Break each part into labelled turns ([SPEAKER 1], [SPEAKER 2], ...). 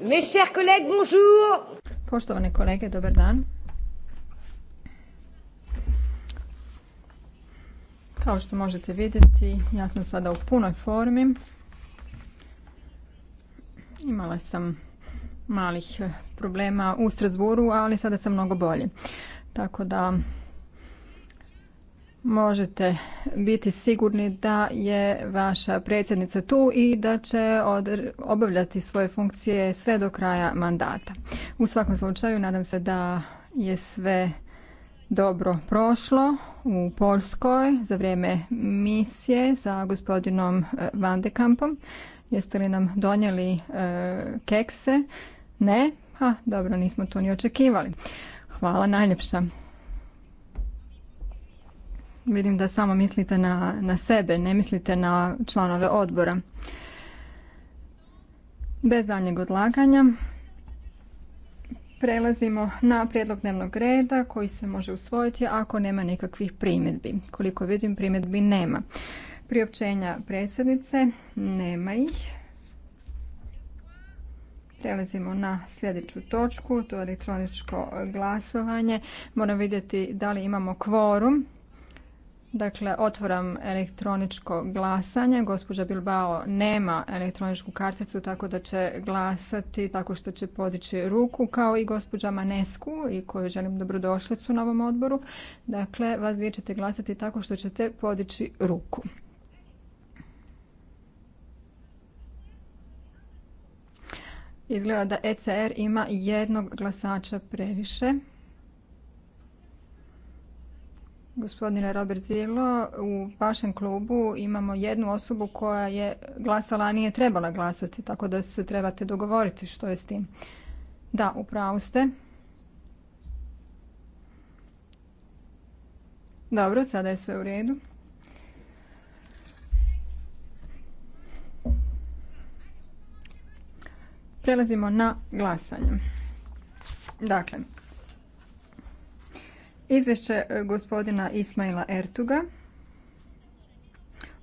[SPEAKER 1] Mes chers collègues, bonjour.
[SPEAKER 2] Poštovane kolege, dobar dan. Kao što možete vidjeti, ja sam sada u punoj formi. Imala sam malih problema u Strasburu, ali sada sam mnogo bolje. Tako da Možete biti sigurni da je vaša predsjednica tu i da će obavljati svoje funkcije sve do kraja mandata. U svakom slučaju nadam se da je sve dobro prošlo u Poljskoj za vrijeme misije sa gospodinom e, Van de Kampom. Jeste li nam donijeli e, kekse? Ne? Ha, dobro, nismo to ni očekivali. Hvala najljepša. Vidim da samo mislite na, na sebe, ne mislite na članove odbora. Bez daljnjeg odlaganja prelazimo na prijedlog dnevnog reda koji se može usvojiti ako nema nikakvih primjedbi. Koliko vidim primjedbi nema. Priopćenja predsjednice nema ih. Prelazimo na sljedeću točku, to je elektroničko glasovanje. Moram vidjeti da li imamo kvorum. Dakle, otvoram elektroničko glasanje. Gospođa Bilbao nema elektroničku karticu, tako da će glasati tako što će podići ruku, kao i gospođa Manesku, i koju želim dobrodošlicu na ovom odboru. Dakle, vas dvije ćete glasati tako što ćete podići ruku. Izgleda da ECR ima jednog glasača previše. Gospodine Robert Zilo, u vašem klubu imamo jednu osobu koja je glasala, a nije trebala glasati, tako da se trebate dogovoriti što je s tim. Da, upravo ste. Dobro, sada je sve u redu. Prelazimo na glasanje. Dakle, Izvješće e, gospodina Ismaila Ertuga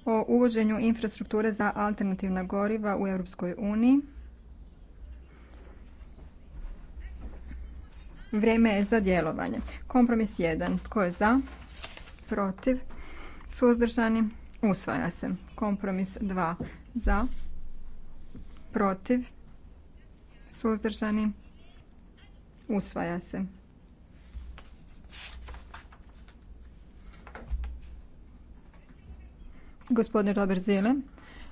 [SPEAKER 2] o uvoženju infrastrukture za alternativna goriva u Europskoj uniji. Vrijeme je za djelovanje. Kompromis 1. Tko je za? Protiv? Suzdržani? Usvaja se. Kompromis 2. Za? Protiv? Suzdržani? Usvaja se. Gospodin Robert Zile,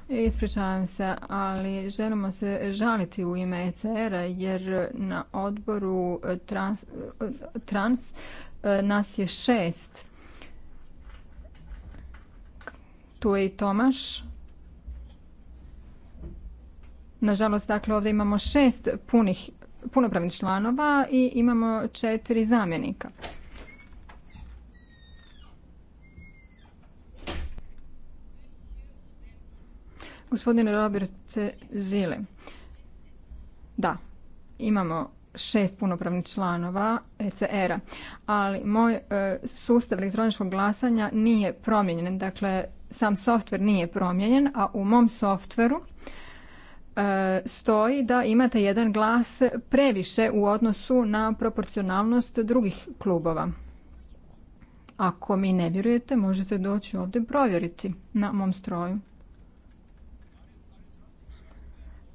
[SPEAKER 2] ispričavam se, ali želimo se žaliti u ime ECR-a jer na odboru e, trans, e, e, nas je šest. Tu je i Tomaš. Nažalost, dakle, ovdje imamo šest punih, punopravnih članova i imamo četiri zamjenika. Gospodine Robert Zile, da, imamo šest punopravnih članova ECR-a, ali moj e, sustav elektroničkog glasanja nije promijenjen. Dakle, sam softver nije promijenjen, a u mom softveru e, stoji da imate jedan glas previše u odnosu na proporcionalnost drugih klubova. Ako mi ne vjerujete, možete doći ovdje provjeriti na mom stroju.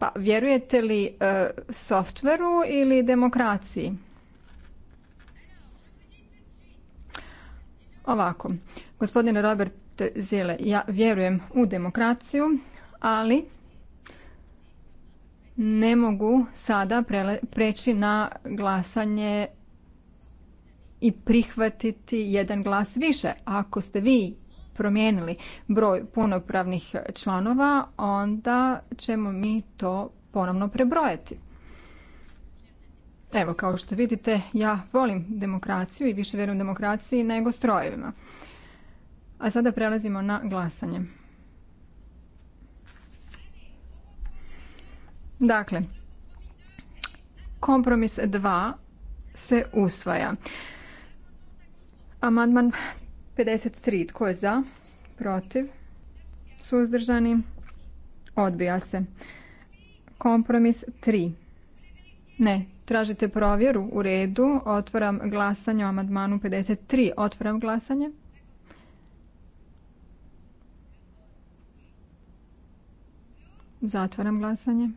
[SPEAKER 2] Pa vjerujete li e, softveru ili demokraciji? Ovako, gospodine Robert Zile, ja vjerujem u demokraciju, ali ne mogu sada preći na glasanje i prihvatiti jedan glas više. Ako ste vi promijenili broj punopravnih članova, onda ćemo mi to ponovno prebrojati. Evo, kao što vidite, ja volim demokraciju i više vjerujem demokraciji nego strojevima. A sada prelazimo na glasanje. Dakle, kompromis 2 se usvaja. Amandman 53. Tko je za? Protiv? Suzdržani? Odbija se. Kompromis 3. Ne, tražite provjeru u redu. Otvaram glasanje o amandmanu 53. Otvaram glasanje. Zatvaram glasanje.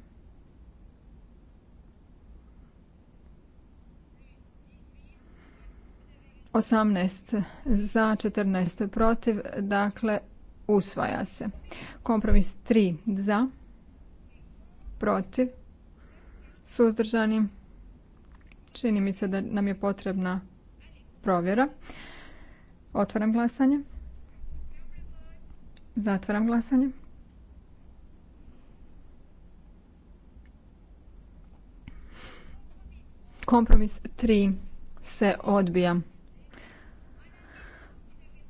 [SPEAKER 2] 18 za, 14 protiv, dakle usvaja se. Kompromis 3 za, protiv, suzdržani. Čini mi se da nam je potrebna provjera. Otvaram glasanje. Zatvaram glasanje. Kompromis 3 se odbija.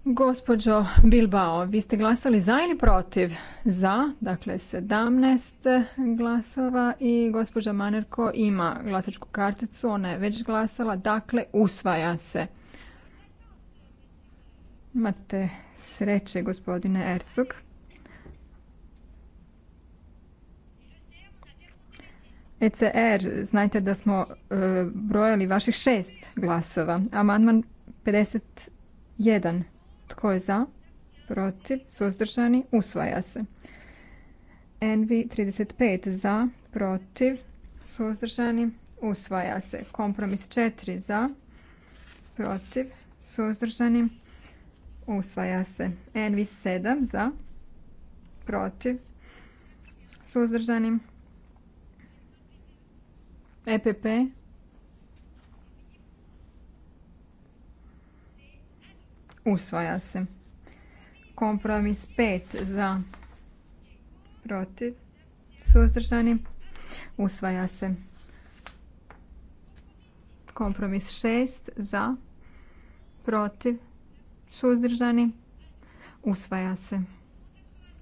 [SPEAKER 2] Gospođo Bilbao, vi ste glasali za ili protiv? Za, dakle 17 glasova i gospođa Manerko ima glasačku karticu, ona je već glasala, dakle usvaja se. Imate sreće, gospodine Ercog. ECR, er, znajte da smo e, brojali vaših šest glasova. Amandman 51. Tko je za? Protiv? Suzdržani? Usvaja se. NV 35 za, protiv, suzdržani, usvaja se. Kompromis 4 za, protiv, suzdržani, usvaja se. NV 7 za, protiv, suzdržani, EPP Usvaja se. Kompromis 5 za protiv suzdržani. Usvaja se. Kompromis 6 za protiv suzdržani. Usvaja se.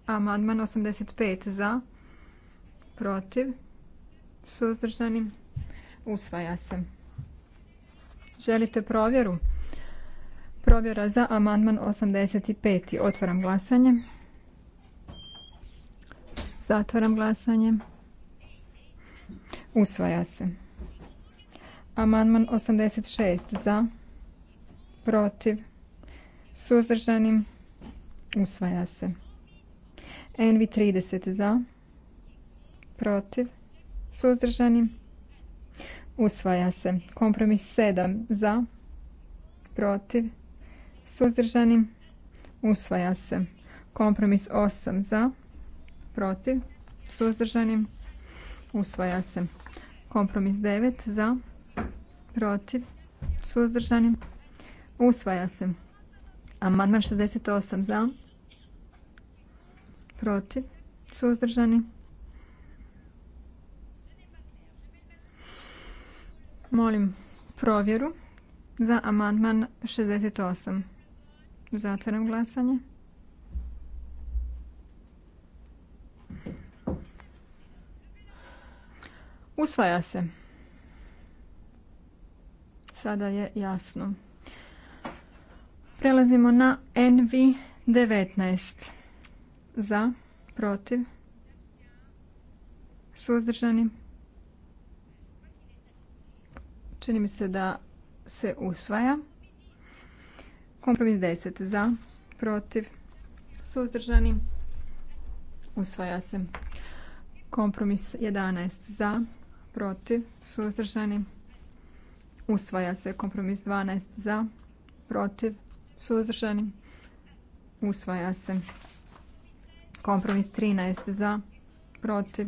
[SPEAKER 2] Amandman 85 za protiv suzdržani. Usvaja se. Želite provjeru? provjera za amandman 85. Otvaram glasanje. Zatvaram glasanje. Usvaja se. Amandman 86. Za. Protiv. Suzdržanim. Usvaja se. Envi 30. Za. Protiv. Suzdržanim. Usvaja se. Kompromis 7. Za. Protiv suzdržani, usvaja se. Kompromis 8 za, protiv, suzdržanim. usvaja se. Kompromis 9 za, protiv, suzdržanim. usvaja se. Amandman 68 za, protiv, suzdržani. Molim provjeru za amandman 68. Zatvaram glasanje. Usvaja se. Sada je jasno. Prelazimo na NV19. Za, protiv, suzdržani. Čini mi se da se usvaja. Kompromis 10 za, protiv, suzdržani, usvaja se. Kompromis 11 za, protiv, suzdržani, usvaja se. Kompromis 12 za, protiv, suzdržani, usvaja se. Kompromis 13 za, protiv,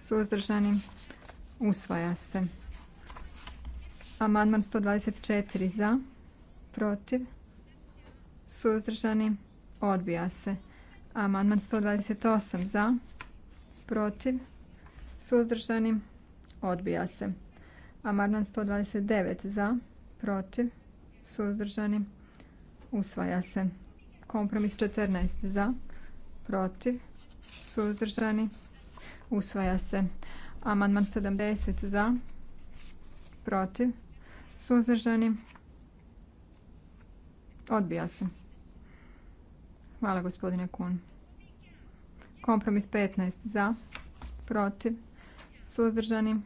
[SPEAKER 2] suzdržani, usvaja se. Amandman 124 za, protiv, suzdržani, odbija se. Amandman 128 za, protiv, suzdržani, odbija se. Amandman 129 za, protiv, suzdržani, usvaja se. Kompromis 14 za, protiv, suzdržani, usvaja se. Amandman 70 za, protiv, suzdržani, odbija se. Hvala gospodine Kun. Kompromis 15 za, protiv, suzdržani,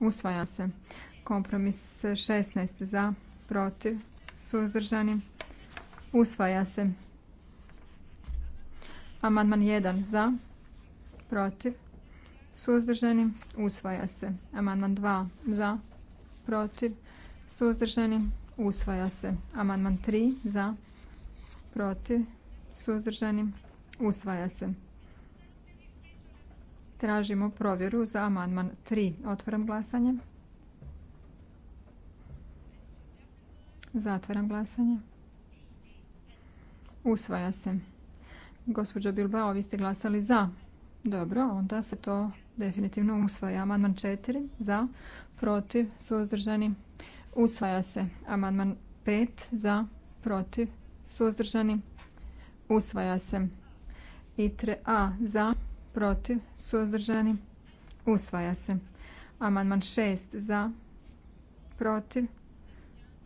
[SPEAKER 2] usvaja se. Kompromis 16 za, protiv, suzdržani, usvaja se. Amandman 1 za, protiv, suzdržani, usvaja se. Amandman 2 za, protiv, suzdržani, usvaja se. Amandman 3 za, protiv, suzdržani, usvaja se. Tražimo provjeru za amandman 3. Otvaram glasanje. Zatvaram glasanje. Usvaja se. Gospođo Bilbao, vi ste glasali za. Dobro, onda se to definitivno usvaja. Amandman 4. Za. Protiv. Suzdržani. Usvaja se. Amandman 5. Za. Protiv. Suzdržani usvaja se. ITRE A za, protiv, suzdržani, usvaja se. Amandman 6 za, protiv,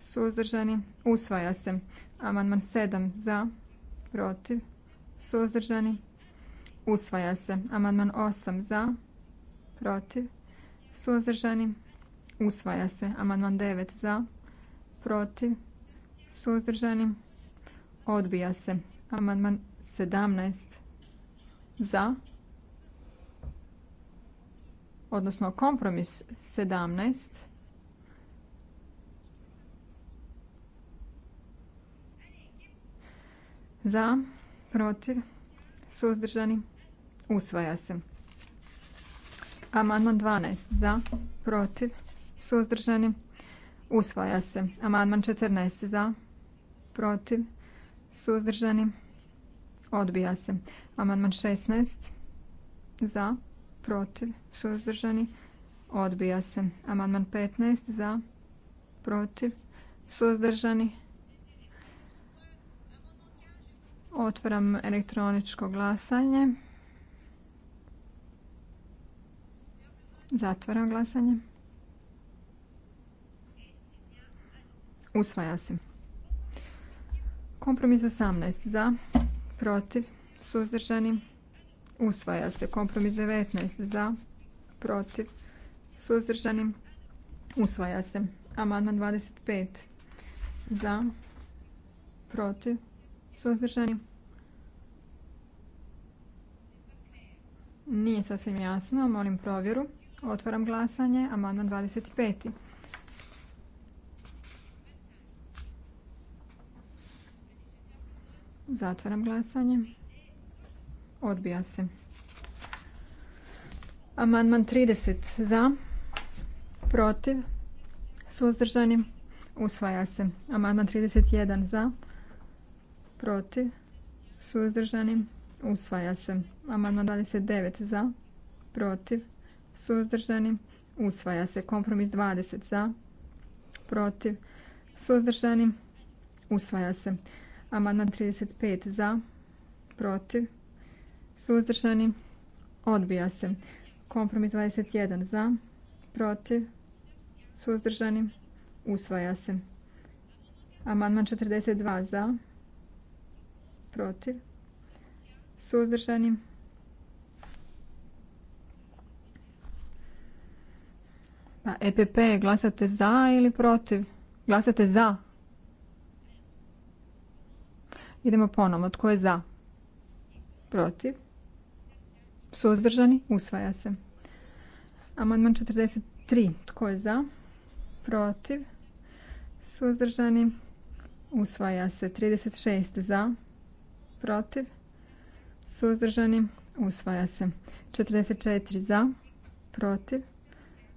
[SPEAKER 2] suzdržani, usvaja se. Amandman 7 za, protiv, suzdržani, usvaja se. Amandman 8 za, protiv, suzdržani, usvaja se. Amandman 9 za, protiv, suzdržani, odbija se. Amandman 17 za, odnosno kompromis 17 za, protiv, suzdržani, usvaja se. Amandman 12 za, protiv, suzdržani, usvaja se. Amandman 14 za, protiv, suzdržani, Odbija se. Amandman 16. Za. Protiv. Suzdržani. Odbija se. Amandman 15. Za. Protiv. Suzdržani. Otvaram elektroničko glasanje. Zatvaram glasanje. Usvaja se. Kompromis 18. Za protiv, suzdržani, usvaja se. Kompromis 19 za, protiv, suzdržani, usvaja se. Amandman 25 za, protiv, suzdržani. Nije sasvim jasno, molim provjeru. Otvaram glasanje, amandman 25. Zatvaram glasanje. Odbija se. Amandman 30 za, protiv, suzdržani, usvaja se. Amandman 31 za, protiv, suzdržani, usvaja se. Amandman 29 za, protiv, suzdržani, usvaja se. Kompromis 20 za, protiv, suzdržani, usvaja se. Amandman 35 za, protiv, suzdržani, odbija se. Kompromis 21 za, protiv, suzdržani, usvaja se. Amandman 42 za, protiv, suzdržani, Pa EPP, glasate za ili protiv? Glasate za. Idemo ponovno. Tko je za? Protiv? Suzdržani? Usvaja se. Amandman 43. Tko je za? Protiv? Suzdržani? Usvaja se. 36. Za? Protiv? Suzdržani? Usvaja se. 44. Za? Protiv?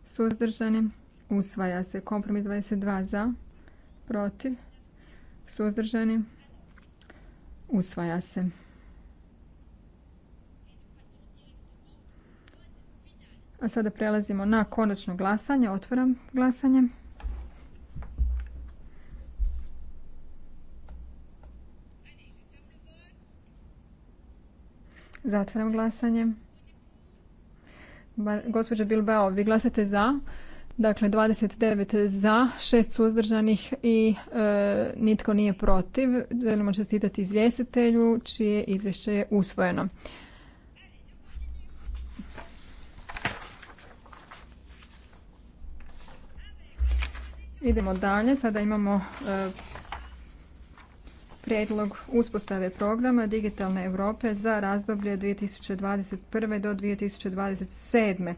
[SPEAKER 2] Suzdržani? Usvaja se. Kompromis 22. Za? Protiv? Suzdržani? Usvaja se. A sada prelazimo na konačno glasanje. Otvaram glasanje. Zatvaram glasanje. gospođa Bilbao, vi glasate za. Dakle, 29 za, 6 suzdržanih i e, nitko nije protiv. Želimo čestitati izvjestitelju čije izvješće je usvojeno. Idemo dalje. Sada imamo e, Prijedlog uspostave programa Digitalne Europe za razdoblje 2021. do 2027.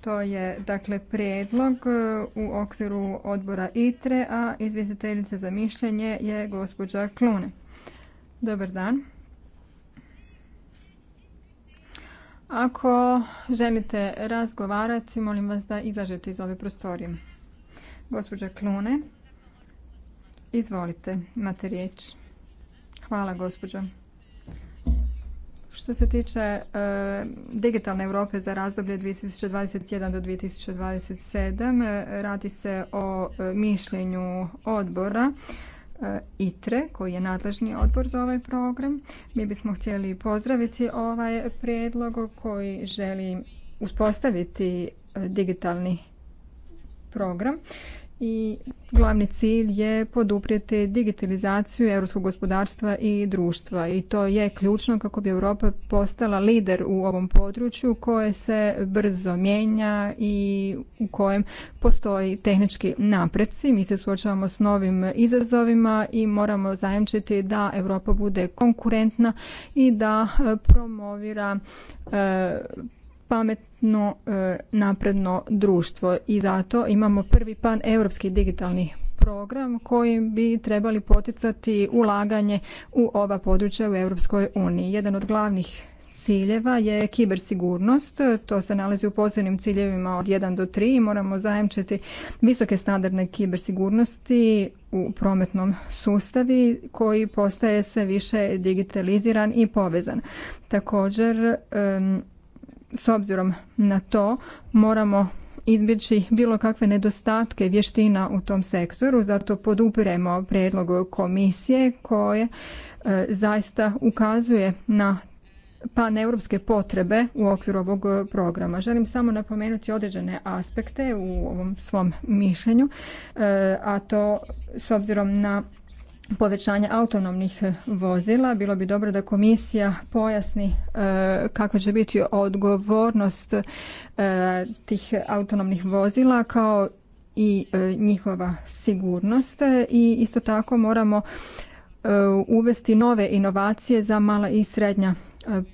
[SPEAKER 2] To je dakle prijedlog e, u okviru odbora ITRE, a izvjestiteljica za mišljenje je gospođa Klune. Dobar dan. Ako želite razgovarati, molim vas da izađete iz ove prostorije. Gospođa Klune, izvolite, imate riječ. Hvala gospođo. Što se tiče e, digitalne Europe za razdoblje 2021 do 2027 e, radi se o e, mišljenju odbora ITRE koji je nadležni odbor za ovaj program. Mi bismo htjeli pozdraviti ovaj prijedlog koji želi uspostaviti digitalni program i glavni cilj je poduprijeti digitalizaciju europskog gospodarstva i društva i to je ključno kako bi Europa postala lider u ovom području koje se brzo mijenja i u kojem postoji tehnički napreci. Mi se suočavamo s novim izazovima i moramo zajamčiti da Europa bude konkurentna i da promovira e, pametno e, napredno društvo i zato imamo prvi pan europski digitalni program koji bi trebali poticati ulaganje u ova područja u Europskoj uniji. Jedan od glavnih ciljeva je kibersigurnost. To se nalazi u posebnim ciljevima od 1 do 3. Moramo zajemčiti visoke standardne kibersigurnosti u prometnom sustavi koji postaje sve više digitaliziran i povezan. Također, s obzirom na to moramo izbjeći bilo kakve nedostatke vještina u tom sektoru, zato podupiremo predlog komisije koje e, zaista ukazuje na paneuropske potrebe u okviru ovog programa. Želim samo napomenuti određene aspekte u ovom svom mišljenju, e, a to s obzirom na povećanja autonomnih vozila. Bilo bi dobro da komisija pojasni e, kakva će biti odgovornost e, tih autonomnih vozila kao i e, njihova sigurnost i isto tako moramo uvesti nove inovacije za mala i srednja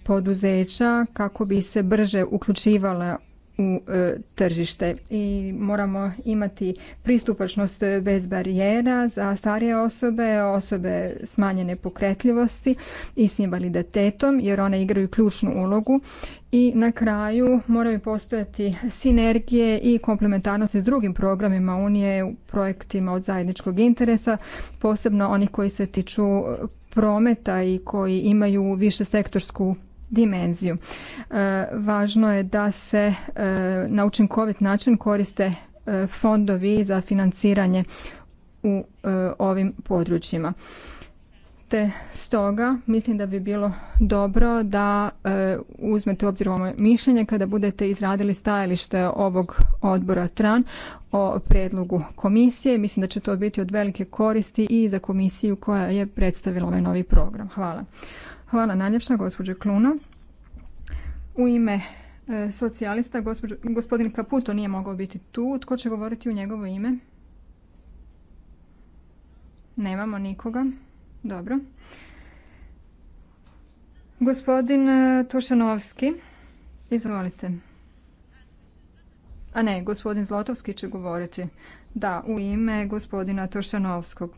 [SPEAKER 2] poduzeća kako bi se brže uključivala u e, tržište i moramo imati pristupačnost bez barijera za starije osobe, osobe smanjene pokretljivosti i s invaliditetom jer one igraju ključnu ulogu i na kraju moraju postojati sinergije i komplementarnosti s drugim programima Unije u projektima od zajedničkog interesa, posebno onih koji se tiču e, prometa i koji imaju više sektorsku dimenziju. E, važno je da se e, na učinkovit način koriste e, fondovi za financiranje u ovim područjima. Te stoga mislim da bi bilo dobro da uzmete u obzir ovo mišljenje kada budete izradili stajalište ovog odbora TRAN o predlogu komisije. Mislim da će to biti od velike koristi i za komisiju koja je predstavila ovaj novi program. Hvala. Hvala najljepša, gospođe Kluno. U ime e, socijalista, gospodin Kaputo nije mogao biti tu. Tko će govoriti u njegovo ime? Nemamo nikoga. Dobro. Gospodin e, Tošanovski, izvolite. A ne, gospodin Zlotovski će govoriti. Da, u ime gospodina Tošanovskog.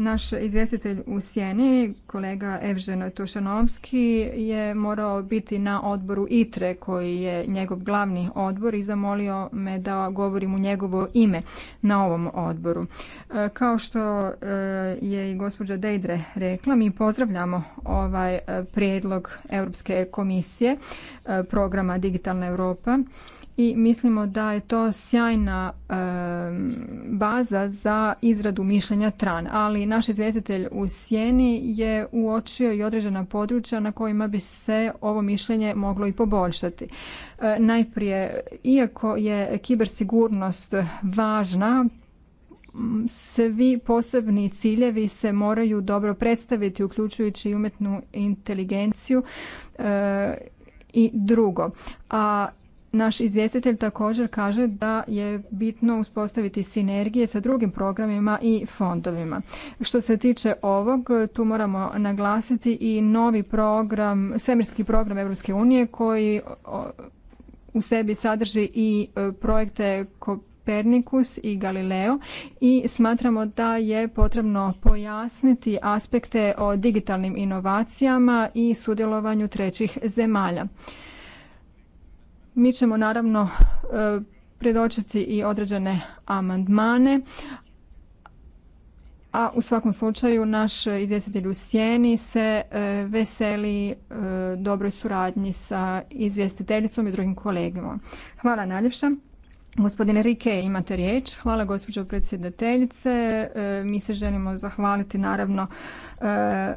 [SPEAKER 2] Naš izvjestitelj u Sjeni, kolega Evžen Tošanovski, je morao biti na odboru ITRE, koji je njegov glavni odbor i zamolio me da govorim u njegovo ime na ovom odboru. E, kao što e, je i gospođa Deidre rekla, mi pozdravljamo ovaj e, prijedlog Europske komisije programa Digitalna Europa i mislimo da je to sjajna baza za izradu mišljenja tran ali naš izvjestitelj u sjeni je uočio i određena područja na kojima bi se ovo mišljenje moglo i poboljšati e, najprije iako je kibersigurnost važna svi posebni ciljevi se moraju dobro predstaviti uključujući umjetnu inteligenciju e, i drugo a naš izvjestitelj također kaže da je bitno uspostaviti sinergije sa drugim programima i fondovima. Što se tiče ovog, tu moramo naglasiti i novi program, svemirski program Europske unije koji u sebi sadrži i e, projekte Pernikus i Galileo i smatramo da je potrebno pojasniti aspekte o digitalnim inovacijama i sudjelovanju trećih zemalja. Mi ćemo naravno e, predočiti i određene amandmane, a u svakom slučaju naš izvjestitelj u sjeni se e, veseli e, dobroj suradnji sa izvjestiteljicom i drugim kolegima. Hvala najljepša. Gospodine Rike, imate riječ. Hvala gospođo predsjedateljice. E, mi se želimo zahvaliti naravno e, e,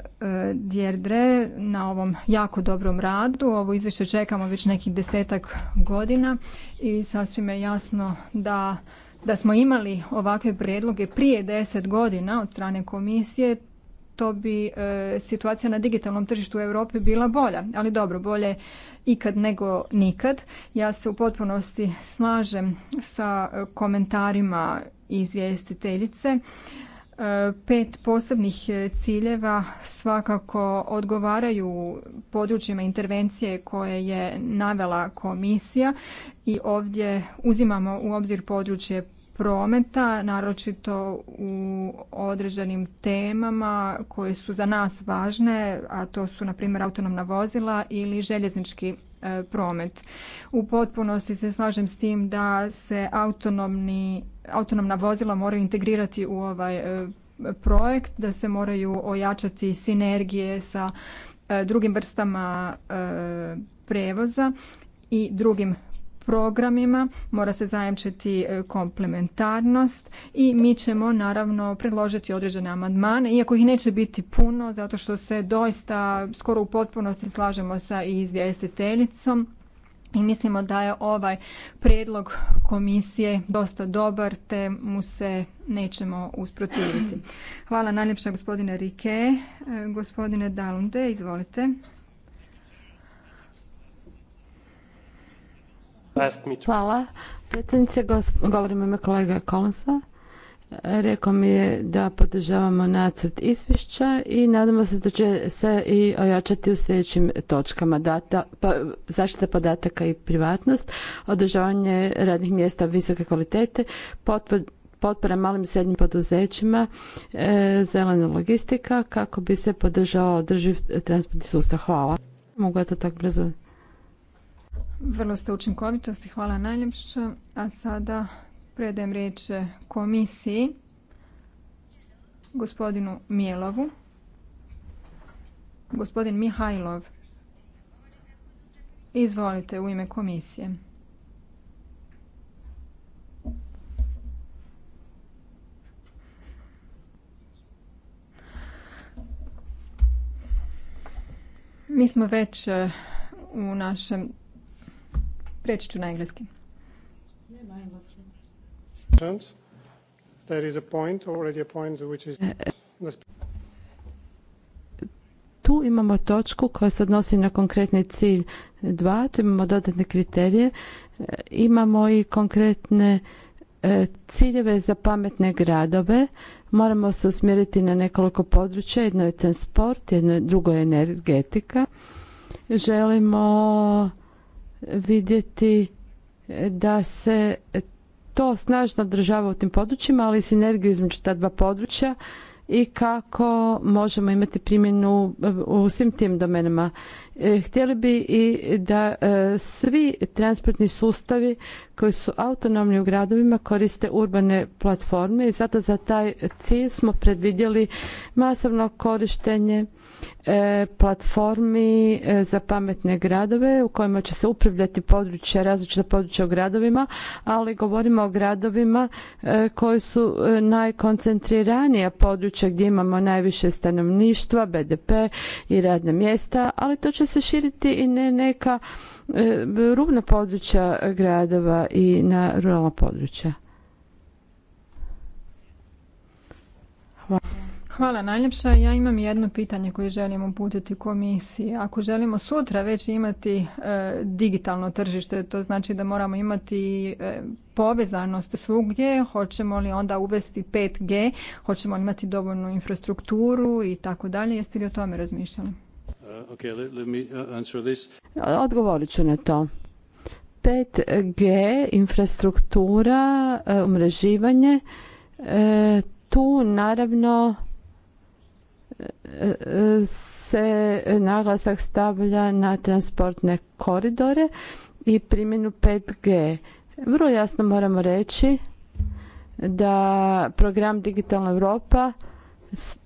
[SPEAKER 2] Djerdre na ovom jako dobrom radu. Ovo izvješće čekamo već nekih desetak godina i sasvim je jasno da da smo imali ovakve prijedloge prije deset godina od strane komisije, to bi e, situacija na digitalnom tržištu u Europi bila bolja. Ali dobro, bolje ikad nego nikad. Ja se u potpunosti slažem sa e, komentarima izvjestiteljice. E, pet posebnih ciljeva svakako odgovaraju područjima intervencije koje je navela komisija i ovdje uzimamo u obzir područje prometa, naročito u određenim temama koje su za nas važne, a to su na primjer autonomna vozila ili željeznički e, promet. U potpunosti se slažem s tim da se autonomni, autonomna vozila moraju integrirati u ovaj e, projekt, da se moraju ojačati sinergije sa e, drugim vrstama prevoza i drugim programima, mora se zajamčiti e, komplementarnost i mi ćemo naravno predložiti određene amandmane, iako ih neće biti puno, zato što se doista skoro u potpunosti slažemo sa izvjestiteljicom. I mislimo da je ovaj prijedlog komisije dosta dobar, te mu se nećemo usprotiviti. Hvala najljepša gospodine Rike. E, gospodine Dalunde, izvolite. Hvala. Predsjednice, govorim ime kolega
[SPEAKER 3] Kolonsa, Rekao mi je da podržavamo nacrt izvješća i nadamo se da će se i ojačati u sljedećim točkama data, zaštita podataka i privatnost, održavanje radnih mjesta visoke kvalitete, potpora malim i srednjim poduzećima, e, zelena logistika kako bi se podržao održiv transportni sustav. Hvala. Mogu ja to tako brzo
[SPEAKER 2] vrlo ste učinkovitosti, hvala najljepša. A sada predajem riječ komisiji, gospodinu Mijelovu. Gospodin Mihajlov, izvolite u ime komisije. Mi smo već eh, u našem Preći ću na engleski.
[SPEAKER 3] Tu imamo točku koja se odnosi na konkretni cilj 2, tu imamo dodatne kriterije, e, imamo i konkretne e, ciljeve za pametne gradove. Moramo se usmjeriti na nekoliko područja, jedno je transport, jedno drugo je energetika. Želimo vidjeti da se to snažno održava u tim područjima, ali i sinergiju između ta dva područja i kako možemo imati primjenu e, u svim tim domenama. E, htjeli bi i da e, svi transportni sustavi koji su autonomni u gradovima koriste urbane platforme i zato za taj cilj smo predvidjeli masovno korištenje E, platformi e, za pametne gradove u kojima će se upravljati područja, različita područja u gradovima, ali govorimo o gradovima e, koji su najkoncentriranija područja gdje imamo najviše stanovništva, BDP i radna mjesta, ali to će se širiti i ne neka rubna područja gradova i na ruralna područja.
[SPEAKER 2] Hvala. Hvala najljepša. Ja imam jedno pitanje koje želim uputiti komisiji. Ako želimo sutra već imati e, digitalno tržište, to znači da moramo imati e, povezanost svugdje, hoćemo li onda uvesti 5G, hoćemo li imati dovoljnu infrastrukturu i tako dalje. Jeste li o tome razmišljali?
[SPEAKER 3] Uh, okay, let, me uh, this. Odgovorit ću na to. 5G, infrastruktura, e, umreživanje, tu naravno se naglasak stavlja na transportne koridore i primjenu 5G. Vrlo jasno moramo reći da program Digitalna Europa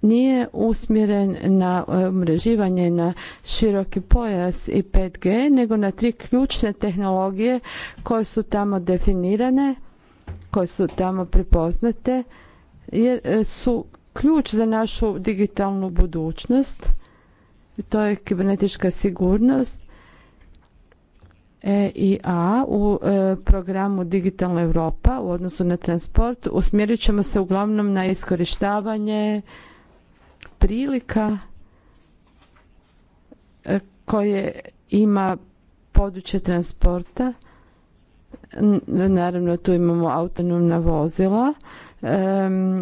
[SPEAKER 3] nije usmjeren na e, umreživanje na široki pojas i 5G, nego na tri ključne tehnologije koje su tamo definirane, koje su tamo prepoznate, jer e, su ključ za našu digitalnu budućnost. To je kibernetička sigurnost. EIA u e, programu Digitalna Europa u odnosu na transport usmjerit ćemo se uglavnom na iskorištavanje prilika e, koje ima područje transporta. Naravno tu imamo autonomna vozila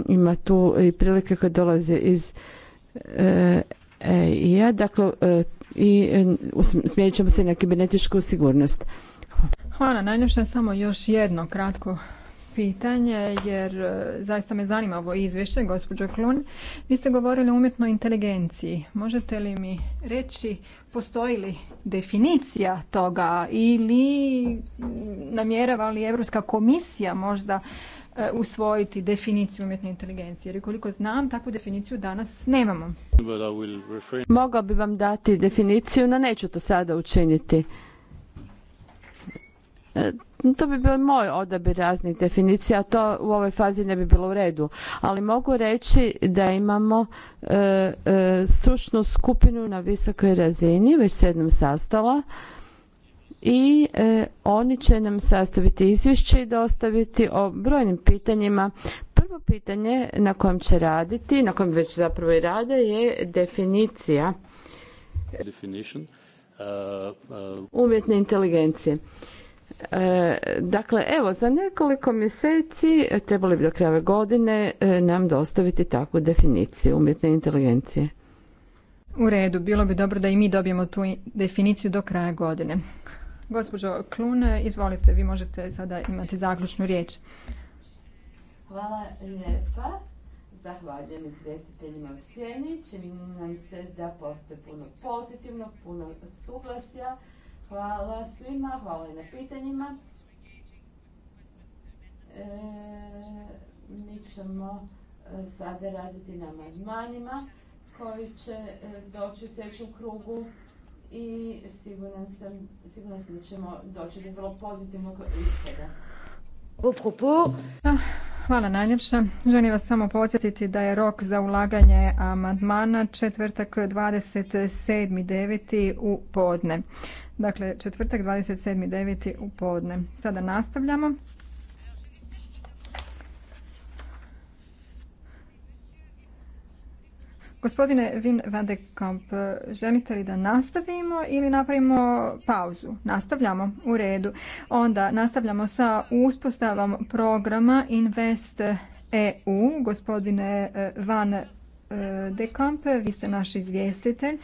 [SPEAKER 3] ima tu i prilike koje dolaze iz EIA, e dakle e, i e, smjerit ćemo se na kibernetičku sigurnost.
[SPEAKER 2] Hvala najljepša, samo još jedno kratko pitanje jer zaista me zanima ovo izvješće, gospođo Klun. Vi ste govorili o umjetnoj inteligenciji. Možete li mi reći postoji li definicija toga ili namjerava li Europska komisija možda E, usvojiti definiciju umjetne inteligencije jer koliko znam takvu definiciju danas nemamo.
[SPEAKER 3] Mogao bi vam dati definiciju, no neću to sada učiniti. E, to bi bio moj odabir raznih definicija, a to u ovoj fazi ne bi bilo u redu. Ali mogu reći da imamo e, stručnu skupinu na visokoj razini, već sedam sastala i e, oni će nam sastaviti izvješće i dostaviti o brojnim pitanjima. Prvo pitanje na kojem će raditi, na kojem već zapravo i rade, je definicija uh, uh, umjetne inteligencije. E, dakle, evo, za nekoliko mjeseci, e, trebali bi do kraja godine, nam dostaviti takvu definiciju umjetne inteligencije.
[SPEAKER 2] U redu, bilo bi dobro da i mi dobijemo tu definiciju do kraja godine. Gospođo Klune, izvolite, vi možete sada imati zaključnu riječ.
[SPEAKER 3] Hvala lijepa. Zahvaljujem izvjestiteljima u Sjeni. Čini nam se da postoje puno pozitivnog, puno suglasja. Hvala svima, hvala i na pitanjima. E, mi ćemo e, sada raditi na amandmanima koji će e, doći u sljedećem krugu i siguran sam, da ćemo doći do vrlo pozitivnog ishoda.
[SPEAKER 2] Hvala najljepša. Želim vas samo podsjetiti da je rok za ulaganje amandmana četvrtak 27.9. u podne. Dakle, četvrtak 27.9. u podne. Sada nastavljamo. Gospodine Vin van de Kamp, želite li da nastavimo ili napravimo pauzu? Nastavljamo, u redu. Onda nastavljamo sa uspostavom programa Invest EU. Gospodine eh, van eh, de Kamp, vi ste naš izvjestitelj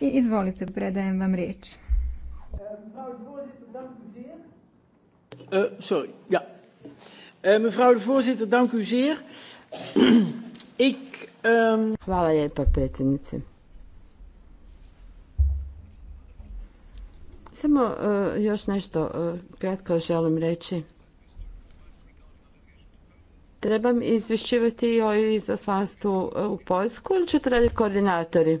[SPEAKER 2] i izvolite, predajem vam riječ. Eh, sorry, ja. Mevrouw de voorzitter, dank u
[SPEAKER 3] zeer. Ik Hvala lijepa predsjednice. Samo e, još nešto e, kratko želim reći. Trebam izvješćivati o izaslanstvu e, u Poljsku ili će raditi koordinatori?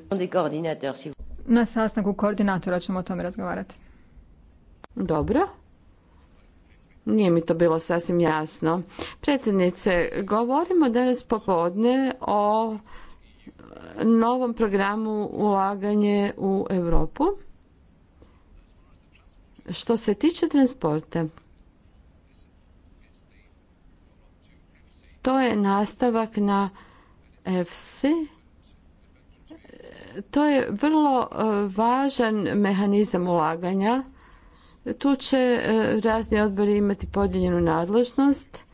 [SPEAKER 2] Na sastanku koordinatora ćemo o tome razgovarati. Dobro.
[SPEAKER 3] Nije mi to bilo sasvim jasno. Predsjednice, govorimo danas popodne o novom programu ulaganje u Europu. Što se tiče transporta, to je nastavak na EFSI. To je vrlo e, važan mehanizam ulaganja tu će e, razni odbori imati podijeljenu nadležnost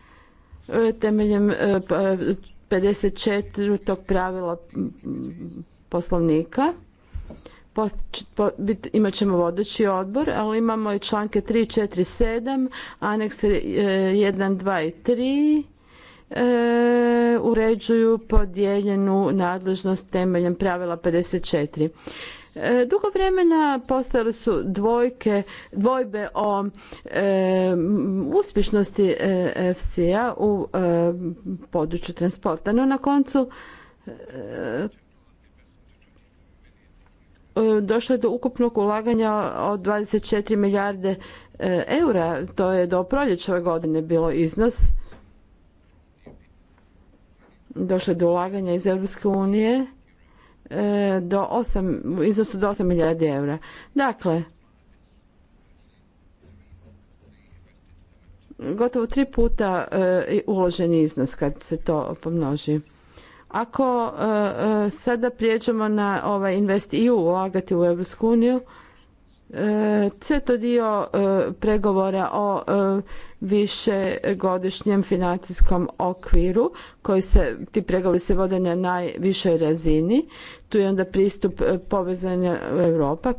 [SPEAKER 3] e, temeljem 54. E, pa, pravila poslovnika. Imat ćemo vodeći odbor, ali imamo i članke 3, 4, 7, anekse 1, 2 i 3 uređuju podijeljenu nadležnost temeljem pravila 54. E, dugo vremena postale su dvojke, dvojbe o e, uspješnosti e, FC-a u području transporta. No na koncu došlo je do ukupnog ulaganja od 24 milijarde eura. To je do proljeća ove godine bilo iznos. Došlo je do ulaganja iz Europske unije E, do 8, iznosu do 8 milijardi eura. Dakle, gotovo tri puta e, uloženi iznos kad se to pomnoži. Ako e, sada prijeđemo na ovaj Invest EU, ulagati u EU, sve to dio pregovora o višegodišnjem financijskom okviru koji se, ti pregovori se vode na najvišoj razini. Tu je onda pristup e, povezanja Europa.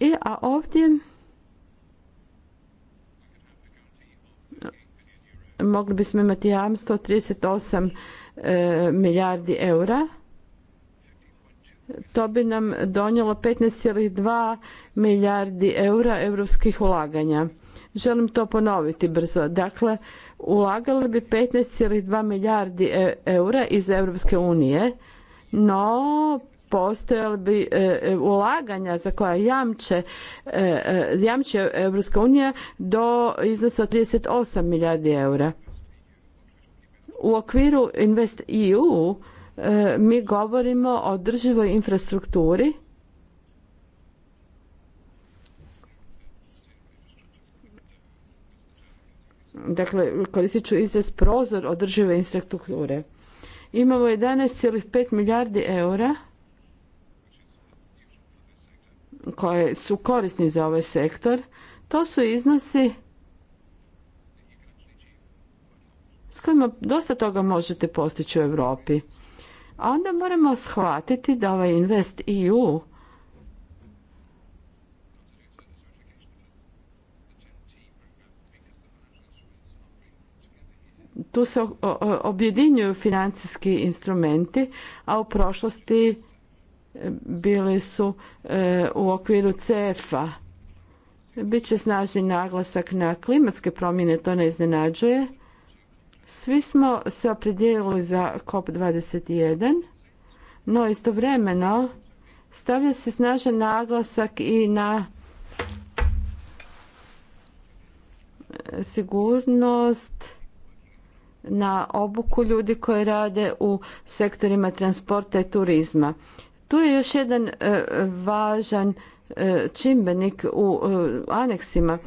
[SPEAKER 3] I, e, a ovdje mogli bismo imati jamstvo 38 e, milijardi eura. To bi nam donijelo 15,2 milijardi eura europskih ulaganja. Želim to ponoviti brzo. Dakle, ulagali bi 15,2 milijardi e, eura iz Europske unije, no postojali bi e, e, ulaganja za koja jamče, jamče Europska unija do iznosa 38 milijardi eura. U okviru Invest EU mi govorimo o održivoj infrastrukturi Dakle, koristit ću izraz prozor održive infrastrukture. Imamo 11,5 milijardi eura koje su korisni za ovaj sektor. To su iznosi s kojima dosta toga možete postići u Europi. A onda moramo shvatiti da ovaj Invest EU tu se objedinjuju financijski instrumenti, a u prošlosti e, bili su e, u okviru CEF-a. Biće snažni naglasak na klimatske promjene, to ne iznenađuje. Svi smo se opredijelili za COP21, no istovremeno stavlja se snažan naglasak i na e, sigurnost, na obuku ljudi koji rade u sektorima transporta i turizma. Tu je još jedan e, važan e, čimbenik u e, aneksima.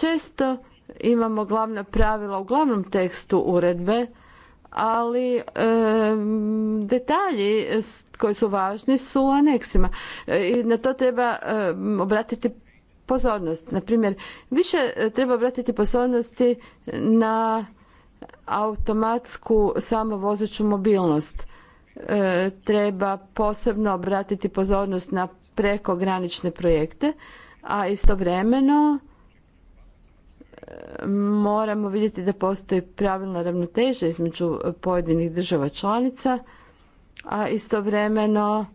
[SPEAKER 3] Često imamo glavna pravila u glavnom tekstu uredbe, ali detalji koji su važni su u aneksima i na to treba obratiti pozornost. Na primjer, više treba obratiti pozornosti na automatsku samovozeću mobilnost. E, treba posebno obratiti pozornost na prekogranične projekte, a istovremeno e, moramo vidjeti da postoji pravilna ravnoteža između pojedinih država članica, a istovremeno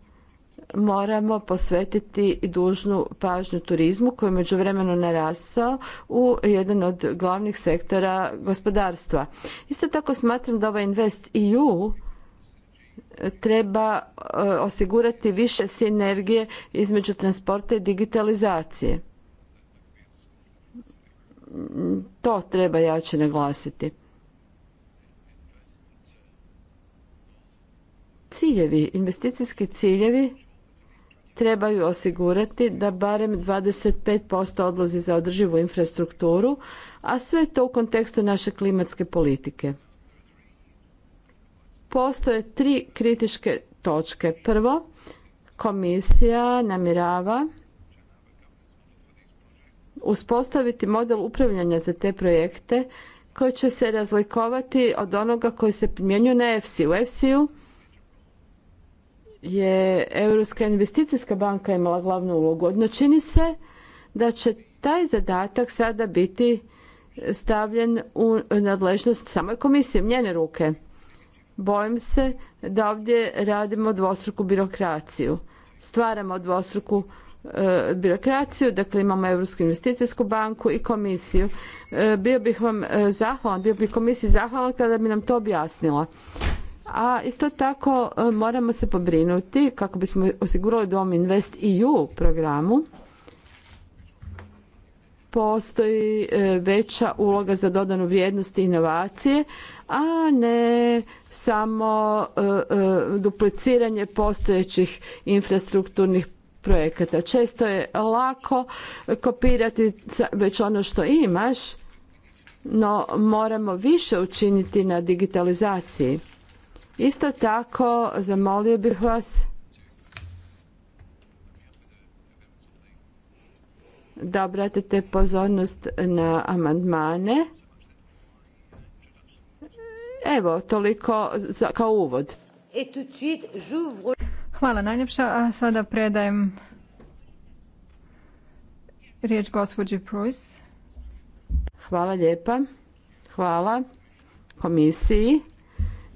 [SPEAKER 3] moramo posvetiti i dužnu pažnju turizmu koji je međuvremeno narastao u jedan od glavnih sektora gospodarstva. Isto tako smatram da ovaj Invest EU e, treba e, osigurati više sinergije između transporta i digitalizacije. To treba jače naglasiti. Ciljevi, investicijski ciljevi trebaju osigurati da barem 25% odlazi za održivu infrastrukturu, a sve to u kontekstu naše klimatske politike. Postoje tri kritičke točke. Prvo, komisija namirava uspostaviti model upravljanja za te projekte koji će se razlikovati od onoga koji se primjenjuje na EFSI. U efsi je Europska investicijska banka imala glavnu ulogu. Odno čini se da će taj zadatak sada biti stavljen u nadležnost samoj komisije, njene ruke. Bojim se da ovdje radimo dvostruku birokraciju. Stvaramo dvostruku e, birokraciju, dakle imamo Europsku investicijsku banku i komisiju. E, bio bih vam e, zahvalan, bio bih komisiji zahvalan kada bi nam to objasnila a isto tako e, moramo se pobrinuti kako bismo osigurali dom Invest EU programu postoji e, veća uloga za dodanu vrijednost i inovacije, a ne samo e, dupliciranje postojećih infrastrukturnih projekata. Često je lako kopirati već ono što imaš, no moramo više učiniti na digitalizaciji. Isto tako zamolio bih vas da obratite pozornost na amandmane.
[SPEAKER 2] Evo, toliko kao uvod. Hvala najljepša, a sada predajem riječ gospođi Preuss. Hvala lijepa. Hvala
[SPEAKER 3] komisiji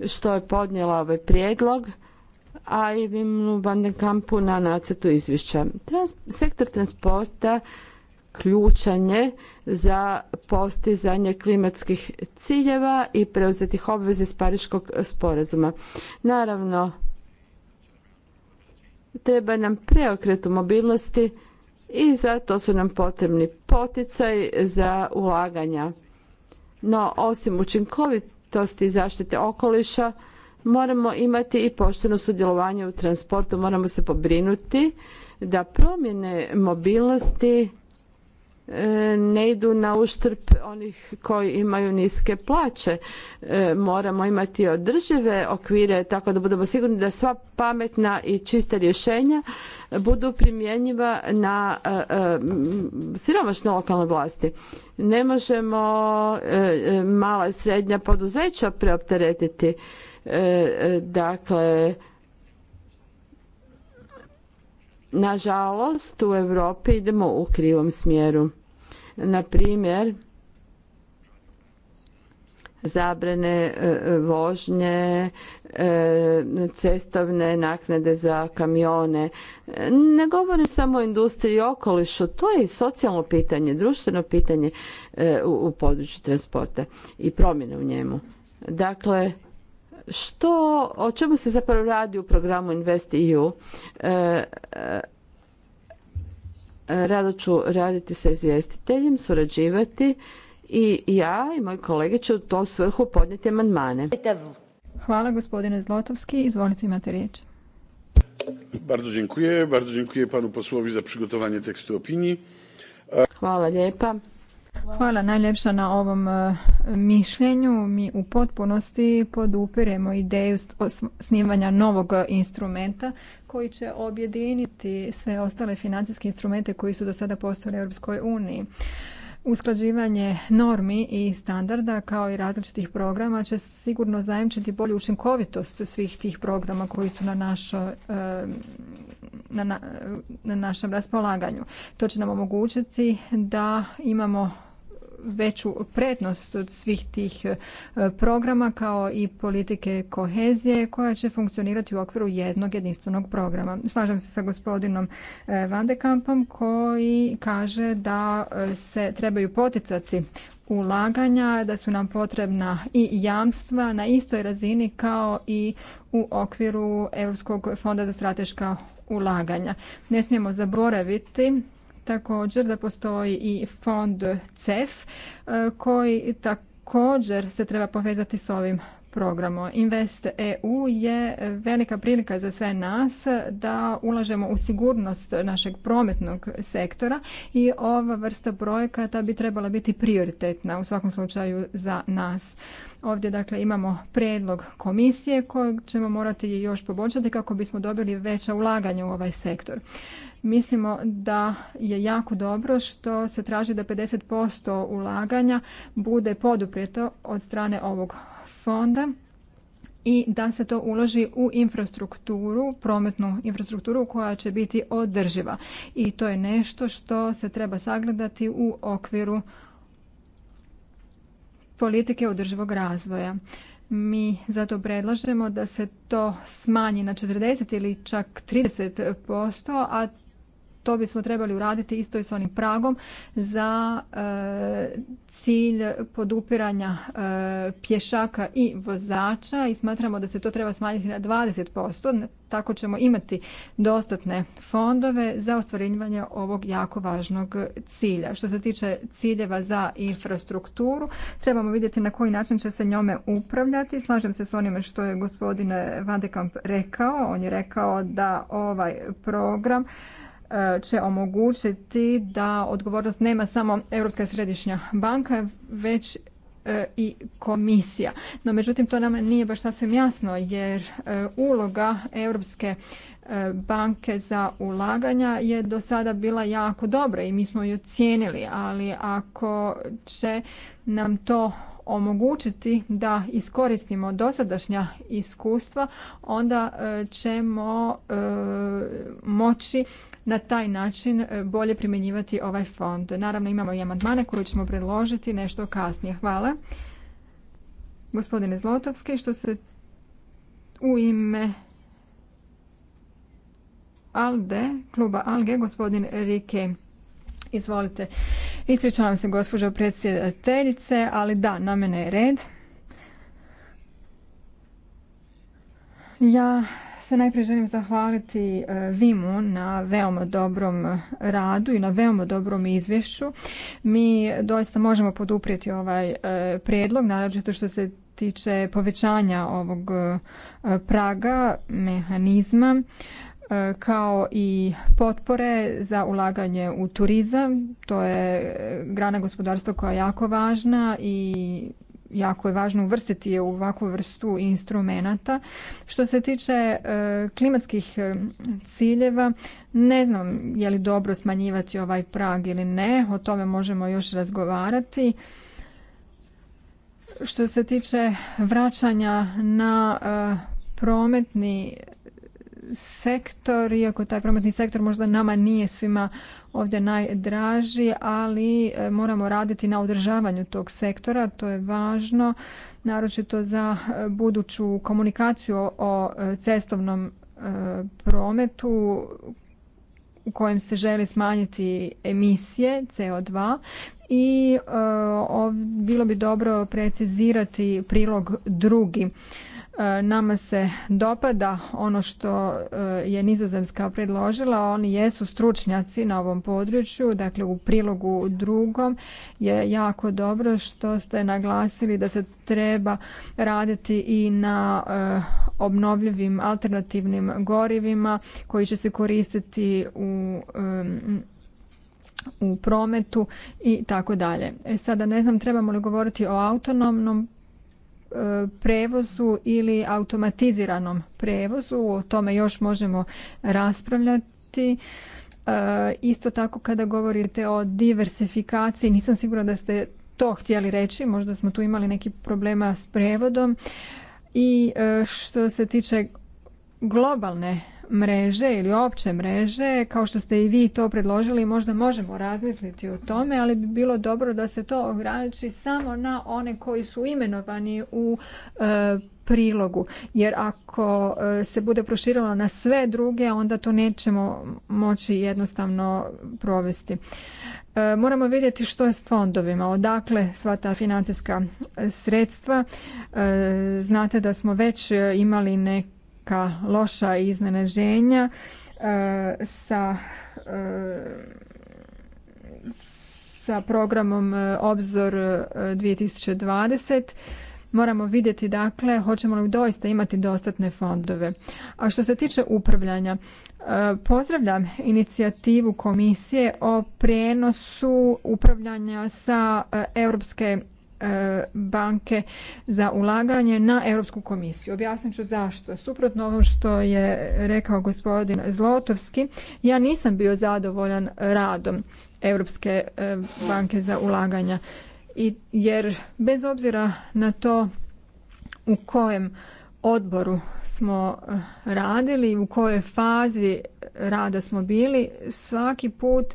[SPEAKER 3] što je podnijela ovaj prijedlog, a i Vimnu van kampu na nacrtu izvješća. sektor transporta ključan je za postizanje klimatskih ciljeva i preuzetih obveze iz Pariškog sporazuma. Naravno, treba nam preokret u mobilnosti i za to su nam potrebni poticaj za ulaganja. No, osim učinkovit učinkovitosti zaštite okoliša, moramo imati i pošteno sudjelovanje u transportu, moramo se pobrinuti da promjene mobilnosti E, ne idu na uštrb onih koji imaju niske plaće. E, moramo imati održive okvire tako da budemo sigurni da sva pametna i čista rješenja budu primjenjiva na e, siromašne lokalne vlasti. Ne možemo mala i srednja poduzeća preopteretiti. Dakle, nažalost u Europi idemo u krivom smjeru. Na primjer, zabrane e, e, vožnje, e, cestovne naknade za kamione. Ne govorim samo o industriji i okolišu, to je i socijalno pitanje, društveno pitanje u području transporta i promjene u njemu. Dakle, o čemu se zapravo radi u programu EU. Rado ću raditi sa izvjestiteljem, surađivati i ja i moji kolege će u to svrhu podnijeti amandmane.
[SPEAKER 2] Hvala gospodine Zlotovski, izvolite imate riječ.
[SPEAKER 1] Bardzo dziękuję, bardzo dziękuję panu posłowi za przygotowanie tekstu opinii. Hvala lijepa.
[SPEAKER 2] Hvala najljepša na ovom e, mišljenju. Mi u potpunosti podupiremo ideju snimanja novog instrumenta koji će objediniti sve ostale financijske instrumente koji su do sada postojali u Europskoj uniji. Usklađivanje normi i standarda kao i različitih programa će sigurno zajemčiti bolju učinkovitost svih tih programa koji su na, našo, eh, na našem raspolaganju. To će nam omogućiti da imamo veću prednost od svih tih e, programa kao i politike kohezije koja će funkcionirati u okviru jednog jedinstvenog programa. Slažem se sa gospodinom e, Van de Kampom koji kaže da e, se trebaju poticati ulaganja, da su nam potrebna i jamstva na istoj razini kao i u okviru Europskog fonda za strateška ulaganja. Ne smijemo zaboraviti također da postoji i fond CEF e, koji također se treba povezati s ovim programom. Invest EU je velika prilika za sve nas da ulažemo u sigurnost našeg prometnog sektora i ova vrsta projekata bi trebala biti prioritetna u svakom slučaju za nas. Ovdje dakle imamo prijedlog komisije kojeg ćemo morati još poboljšati kako bismo dobili veća ulaganja u ovaj sektor. Mislimo da je jako dobro što se traži da 50% ulaganja bude poduprijeto od strane ovog fonda i da se to uloži u infrastrukturu, prometnu infrastrukturu koja će biti održiva. I to je nešto što se treba sagledati u okviru politike održivog razvoja. Mi zato predlažemo da se to smanji na 40 ili čak 30%, a to bismo trebali uraditi isto i s onim pragom za e, cilj podupiranja e, pješaka i vozača i smatramo da se to treba smanjiti na 20%. Tako ćemo imati dostatne fondove za ostvarivanje ovog jako važnog cilja. Što se tiče ciljeva za infrastrukturu, trebamo vidjeti na koji način će se njome upravljati. Slažem se s onime što je gospodin Vandekamp rekao. On je rekao da ovaj program će omogućiti da odgovornost nema samo Europska središnja banka, već e, i komisija. No međutim to nam nije baš sasvim jasno jer e, uloga Europske e, banke za ulaganja je do sada bila jako dobra i mi smo ju cijenili, ali ako će nam to omogućiti da iskoristimo dosadašnja iskustva, onda ćemo moći na taj način e, bolje primjenjivati ovaj fond. Naravno imamo i amandmane koje ćemo predložiti nešto kasnije. Hvala. Gospodine Zlotovski, što se u ime ALDE, kluba ALGE, gospodin Rike. Izvolite. Ispričavam se gospođo predsjedateljice, ali da, na mene je red. Ja se najprije želim zahvaliti e, Vimu na veoma dobrom radu i na veoma dobrom izvješću. Mi doista možemo poduprijeti ovaj e, prijedlog, naravno što se tiče povećanja ovog e, praga, mehanizma, kao i potpore za ulaganje u turizam. To je grana gospodarstva koja je jako važna i jako je važno uvrstiti je u ovakvu vrstu instrumenata. Što se tiče e, klimatskih e, ciljeva, ne znam je li dobro smanjivati ovaj prag ili ne, o tome možemo još razgovarati. Što se tiče vraćanja na e, prometni sektor, iako taj prometni sektor možda nama nije svima ovdje najdraži, ali e, moramo raditi na održavanju tog sektora, to je važno, naročito za e, buduću komunikaciju o e, cestovnom prometu u kojem se želi smanjiti emisije CO2 i bilo bi dobro precizirati prilog drugi E, nama se dopada ono što e, je Nizozemska predložila, oni jesu stručnjaci na ovom području, dakle u prilogu drugom je jako dobro što ste naglasili da se treba raditi i na e, obnovljivim alternativnim gorivima koji će se koristiti u u prometu i tako dalje. Sada ne znam trebamo li govoriti o autonomnom prevozu ili automatiziranom prevozu. O tome još možemo raspravljati. E, isto tako kada govorite o diversifikaciji, nisam sigurna da ste to htjeli reći, možda smo tu imali neki problema s prevodom. I e, što se tiče globalne mreže ili opće mreže, kao što ste i vi to predložili, možda možemo razmisliti o tome, ali bi bilo dobro da se to ograniči samo na one koji su imenovani u e, prilogu. Jer ako e, se bude proširilo na sve druge, onda to nećemo moći jednostavno provesti. E, moramo vidjeti što je s fondovima, odakle sva ta financijska sredstva. Znate da smo već imali neke neka loša iznenaženja e, sa e, sa programom e, Obzor 2020 moramo vidjeti dakle hoćemo li doista imati dostatne fondove. A što se tiče upravljanja, pozdravljam inicijativu komisije o prijenosu upravljanja sa Europske E, banke za ulaganje na Europsku komisiju. Objasnit ću zašto. Suprotno ovom što je rekao gospodin Zlotovski, ja nisam bio zadovoljan radom Europske e, banke za ulaganja. I, jer bez obzira na to u kojem odboru smo e, radili, u kojoj fazi rada smo bili, svaki put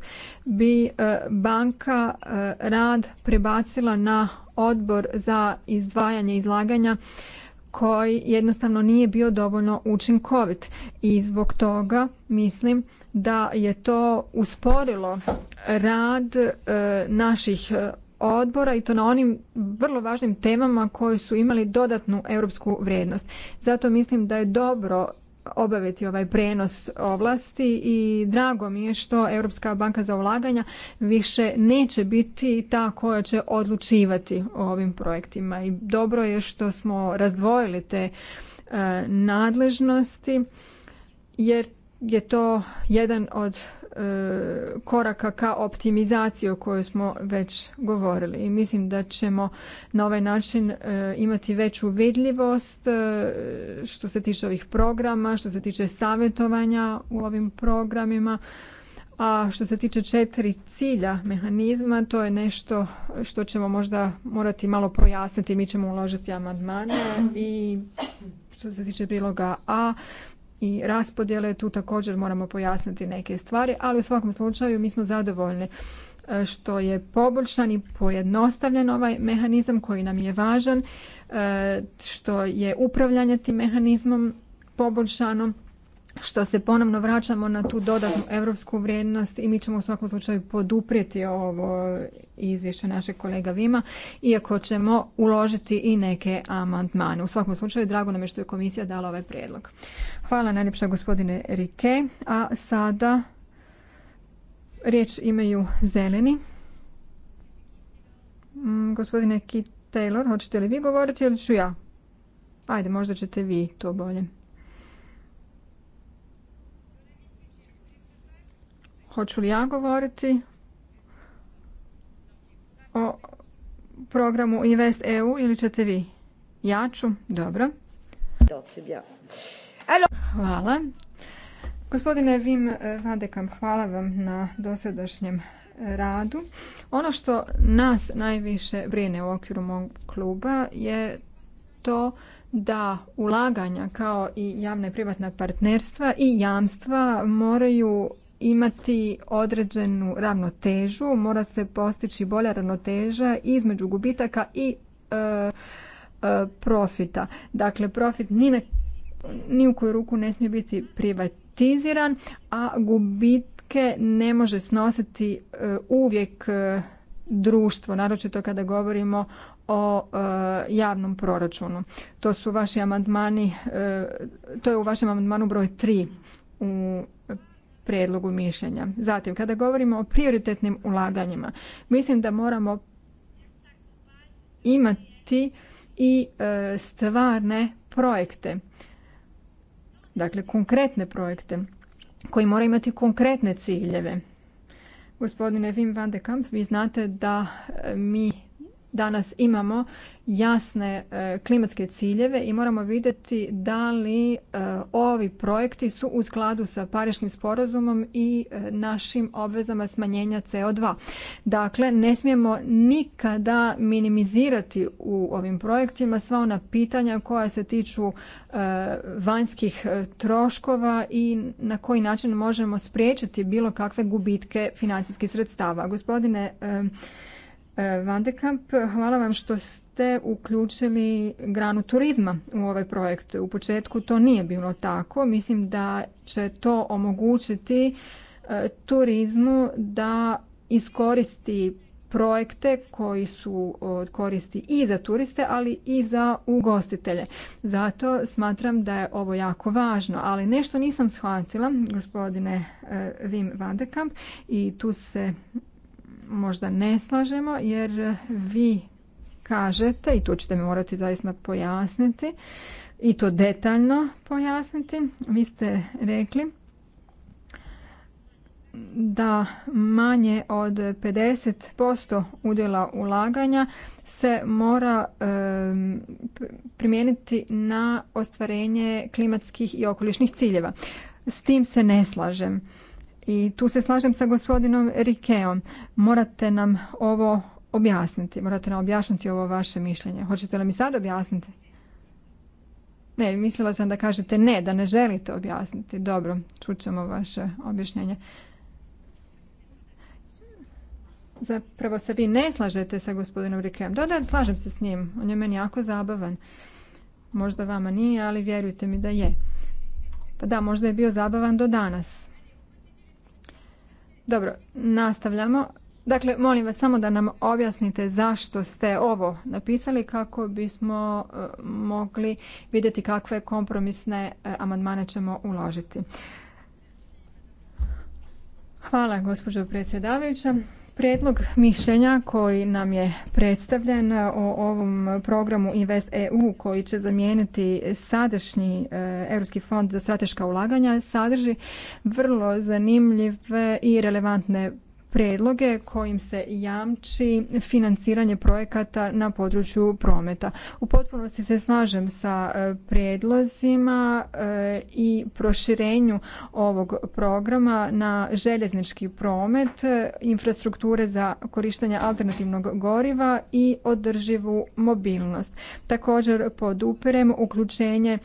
[SPEAKER 2] bi banka rad prebacila na odbor za izdvajanje izlaganja koji jednostavno nije bio dovoljno učinkovit i zbog toga mislim da je to usporilo rad e, naših e, odbora i to na onim vrlo važnim temama koje su imali dodatnu europsku vrijednost. Zato mislim da je dobro obaviti ovaj prenos ovlasti i drago mi je što Europska banka za ulaganja više neće biti ta koja će odlučivati o ovim projektima i dobro je što smo razdvojili te e, nadležnosti jer je to jedan od koraka ka optimizaciji o kojoj smo već govorili i mislim da ćemo na ovaj način e, imati veću vidljivost e, što se tiče ovih programa, što se tiče savjetovanja u ovim programima. A što se tiče četiri cilja mehanizma, to je nešto što ćemo možda morati malo pojasniti. Mi ćemo uložiti amandmane i što se tiče priloga A, i raspodjele, tu također moramo pojasniti neke stvari, ali u svakom slučaju mi smo zadovoljni e, što je poboljšan i pojednostavljen ovaj mehanizam koji nam je važan, e, što je upravljanje tim mehanizmom poboljšano što se ponovno vraćamo na tu dodatnu europsku vrijednost i mi ćemo u svakom slučaju poduprijeti ovo izvješće našeg kolega Vima, iako ćemo uložiti i neke amandmane. U svakom slučaju, drago nam je što je komisija dala ovaj prijedlog. Hvala najljepša gospodine Rike. A sada riječ imaju zeleni. Mm, gospodine Kit Taylor, hoćete li vi govoriti ili ću ja? Ajde, možda ćete vi to bolje. Hoću li ja govoriti o programu Invest EU ili ćete vi? Ja ću, dobro. Hvala. Gospodine Vim Vadekam, hvala vam na dosadašnjem radu. Ono što nas najviše brine u okviru mog kluba je to da ulaganja kao i javna i privatna partnerstva i jamstva moraju imati određenu ravnotežu, mora se postići bolja ravnoteža između gubitaka i e, e, profita. Dakle, profit ni, u koju ruku ne smije biti privatiziran, a gubitke ne može snositi e, uvijek društvo, naročito kada govorimo o javnom proračunu. To su vaši amandmani, to je u vašem amandmanu broj 3 u prijedlogu mišljenja. Zatim, kada govorimo o prioritetnim ulaganjima, mislim da moramo imati i e, stvarne projekte. Dakle, konkretne projekte koji moraju imati konkretne ciljeve. Gospodine Wim van de Kamp, vi znate da e, mi danas imamo jasne e, klimatske ciljeve i moramo vidjeti da li e, ovi projekti su u skladu sa parišnim sporazumom i e, našim obvezama smanjenja CO2. Dakle, ne smijemo nikada minimizirati u ovim projektima sva ona pitanja koja se tiču vanjskih troškova i na koji način možemo spriječiti bilo kakve gubitke financijskih sredstava. Gospodine E, Vandekamp, hvala vam što ste uključili granu turizma u ovaj projekt. U početku to nije bilo tako. Mislim da će to omogućiti e, turizmu da iskoristi projekte koji su e, koristi i za turiste, ali i za ugostitelje. Zato smatram da je ovo jako važno, ali nešto nisam shvatila, gospodine Wim Vandekamp, i tu se možda ne slažemo jer vi kažete i tu ćete mi morati zaista pojasniti i to detaljno pojasniti. Vi ste rekli da manje od 50% udjela ulaganja se mora primijeniti na ostvarenje klimatskih i okolišnih ciljeva. S tim se ne slažem. I tu se slažem sa gospodinom Rikeom. Morate nam ovo objasniti. Morate nam objasniti ovo vaše mišljenje. Hoćete li mi sad objasniti? Ne, mislila sam da kažete ne, da ne želite objasniti. Dobro, čućemo vaše objašnjenje. Zapravo se vi ne slažete sa gospodinom Rikeom. Da, da, slažem se s njim. On je meni jako zabavan. Možda vama nije, ali vjerujte mi da je. Pa da, možda je bio zabavan do danas. Dobro, nastavljamo. Dakle, molim vas samo da nam objasnite zašto ste ovo napisali kako bismo e, mogli vidjeti kakve kompromisne e, amandmane ćemo uložiti. Hvala, gospođo predsjedavajuća. Prijedlog mišljenja koji nam je predstavljen o ovom programu Invest EU koji će zamijeniti sadašnji e, Europski fond za strateška ulaganja sadrži vrlo zanimljive i relevantne prijedloge kojim se jamči financiranje projekata na području prometa. U potpunosti se slažem sa e, prijedlozima e, i proširenju ovog programa na željeznički promet, e, infrastrukture za korištenje alternativnog goriva i održivu mobilnost. Također podupirem uključenje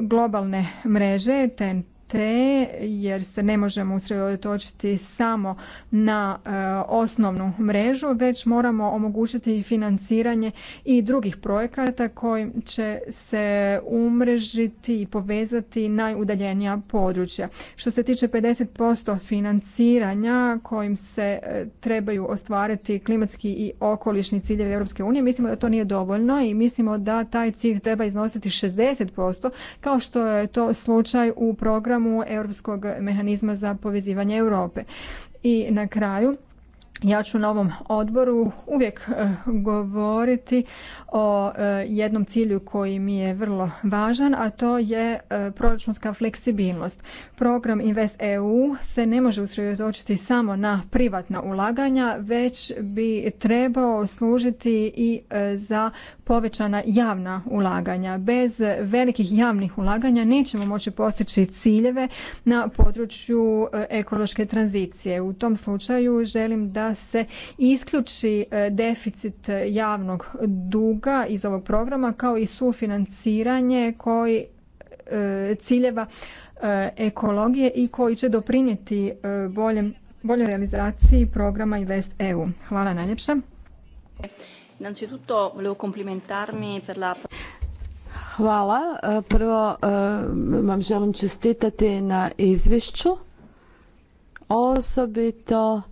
[SPEAKER 2] globalne mreže TNT te jer se ne možemo usredotočiti samo na e, osnovnu mrežu već moramo omogućiti i financiranje i drugih projekata kojim će se umrežiti i povezati najudaljenija područja. Što se tiče 50% financiranja kojim se e, trebaju ostvariti klimatski i okolišni ciljevi Europske unije, mislimo da to nije dovoljno i mislimo da taj cilj treba iznositi 60% kao što je to slučaj u programu programu Europskog mehanizma za povezivanje Europe. I na kraju ja ću na ovom odboru uvijek eh, govoriti o eh, jednom cilju koji mi je vrlo važan, a to je eh, proračunska fleksibilnost. Program Invest EU se ne može usredotočiti samo na privatna ulaganja, već bi trebao služiti i za povećana javna ulaganja. Bez velikih javnih ulaganja nećemo moći postići ciljeve na području ekološke tranzicije. U tom slučaju želim da se isključi e, deficit e, javnog duga iz ovog programa kao i sufinanciranje koji e, ciljeva ekologije i koji će doprinijeti boljem boljoj realizaciji programa Invest EU. Hvala najljepša.
[SPEAKER 3] Hvala. Prvo vam želim čestitati na izvješću. Osobito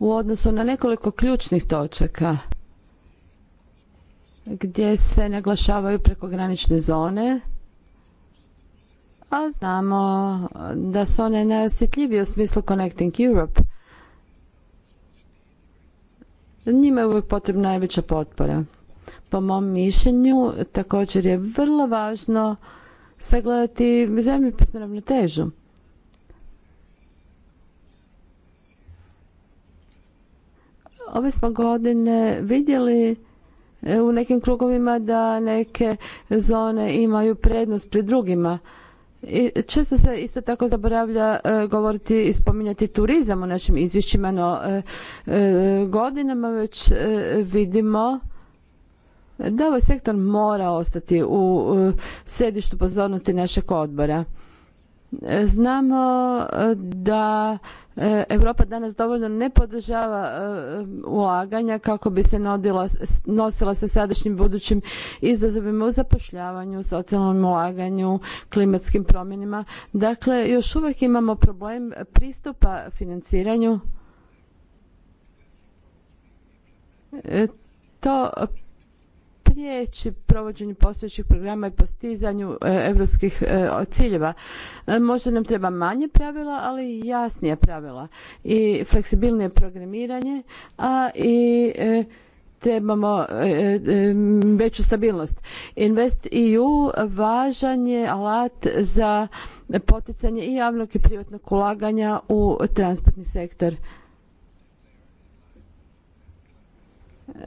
[SPEAKER 3] u odnosu na nekoliko ključnih točaka gdje se naglašavaju prekogranične zone, a znamo da su one najosjetljivije u smislu Connecting Europe. Njima je uvijek potrebna najveća potpora. Po mom mišljenju također je vrlo važno sagledati zemljopisnu ravnotežu. Ove smo godine vidjeli e, u nekim krugovima da neke zone imaju prednost pri drugima. I često se isto tako zaboravlja e, govoriti i spominjati turizam u našim izvješćima, no e, godinama već vidimo da ovaj sektor mora ostati u središtu pozornosti našeg odbora. Znamo da E, Europa danas dovoljno ne podržava e, e, ulaganja kako bi se nosila sa sadašnjim budućim izazovima u zapošljavanju, socijalnom ulaganju, klimatskim promjenama. Dakle, još uvijek imamo problem pristupa financiranju. To prijeći provođenju postojećih programa i postizanju europskih e, ciljeva. E, možda nam treba manje pravila, ali i jasnija pravila i fleksibilnije programiranje, a i e, trebamo veću stabilnost. Invest EU važan je alat za poticanje i javnog i privatnog ulaganja u transportni sektor.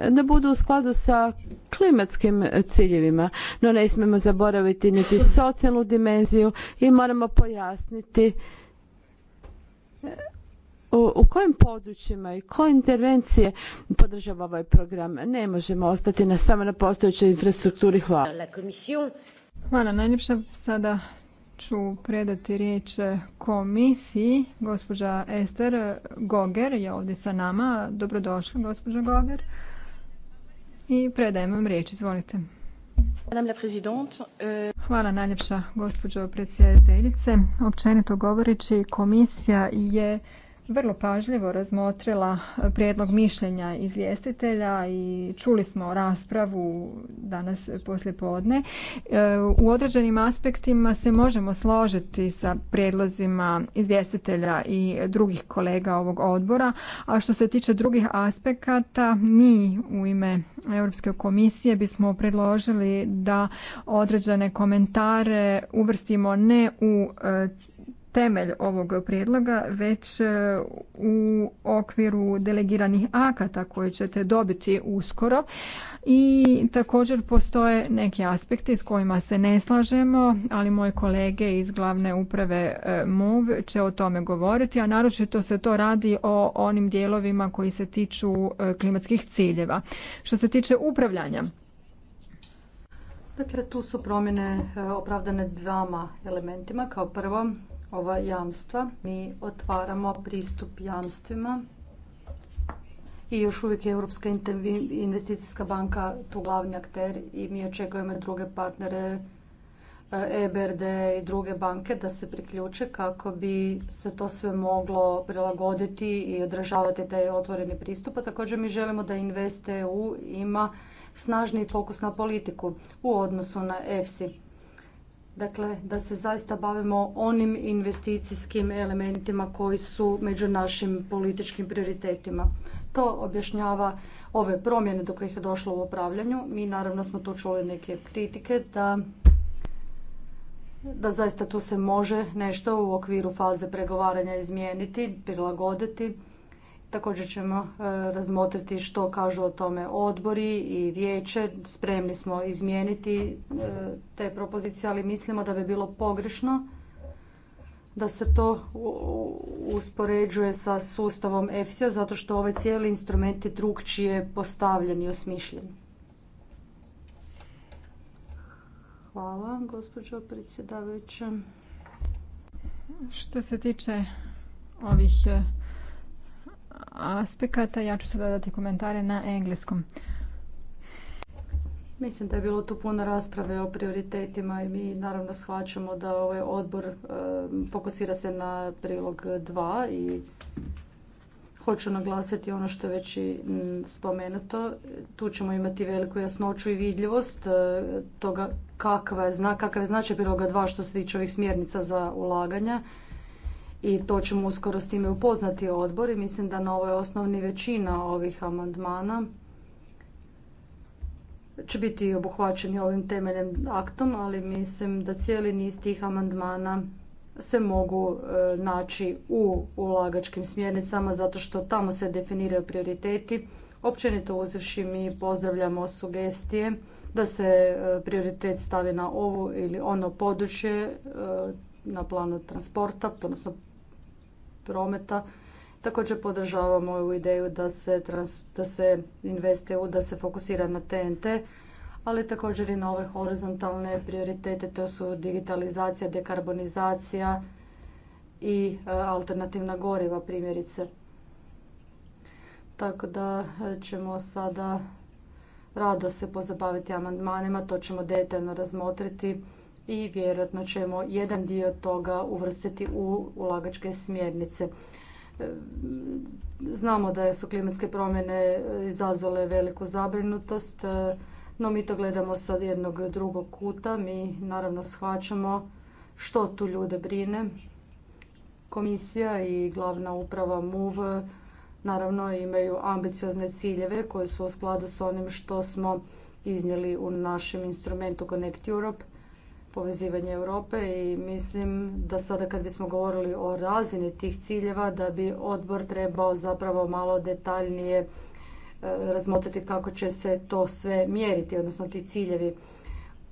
[SPEAKER 3] da budu u skladu sa klimatskim ciljevima. No ne smijemo zaboraviti niti socijalnu dimenziju i moramo pojasniti u, kojim područjima i koje intervencije podržava ovaj program. Ne možemo ostati na samo na postojećoj infrastrukturi. Hvala.
[SPEAKER 2] Hvala najljepša. Sada ću predati riječ komisiji. Gospođa Ester Goger je ovdje sa nama. Dobrodošla, gospođa Goger. I predajem vam riječ, izvolite. Euh, Hvala najljepša gospođo predsjedateljice. Općenito govoreći, komisija je vrlo pažljivo razmotrila prijedlog mišljenja izvjestitelja i čuli smo raspravu danas poslijepodne. E, u određenim aspektima se možemo složiti sa prijedlozima izvjestitelja i drugih kolega ovog odbora, a što se tiče drugih aspekata, mi u ime Europske komisije bismo predložili da određene komentare uvrstimo ne u e, temelj ovog prijedloga, već e, u okviru delegiranih akata koje ćete dobiti uskoro. I također postoje neki aspekti s kojima se ne slažemo, ali moje kolege iz glavne uprave e, MOV će o tome govoriti, a naročito se to radi o onim dijelovima koji se tiču e, klimatskih ciljeva. Što se tiče upravljanja,
[SPEAKER 1] Dakle, tu su promjene opravdane dvama elementima. Kao prvo, ova jamstva. Mi otvaramo pristup jamstvima i još uvijek je Europska investicijska banka tu glavni akter i mi očekujemo druge partnere EBRD e i druge banke da se priključe kako bi se to sve moglo prilagoditi i održavati taj otvoreni pristup. A također mi želimo da EU e ima snažni fokus na politiku u odnosu na EFSI Dakle, da se zaista bavimo onim investicijskim elementima koji su među našim političkim prioritetima. To objašnjava ove promjene do kojih je došlo u upravljanju. Mi naravno smo tu čuli neke kritike da da zaista tu se može nešto u okviru faze pregovaranja izmijeniti, prilagoditi Također ćemo e, razmotriti što kažu o tome odbori i vijeće. Spremni smo izmijeniti e, te propozicije, ali mislimo da bi bilo pogrešno da se to uspoređuje sa sustavom EFSI-a, zato što ovaj cijeli instrument je drugčije postavljen i osmišljen. Hvala, gospođo predsjedavajuća.
[SPEAKER 2] Što se tiče ovih e, aspekata. Ja ću sada dati komentare na engleskom.
[SPEAKER 1] Mislim da je bilo tu puno rasprave o prioritetima i mi naravno shvaćamo da ovaj odbor e, fokusira se na prilog 2 i hoću naglasiti ono što je već i spomenuto. Tu ćemo imati veliku jasnoću i vidljivost e, toga kakva je, zna, kakav je značaj priloga 2 što se tiče ovih smjernica za ulaganja i to ćemo uskoro s time upoznati odbor i mislim da na ovoj osnovni većina ovih amandmana će biti obuhvaćeni ovim temeljem aktom, ali mislim da cijeli niz tih amandmana se mogu e, naći u ulagačkim smjernicama zato što tamo se definiraju prioriteti. Općenito uzevši mi pozdravljamo sugestije da se e, prioritet stavi na ovo ili ono područje e, na planu transporta, odnosno prometa. Također podržavamo ovu ideju da se, da se u da se fokusira na TNT, ali također i na ove horizontalne prioritete, to su digitalizacija, dekarbonizacija i e, alternativna goriva primjerice. Tako da e, ćemo sada rado se pozabaviti amandmanima, to ćemo detaljno razmotriti i vjerojatno ćemo jedan dio toga uvrstiti u ulagačke smjernice. E, znamo da su klimatske promjene izazvale veliku zabrinutost, e, no mi to gledamo sa jednog drugog kuta. Mi naravno shvaćamo što tu ljude brine. Komisija i glavna uprava MUV naravno imaju ambiciozne ciljeve koje su u skladu s onim što smo iznijeli u našem instrumentu Connect Europe povezivanje Europe i mislim da sada kad bismo govorili o razini tih ciljeva da bi odbor trebao zapravo malo detaljnije e, razmotriti kako će se to sve mjeriti, odnosno ti ciljevi.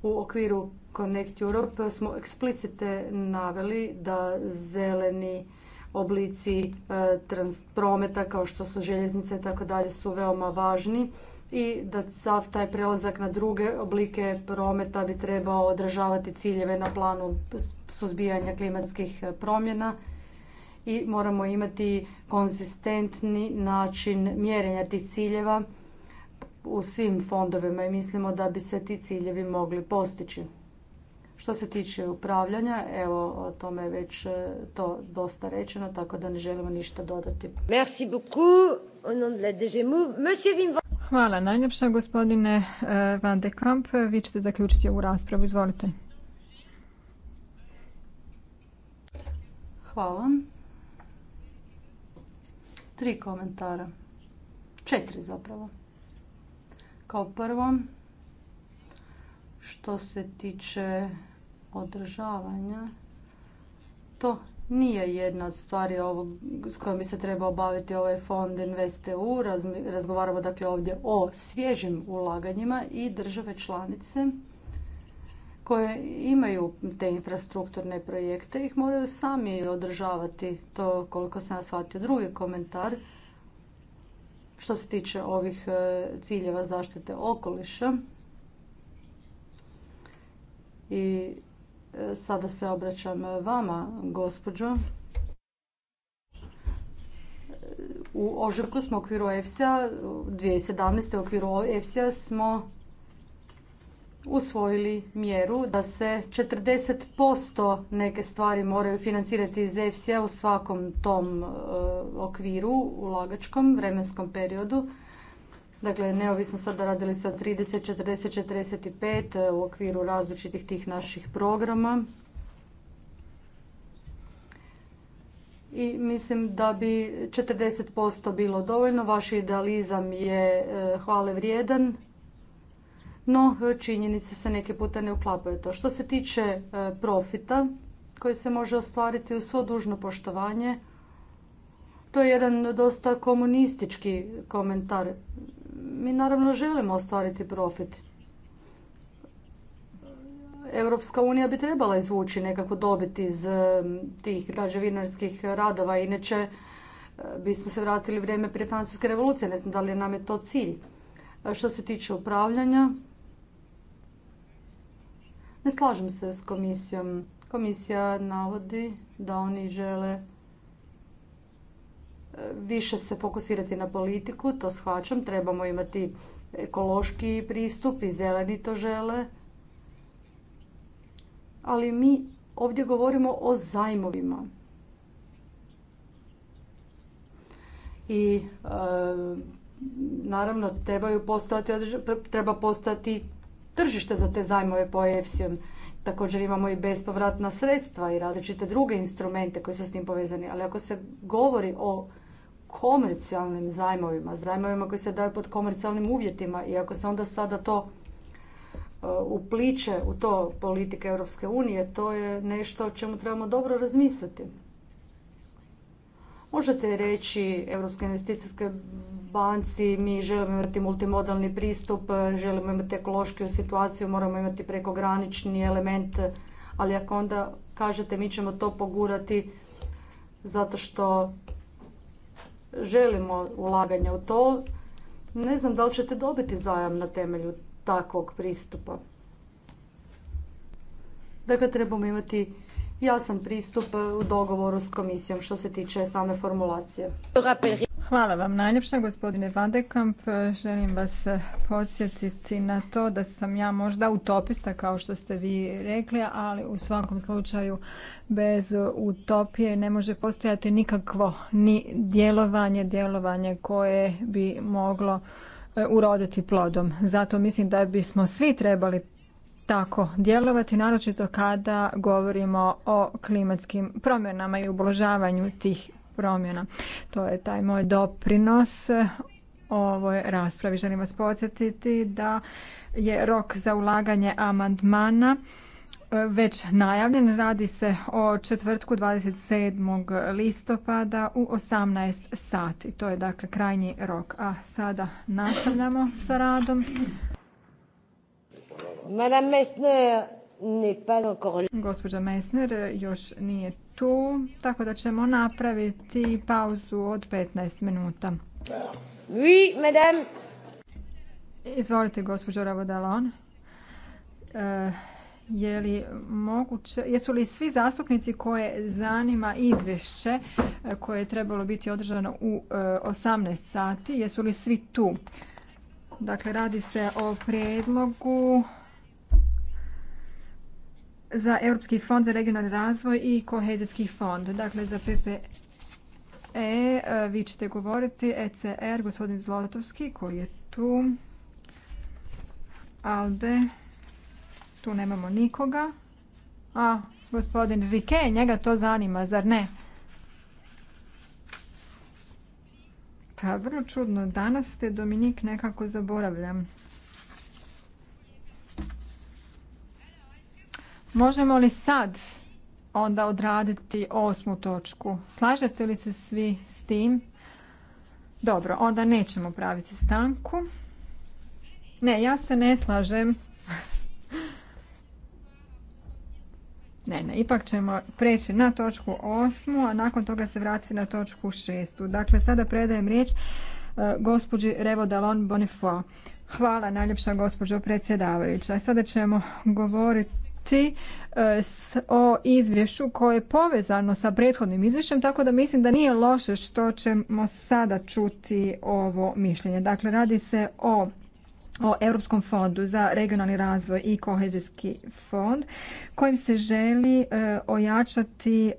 [SPEAKER 1] U okviru Connect Europe smo eksplicite naveli da zeleni oblici e, prometa kao što su željeznice i tako dalje su veoma važni i da sav taj prelazak na druge oblike prometa bi trebao održavati ciljeve na planu suzbijanja klimatskih e, promjena i moramo imati konzistentni način mjerenja tih ciljeva u svim fondovima i mislimo da bi se ti ciljevi mogli postići. Što se tiče upravljanja, evo o tome je već e, to dosta rečeno, tako da ne želimo ništa dodati.
[SPEAKER 2] Merci beaucoup. Au nom de la monsieur Hvala najljepša gospodine eh, Van de Kamp. Vi ćete zaključiti ovu raspravu. Izvolite.
[SPEAKER 1] Hvala. Tri komentara. Četiri zapravo. Kao prvo, što se tiče održavanja, to nije jedna od stvari ovog, s kojom bi se trebao baviti ovaj fond InvestEU. Razgovaramo dakle ovdje o svježim ulaganjima i države članice koje imaju te infrastrukturne projekte ih moraju sami održavati. To koliko sam ja shvatio. Drugi komentar što se tiče ovih e, ciljeva zaštite okoliša i Sada se obraćam vama, gospođo. U ožujku smo u okviru EFSA, 2017. u okviru EFSA smo usvojili mjeru da se 40% neke stvari moraju financirati iz EFSA u svakom tom e, okviru, ulagačkom vremenskom periodu. Dakle, neovisno sada radili se o 30, 40, 45 u okviru različitih tih naših programa. I mislim da bi 40% bilo dovoljno. Vaš idealizam je e, hvale vrijedan, no činjenice se neke puta ne uklapaju to. Što se tiče e, profita koji se može ostvariti u svo dužno poštovanje, to je jedan dosta komunistički komentar. Mi naravno želimo ostvariti profit. Europska unija bi trebala izvući nekako dobit iz eh, tih građevinarskih radova, inače eh, bismo se vratili vrijeme prije Francuske revolucije, ne znam da li nam je to cilj. Što se tiče upravljanja, ne slažem se s komisijom. Komisija navodi da oni žele više se fokusirati na politiku, to shvaćam, trebamo imati ekološki pristup i zeleni to žele. Ali mi ovdje govorimo o zajmovima. I e, naravno trebaju postojati, treba postati tržište za te zajmove po efsi Također imamo i bespovratna sredstva i različite druge instrumente koji su s tim povezani. Ali ako se govori o komercijalnim zajmovima, zajmovima koji se daju pod komercijalnim uvjetima i ako se onda sada to uh, upliče u to politike Europske unije, to je nešto o čemu trebamo dobro razmisliti. Možete reći Europske investicijske banci, mi želimo imati multimodalni pristup, želimo imati ekološku situaciju, moramo imati prekogranični element, ali ako onda kažete mi ćemo to pogurati zato što želimo ulaganje u to. Ne znam da li ćete dobiti zajam na temelju takvog pristupa. Dakle, trebamo imati jasan pristup u dogovoru s komisijom što se tiče same formulacije.
[SPEAKER 2] Hvala vam najljepša gospodine Vandekamp. Želim vas podsjetiti na to da sam ja možda utopista kao što ste vi rekli, ali u svakom slučaju bez utopije ne može postojati nikakvo ni djelovanje, djelovanje koje bi moglo e, uroditi plodom. Zato mislim da bismo svi trebali tako djelovati, naročito kada govorimo o klimatskim promjenama i ublažavanju tih promjena. To je taj moj doprinos ovoj raspravi. Želim vas podsjetiti da je rok za ulaganje amandmana e, već najavljen. Radi se o četvrtku 27. listopada u 18 sati. To je dakle krajnji rok. A sada nastavljamo sa radom. Madame Gospođa Mesner još nije tu, tako da ćemo napraviti pauzu od 15 minuta. Oui, madame. Izvolite, gospođo Ravodalon. E, je li moguće, jesu li svi zastupnici koje zanima izvješće e, koje je trebalo biti održano u 18 e, sati, jesu li svi tu? Dakle, radi se o predlogu za Europski fond za regionalni razvoj i kohezijski fond. Dakle, za PPE e, vi ćete govoriti ECR, gospodin Zlotovski, koji je tu. Alde, tu nemamo nikoga. A, gospodin Rike, njega to zanima, zar ne? Pa, vrlo čudno, danas ste Dominik nekako zaboravljam. Možemo li sad onda odraditi osmu točku? Slažete li se svi s tim? Dobro, onda nećemo praviti stanku. Ne, ja se ne slažem. Ne, ne, ipak ćemo preći na točku osmu, a nakon toga se vratiti na točku šestu. Dakle, sada predajem riječ e, gospođi Revo Dalon Bonifo. Hvala najljepša gospođo predsjedavajuća. Sada ćemo govoriti E, o izvješću koje je povezano sa prethodnim izvješćem, tako da mislim da nije loše što ćemo sada čuti ovo mišljenje. Dakle, radi se o o Europskom fondu za regionalni razvoj i kohezijski fond kojim se želi e, ojačati e,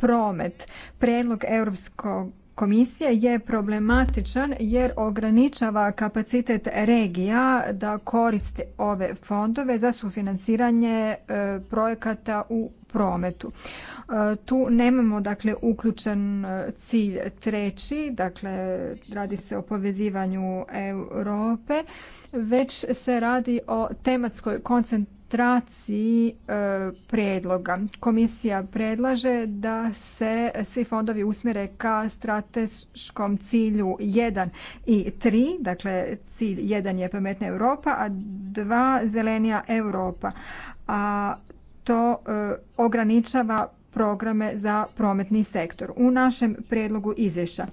[SPEAKER 2] promet. Prijedlog Europskog komisije je problematičan jer ograničava kapacitet regija da koriste ove fondove za sufinanciranje e, projekata u prometu. E, tu nemamo dakle uključen e, cilj treći, dakle radi se o povezivanju Europe, već se radi o tematskoj koncentraciji registraciji e, prijedloga. Komisija predlaže da se svi fondovi usmjere ka strateškom cilju 1 i 3, dakle cilj 1 je pametna Europa, a 2 zelenija Europa, a to e, ograničava programe za prometni sektor. U našem predlogu izvješća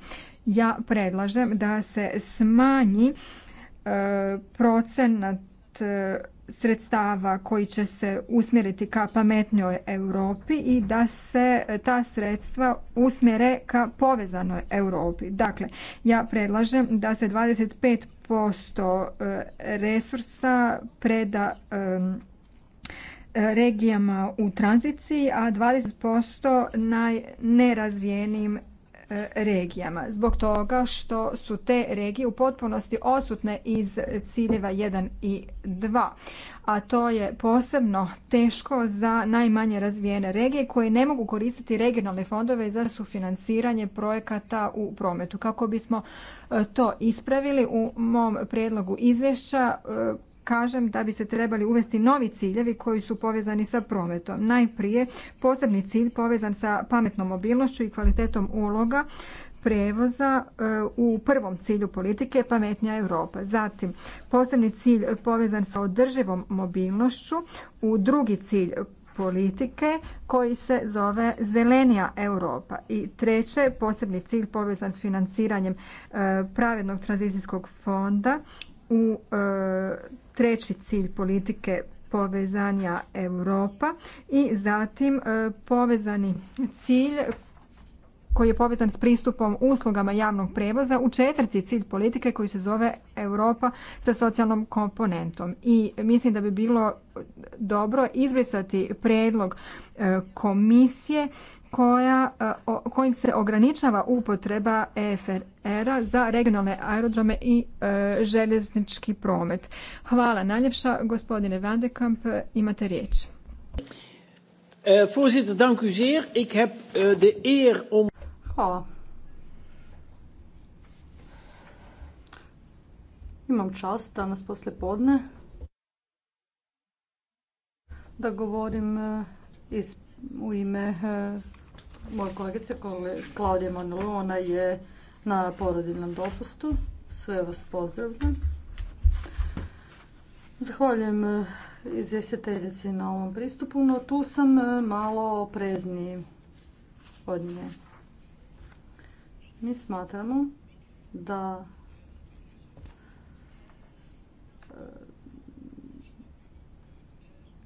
[SPEAKER 2] ja predlažem da se smanji e, procenat sredstava koji će se usmjeriti ka pametnjoj Europi i da se ta sredstva usmjere ka povezanoj Europi. Dakle, ja predlažem da se 25% e, resursa preda regijama u tranziciji, a 20% najnerazvijenijim E, regijama zbog toga što su te regije u potpunosti odsutne iz ciljeva 1 i 2 a to je posebno teško za najmanje razvijene regije koje ne mogu koristiti regionalne fondove za sufinanciranje projekata u prometu. Kako bismo e, to ispravili u mom prijedlogu izvješća e, kažem da bi se trebali uvesti novi ciljevi koji su povezani sa prometom. Najprije posebni cilj povezan sa pametnom mobilnošću i kvalitetom uloga prevoza e, u prvom cilju politike pametnija Europa. Zatim posebni cilj povezan sa održivom mobilnošću u drugi cilj politike koji se zove Zelenija Europa. I treće, posebni cilj povezan s financiranjem e, pravednog tranzicijskog fonda u e, treći cilj politike povezanja Europa i zatim e, povezani cilj koji je povezan s pristupom uslugama javnog prevoza u četvrti cilj politike koji se zove Europa sa socijalnom komponentom. I mislim da bi bilo dobro izbrisati predlog e, komisije koja, e, kojim se ograničava upotreba EFR-a za regionalne aerodrome i e, željeznički promet. Hvala najljepša. Gospodine Vandekamp, imate riječ. Eh, voorzitter, dank u zeer. Ik eh, Hvala.
[SPEAKER 1] Imam čast danas poslje podne da govorim eh, iz, u ime moja kolegica Klaudija Manolo, ona je na porodiljnom dopustu. Sve vas pozdravljam. Zahvaljujem e, izvjestiteljici na ovom pristupu, no tu sam e, malo oprezniji od nje. Mi smatramo da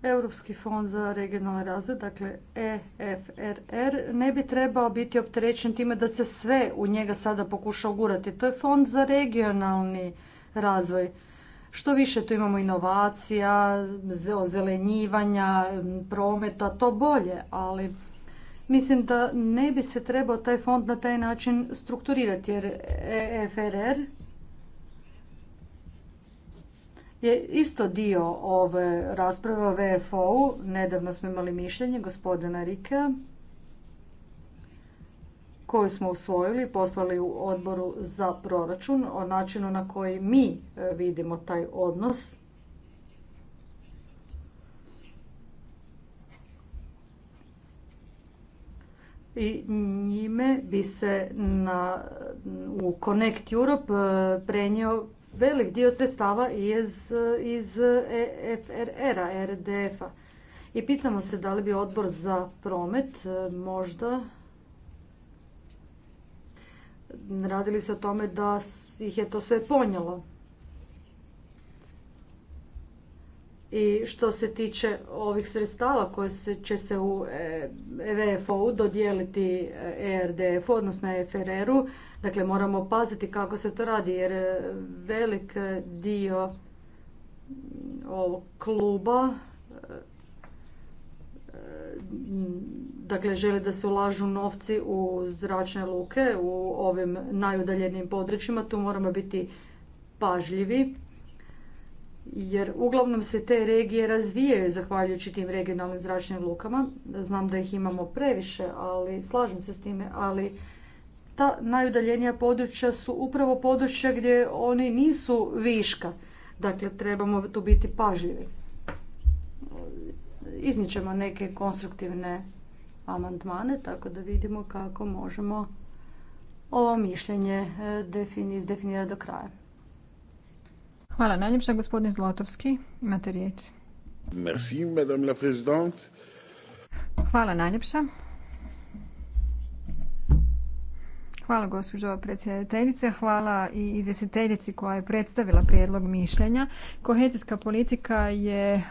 [SPEAKER 1] Europski fond za regionalni razvoj, dakle EFRR, ne bi trebao biti opterećen time da se sve u njega sada pokuša ugurati. To je fond za regionalni razvoj. Što više tu imamo inovacija, ozelenjivanja, prometa, to bolje, ali mislim da ne bi se trebao taj fond na taj način strukturirati jer EFRR je isto dio ove rasprave o VFO-u. Nedavno smo imali mišljenje gospodina Rikea koju smo usvojili poslali u odboru za proračun o načinu na koji mi e, vidimo taj odnos. i njime bi se u Connect Europe e, prenio velik dio sredstava iz, iz EFRR-a, RDF-a. I pitamo se da li bi odbor za promet e, možda radili se o tome da ih je to sve ponjelo. I što se tiče ovih sredstava koje se, će se u evfo e u dodijeliti ERDF-u, e odnosno efrr u Dakle, moramo paziti kako se to radi jer e, velik e, dio ovog kluba e, dakle žele da se ulažu novci u zračne luke u ovim najudaljenijim područjima. Tu moramo biti pažljivi jer uglavnom se te regije razvijaju zahvaljujući tim regionalnim zračnim lukama. Znam da ih imamo previše, ali slažem se s time, ali ta najudaljenija područja su upravo područja gdje oni nisu viška. Dakle, trebamo tu biti pažljivi. Iznićemo neke konstruktivne amandmane, tako da vidimo kako možemo
[SPEAKER 2] ovo mišljenje e, izdefinirati do kraja. Hvala najljepša, gospodin Zlotovski. Imate riječ.
[SPEAKER 1] Merci, madame la présidente.
[SPEAKER 2] Hvala najljepša. Hvala gospođo predsjedateljice, hvala i izvjestiteljici koja je predstavila prijedlog mišljenja. Kohezijska politika je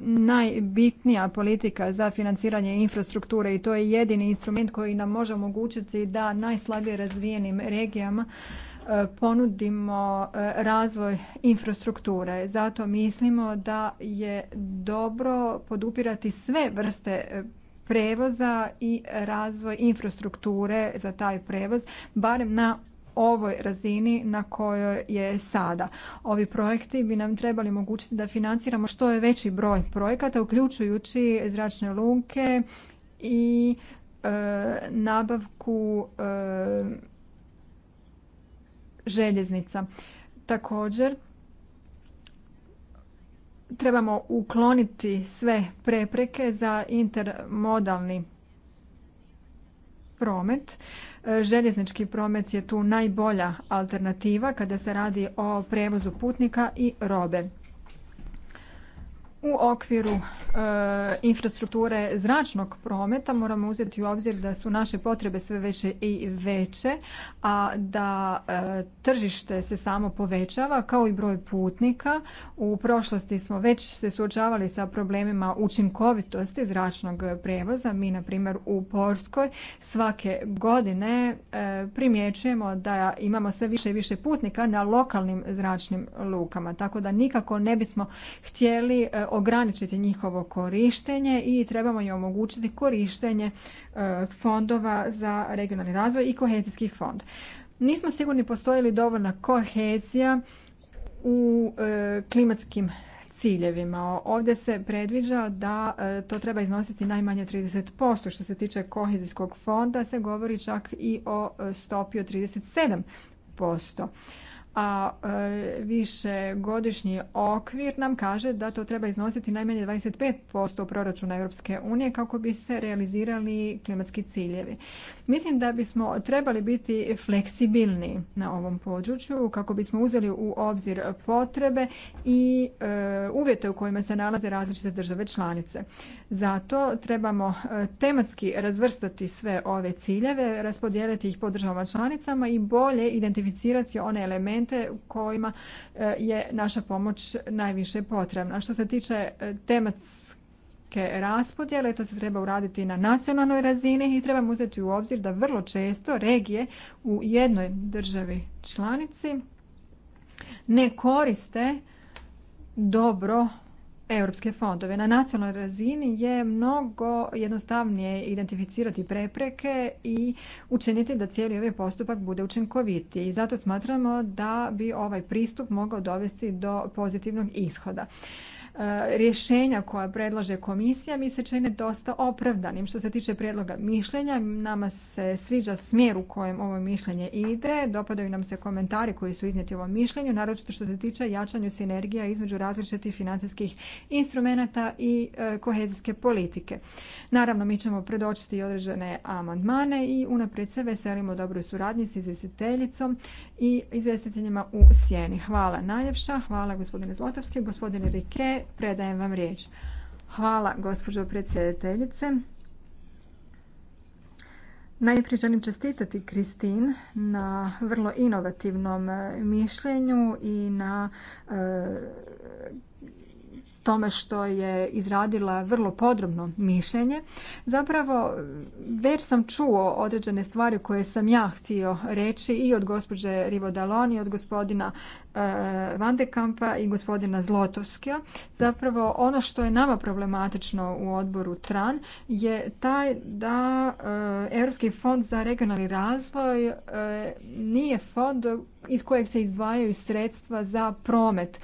[SPEAKER 2] najbitnija politika za financiranje infrastrukture i to je jedini instrument koji nam može omogućiti da najslabije razvijenim regijama e, ponudimo e, razvoj infrastrukture. Zato mislimo da je dobro podupirati sve vrste e, prevoza i razvoj infrastrukture za taj prevoz, barem na ovoj razini na kojoj je sada. Ovi projekti bi nam trebali omogućiti da financiramo što je veći broj projekata, uključujući zračne luke i e, nabavku e, željeznica. Također, trebamo ukloniti sve prepreke za intermodalni promet. E, željeznički promet je tu najbolja alternativa kada se radi o prevozu putnika i robe. U okviru e, infrastrukture zračnog prometa moramo uzeti u obzir da su naše potrebe sve veće i veće, a da e, tržište se samo povećava kao i broj putnika. U prošlosti smo već se suočavali sa problemima učinkovitosti zračnog prevoza. Mi, na primjer, u Porskoj svake godine e, primjećujemo da imamo sve više i više putnika na lokalnim zračnim lukama, tako da nikako ne bismo htjeli ograničiti njihovo korištenje i trebamo im omogućiti korištenje e, fondova za regionalni razvoj i kohezijski fond. Nismo sigurni postoji li dovoljna kohezija u e, klimatskim ciljevima. Ovdje se predviđa da e, to treba iznositi najmanje 30%. Što se tiče kohezijskog fonda se govori čak i o stopi od 37% a e, više godišnji okvir nam kaže da to treba iznositi najmanje 25% proračuna Europske unije kako bi se realizirali klimatski ciljevi. Mislim da bismo trebali biti fleksibilni na ovom području kako bismo uzeli u obzir potrebe i e, uvjete u kojima se nalaze različite države članice. Zato trebamo e, tematski razvrstati sve ove ciljeve, raspodijeliti ih po državama članicama i bolje identificirati one elemente u kojima e, je naša pomoć najviše potrebna. Što se tiče e, tematske raspodjele, to se treba uraditi na nacionalnoj razini i trebamo uzeti u obzir da vrlo često regije u jednoj državi članici ne koriste dobro europske fondove. Na nacionalnoj razini je mnogo jednostavnije identificirati prepreke i učiniti da cijeli ovaj postupak bude učinkovitiji. I zato smatramo da bi ovaj pristup mogao dovesti do pozitivnog ishoda. E, rješenja koja predlaže komisija mi se čine dosta opravdanim. Što se tiče prijedloga mišljenja, nama se sviđa smjer u kojem ovo mišljenje ide, dopadaju nam se komentari koji su iznijeti u ovom mišljenju, naročito što se tiče jačanju sinergija između različitih financijskih instrumenata i e, kohezijske politike. Naravno, mi ćemo predočiti određene amandmane i unaprijed se veselimo dobroj suradnji s izvjestiteljicom i izvjestiteljima u sjeni. Hvala najljepša, hvala gospodine Zlotovski. gospodine Rike, predajem vam riječ. Hvala gospođo predsjedateljice. Najprije želim čestitati Kristin na vrlo inovativnom eh, mišljenju i na eh, tome što je izradila vrlo podrobno mišljenje. Zapravo već sam čuo određene stvari koje sam ja htio reći i od gospođe i od gospodina e, Vandekampa i gospodina Zlotovskija. Zapravo ono što je nama problematično u odboru TRAN je taj da e, Europski fond za regionalni razvoj e, nije fond iz kojeg se izdvajaju sredstva za promet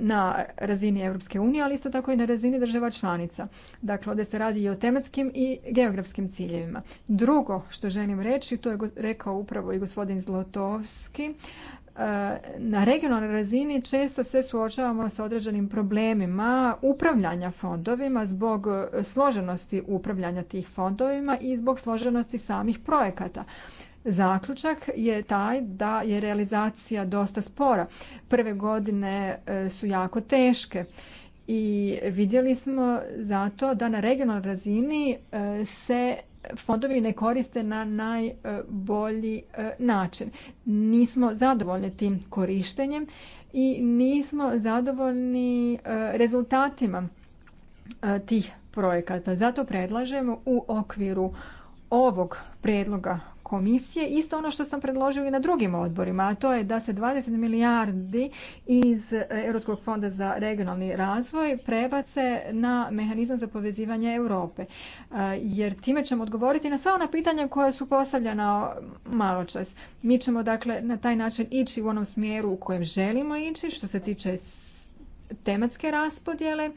[SPEAKER 2] na razini Europske unije, ali isto tako i na razini država članica. Dakle, ovdje se radi i o tematskim i geografskim ciljevima. Drugo što želim reći, to je rekao upravo i gospodin Zlotovski, e, na regionalnoj razini često se suočavamo sa određenim problemima upravljanja fondovima zbog e, složenosti upravljanja tih fondovima i zbog složenosti samih projekata. Zaključak je taj da je realizacija dosta spora. Prve godine e, su jako teške i vidjeli smo zato da na regionalnoj razini e, se fondovi ne koriste na najbolji e, način. Nismo zadovoljni tim korištenjem i nismo zadovoljni rezultatima tih projekata. Zato predlažemo u okviru ovog predloga komisije isto ono što sam predložio i na drugim odborima, a to je da se 20 milijardi iz Europskog fonda za regionalni razvoj prebace na mehanizam za povezivanje Europe. E, jer time ćemo odgovoriti na sva ona pitanja koja su postavljena malo čas. Mi ćemo dakle na taj način ići u onom smjeru u kojem želimo ići što se tiče tematske raspodjele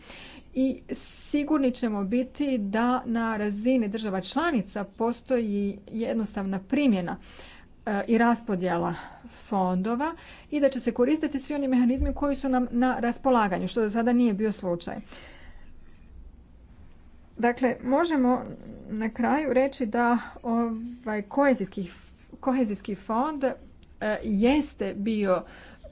[SPEAKER 2] i sigurni ćemo biti da na razini država članica postoji jednostavna primjena e, i raspodjela fondova i da će se koristiti svi oni mehanizmi koji su nam na raspolaganju, što do sada nije bio slučaj. Dakle, možemo na kraju reći da ovaj kohezijski, kohezijski fond e, jeste bio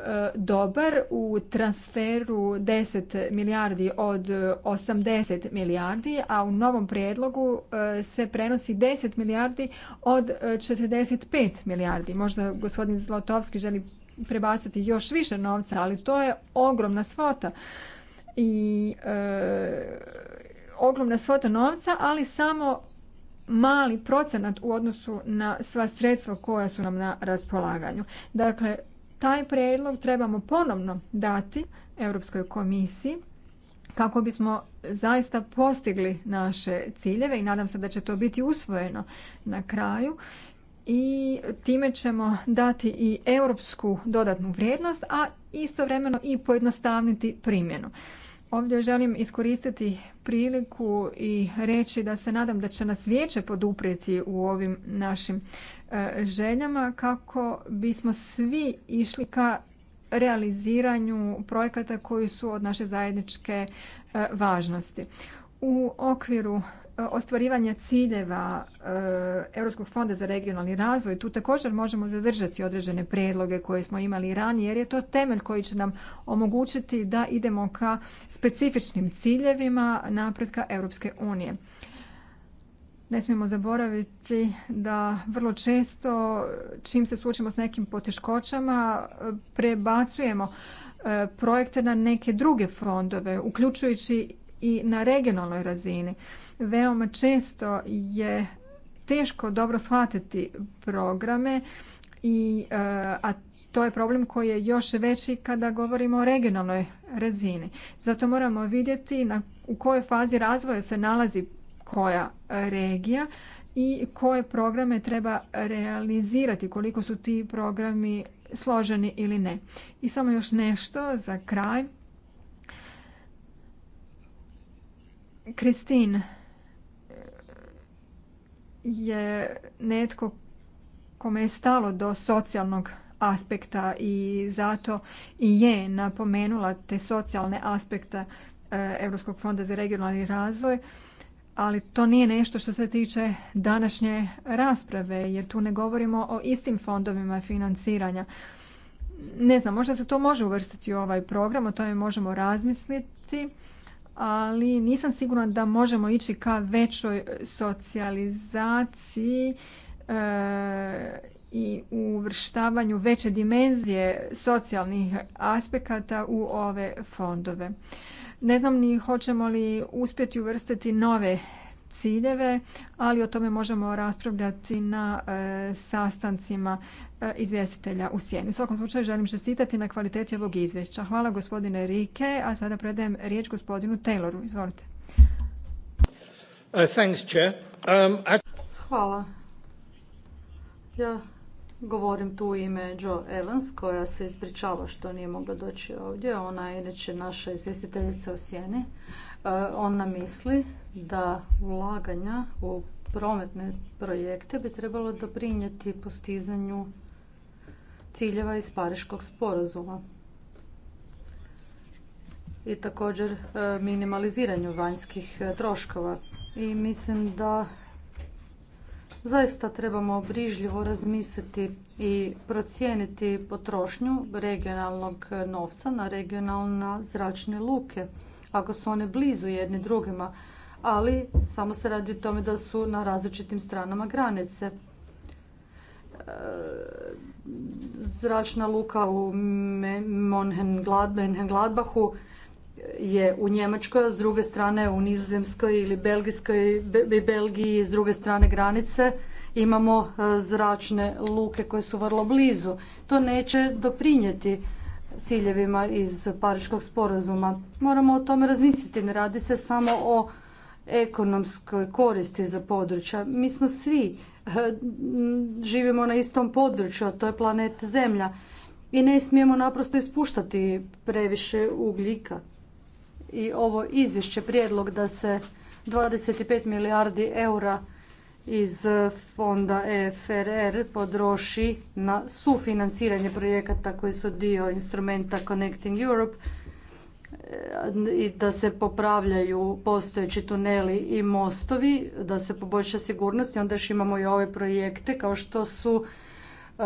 [SPEAKER 2] E, dobar u transferu 10 milijardi od 80 e, milijardi, a u novom prijedlogu e, se prenosi 10 milijardi od 45 milijardi. Možda gospodin Zlotovski želi prebaciti još više novca, ali to je ogromna svota i ogromna svota novca, ali samo mali procenat u odnosu na sva sredstva koja su nam na raspolaganju. Dakle, taj prijedlog trebamo ponovno dati Europskoj komisiji kako bismo zaista postigli naše ciljeve i nadam se da će to biti usvojeno na kraju i time ćemo dati i europsku dodatnu vrijednost, a istovremeno i pojednostavniti primjenu. Ovdje želim iskoristiti priliku i reći da se nadam da će nas vijeće poduprijeti u ovim našim e, željama kako bismo svi išli ka realiziranju projekata koji su od naše zajedničke e, važnosti. U okviru ostvarivanja ciljeva e, Europskog fonda za regionalni razvoj, tu također možemo zadržati određene predloge koje smo imali ranije, jer je to temelj koji će nam omogućiti da idemo ka specifičnim ciljevima napretka Europske unije. Ne smijemo zaboraviti da vrlo često čim se suočimo s nekim poteškoćama prebacujemo e, projekte na neke druge fondove, uključujući i na regionalnoj razini. Veoma često je teško dobro shvatiti programe i eh, a to je problem koji je još veći kada govorimo o regionalnoj razini. Zato moramo vidjeti na, u kojoj fazi razvoja se nalazi koja regija i koje programe treba realizirati, koliko su ti programi složeni ili ne. I samo još nešto za kraj. Kristin je netko kome je stalo do socijalnog aspekta i zato i je napomenula te socijalne aspekte eh, Europskog fonda za regionalni razvoj, ali to nije nešto što se tiče današnje rasprave jer tu ne govorimo o istim fondovima financiranja. Ne znam, možda se to može uvrstiti u ovaj program, o tome možemo razmisliti ali nisam sigurna da možemo ići ka većoj socijalizaciji e, i uvrštavanju veće dimenzije socijalnih aspekata u ove fondove. Ne znam ni hoćemo li uspjeti uvrstiti nove ciljeve, ali o tome možemo raspravljati na e, sastancima e, izvjestitelja u sjeni. U svakom slučaju želim čestitati na kvaliteti ovog izvješća. Hvala gospodine Rike, a sada predajem riječ gospodinu Tayloru. Izvolite. Uh, um, Hvala.
[SPEAKER 1] Ja govorim tu u ime Jo Evans koja se ispričava što nije mogla doći ovdje. Ona je inače naša izvjestiteljica u sjeni. Uh, ona misli da ulaganja u prometne projekte bi trebalo doprinijeti postizanju ciljeva iz Pariškog sporazuma i također e, minimaliziranju vanjskih e, troškova. I mislim da zaista trebamo brižljivo razmisliti i procijeniti potrošnju regionalnog e, novca na regionalne zračne luke. Ako su one blizu jedni drugima, ali samo se radi o tome da su na različitim stranama granice. E, zračna luka u Gladbahu je u Njemačkoj, a s druge strane u Nizozemskoj ili Belgijskoj, Belgiji s druge strane granice imamo e, zračne luke koje su vrlo blizu. To neće doprinijeti ciljevima iz Pariškog sporazuma. Moramo o tome razmisliti, ne radi se samo o ekonomskoj koristi za područja. Mi smo svi eh, živimo na istom području, a to je planet Zemlja. I ne smijemo naprosto ispuštati previše ugljika. I ovo izvješće, prijedlog da se 25 milijardi eura iz fonda EFRR podroši na sufinanciranje projekata koji su dio instrumenta Connecting Europe i da se popravljaju postojeći tuneli i mostovi, da se poboljša sigurnost i onda još imamo i ove projekte kao što su e,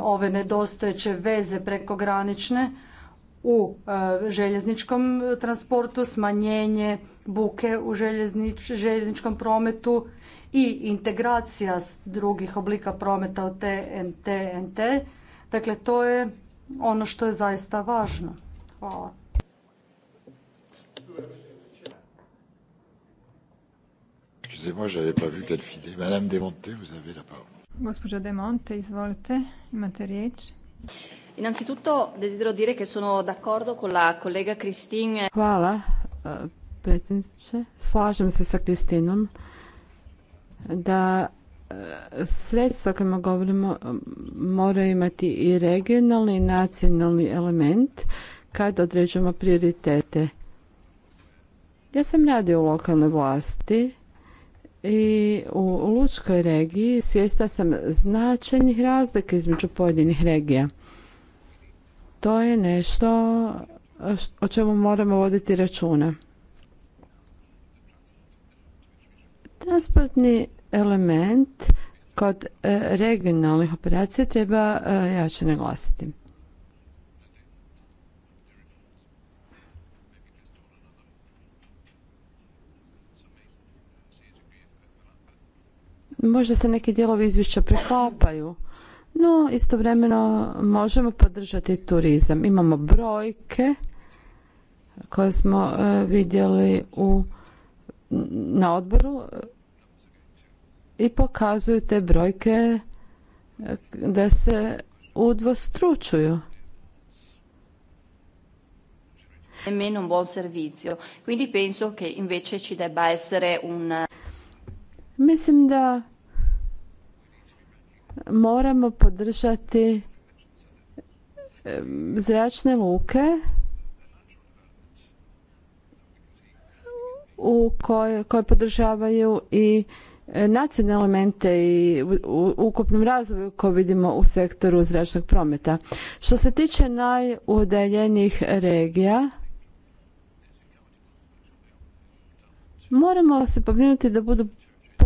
[SPEAKER 1] ove nedostojeće veze prekogranične u e, željezničkom transportu, smanjenje buke u željezničkom prometu i integracija drugih oblika prometa u TNT. Dakle, to je ono što je zaista važno. Hvala. Excusez-moi, j'avais pas vu quelle fille. Madame Demonte, vous avez la parole.
[SPEAKER 2] Gospođa Demonte, izvolite, imate riječ. Innanzitutto desidero dire che sono d'accordo con la collega Christine. Hvala, eh, predsjedniče. Slažem se sa
[SPEAKER 3] Kristinom da eh, sredstva kojima govorimo eh, moraju imati i regionalni i nacionalni element kad određujemo prioritete. Ja sam radio u lokalnoj vlasti i u Lučkoj regiji svijesta sam značajnih razlika između pojedinih regija. To je nešto o čemu moramo voditi računa. Transportni element kod e, regionalnih operacija treba e, jače naglasiti. Možda se neki dijelovi izvješća preklapaju, no istovremeno možemo podržati turizam. Imamo brojke koje smo e, vidjeli u, na odboru e, i pokazuju te brojke e, da se udvostručuju.
[SPEAKER 2] un buon servizio, penso che un...
[SPEAKER 3] Mislim da moramo podržati zračne luke koje, podržavaju i e, nacionalne elemente i u ukupnom razvoju koje vidimo u sektoru zračnog prometa. Što se tiče najudaljenijih regija, moramo se pobrinuti da budu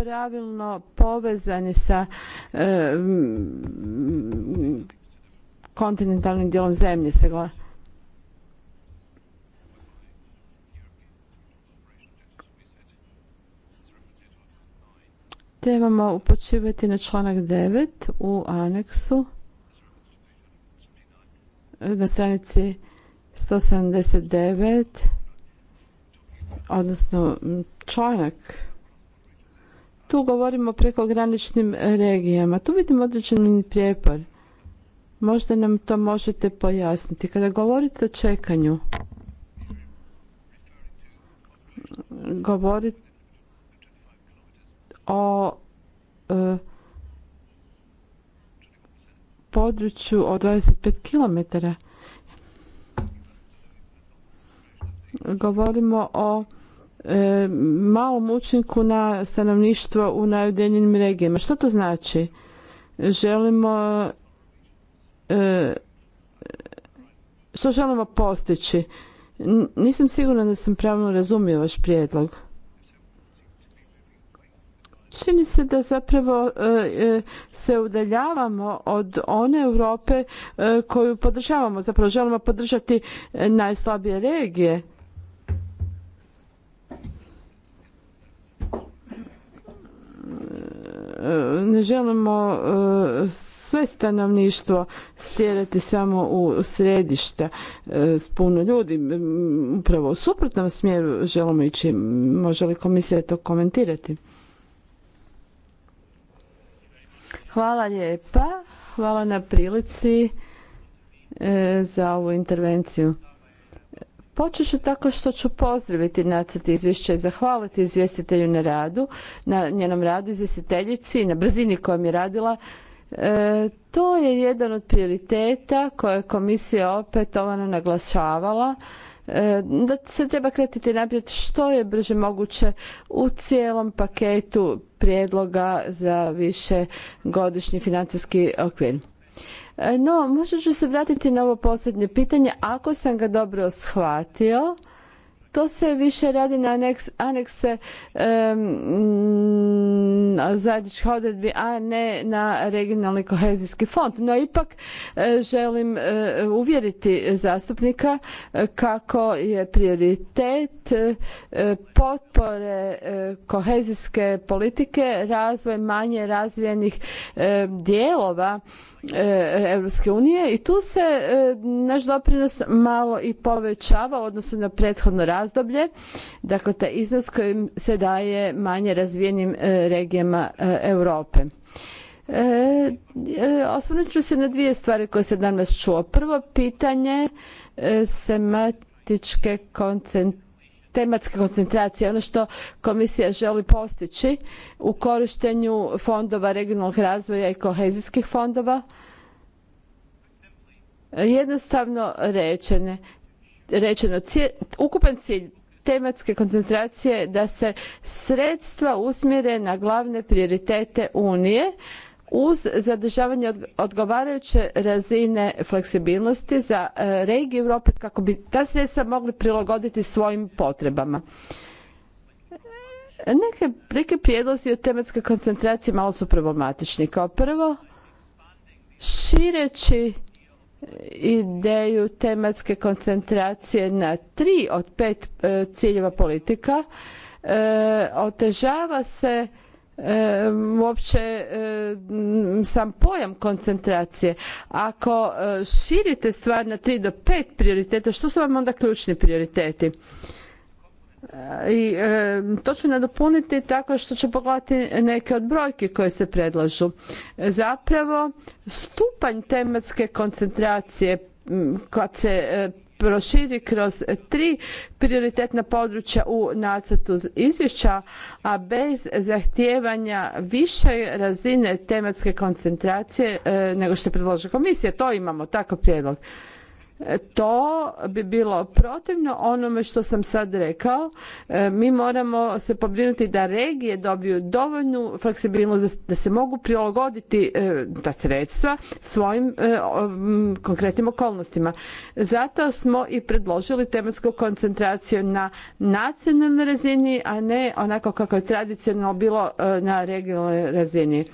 [SPEAKER 3] pravilno povezani sa e, kontinentalnim dijelom zemlje. Trebamo upočivati na članak 9 u aneksu na stranici 179 odnosno članak tu govorimo o prekograničnim regijama. Tu vidimo određeni prijepor. Možda nam to možete pojasniti. Kada govorite o čekanju, govorite o e, području od 25 km. Govorimo o E, malom učinku na stanovništvo u najudeljenim regijama. Što to znači? Želimo e, što želimo postići? Nisam sigurna da sam pravno razumio vaš prijedlog. Čini se da zapravo e, se udaljavamo od one Europe koju podržavamo. Zapravo želimo podržati najslabije regije. ne želimo e, sve stanovništvo stjerati samo u središta e, s puno ljudi. Upravo u suprotnom smjeru želimo ići. Može li komisija to komentirati? Hvala lijepa. Hvala na prilici e, za ovu intervenciju. Počet ću tako što ću pozdraviti nacrt izvješća i zahvaliti izvjestitelju na radu, na njenom radu izvjestiteljici i na brzini kojom je radila. E, to je jedan od prioriteta koje je komisija opetovano naglašavala e, da se treba kretiti naprijed što je brže moguće u cijelom paketu prijedloga za više godišnji financijski okvir. E, no, možda ću se vratiti na ovo posljednje pitanje. Ako sam ga dobro shvatio, to se više radi na anekse um, zajedničkih odredbi, a ne na regionalni kohezijski fond. No ipak e, želim e, uvjeriti zastupnika kako je prioritet potpore kohezijske politike razvoj manje razvijenih dijelova Europske unije i tu se e, naš doprinos malo i povećava u odnosu na prethodno razdoblje. Dakle, taj iznos kojim se daje manje razvijenim e, regijama e, Europe. osvrnut ću se na dvije stvari koje se danas čuo. Prvo pitanje sematičke koncentracije tematske koncentracije. Ono što komisija želi postići u korištenju fondova regionalnog razvoja i kohezijskih fondova jednostavno rečene, rečeno ukupan cilj tematske koncentracije je da se sredstva usmjere na glavne prioritete unije uz zadržavanje odgovarajuće razine fleksibilnosti za e, regije Europe kako bi ta sredstva mogli prilagoditi svojim potrebama. E, neke, prijedlozi o tematskoj koncentraciji malo su problematični. Kao prvo, šireći e, ideju tematske koncentracije na tri od pet ciljeva politika, otežava se e, uopće e, sam pojam koncentracije. Ako e, širite stvar na tri do pet prioriteta, što su vam onda ključni prioriteti? E, I to ću nadopuniti tako što ću pogledati neke od brojki koje se predlažu. Zapravo, stupanj tematske koncentracije kad se proširi kroz tri prioritetna područja u nacrtu izvješća, a bez zahtijevanja više razine tematske koncentracije e, nego što je komisija. To imamo, takav prijedlog to bi bilo protivno onome što sam sad rekao. E, mi moramo se pobrinuti da regije dobiju dovoljnu fleksibilnost da se mogu prilagoditi e, ta sredstva svojim e, konkretnim okolnostima. Zato smo i predložili tematsku koncentraciju na nacionalnoj razini, a ne onako kako je tradicionalno bilo na regionalnoj razini.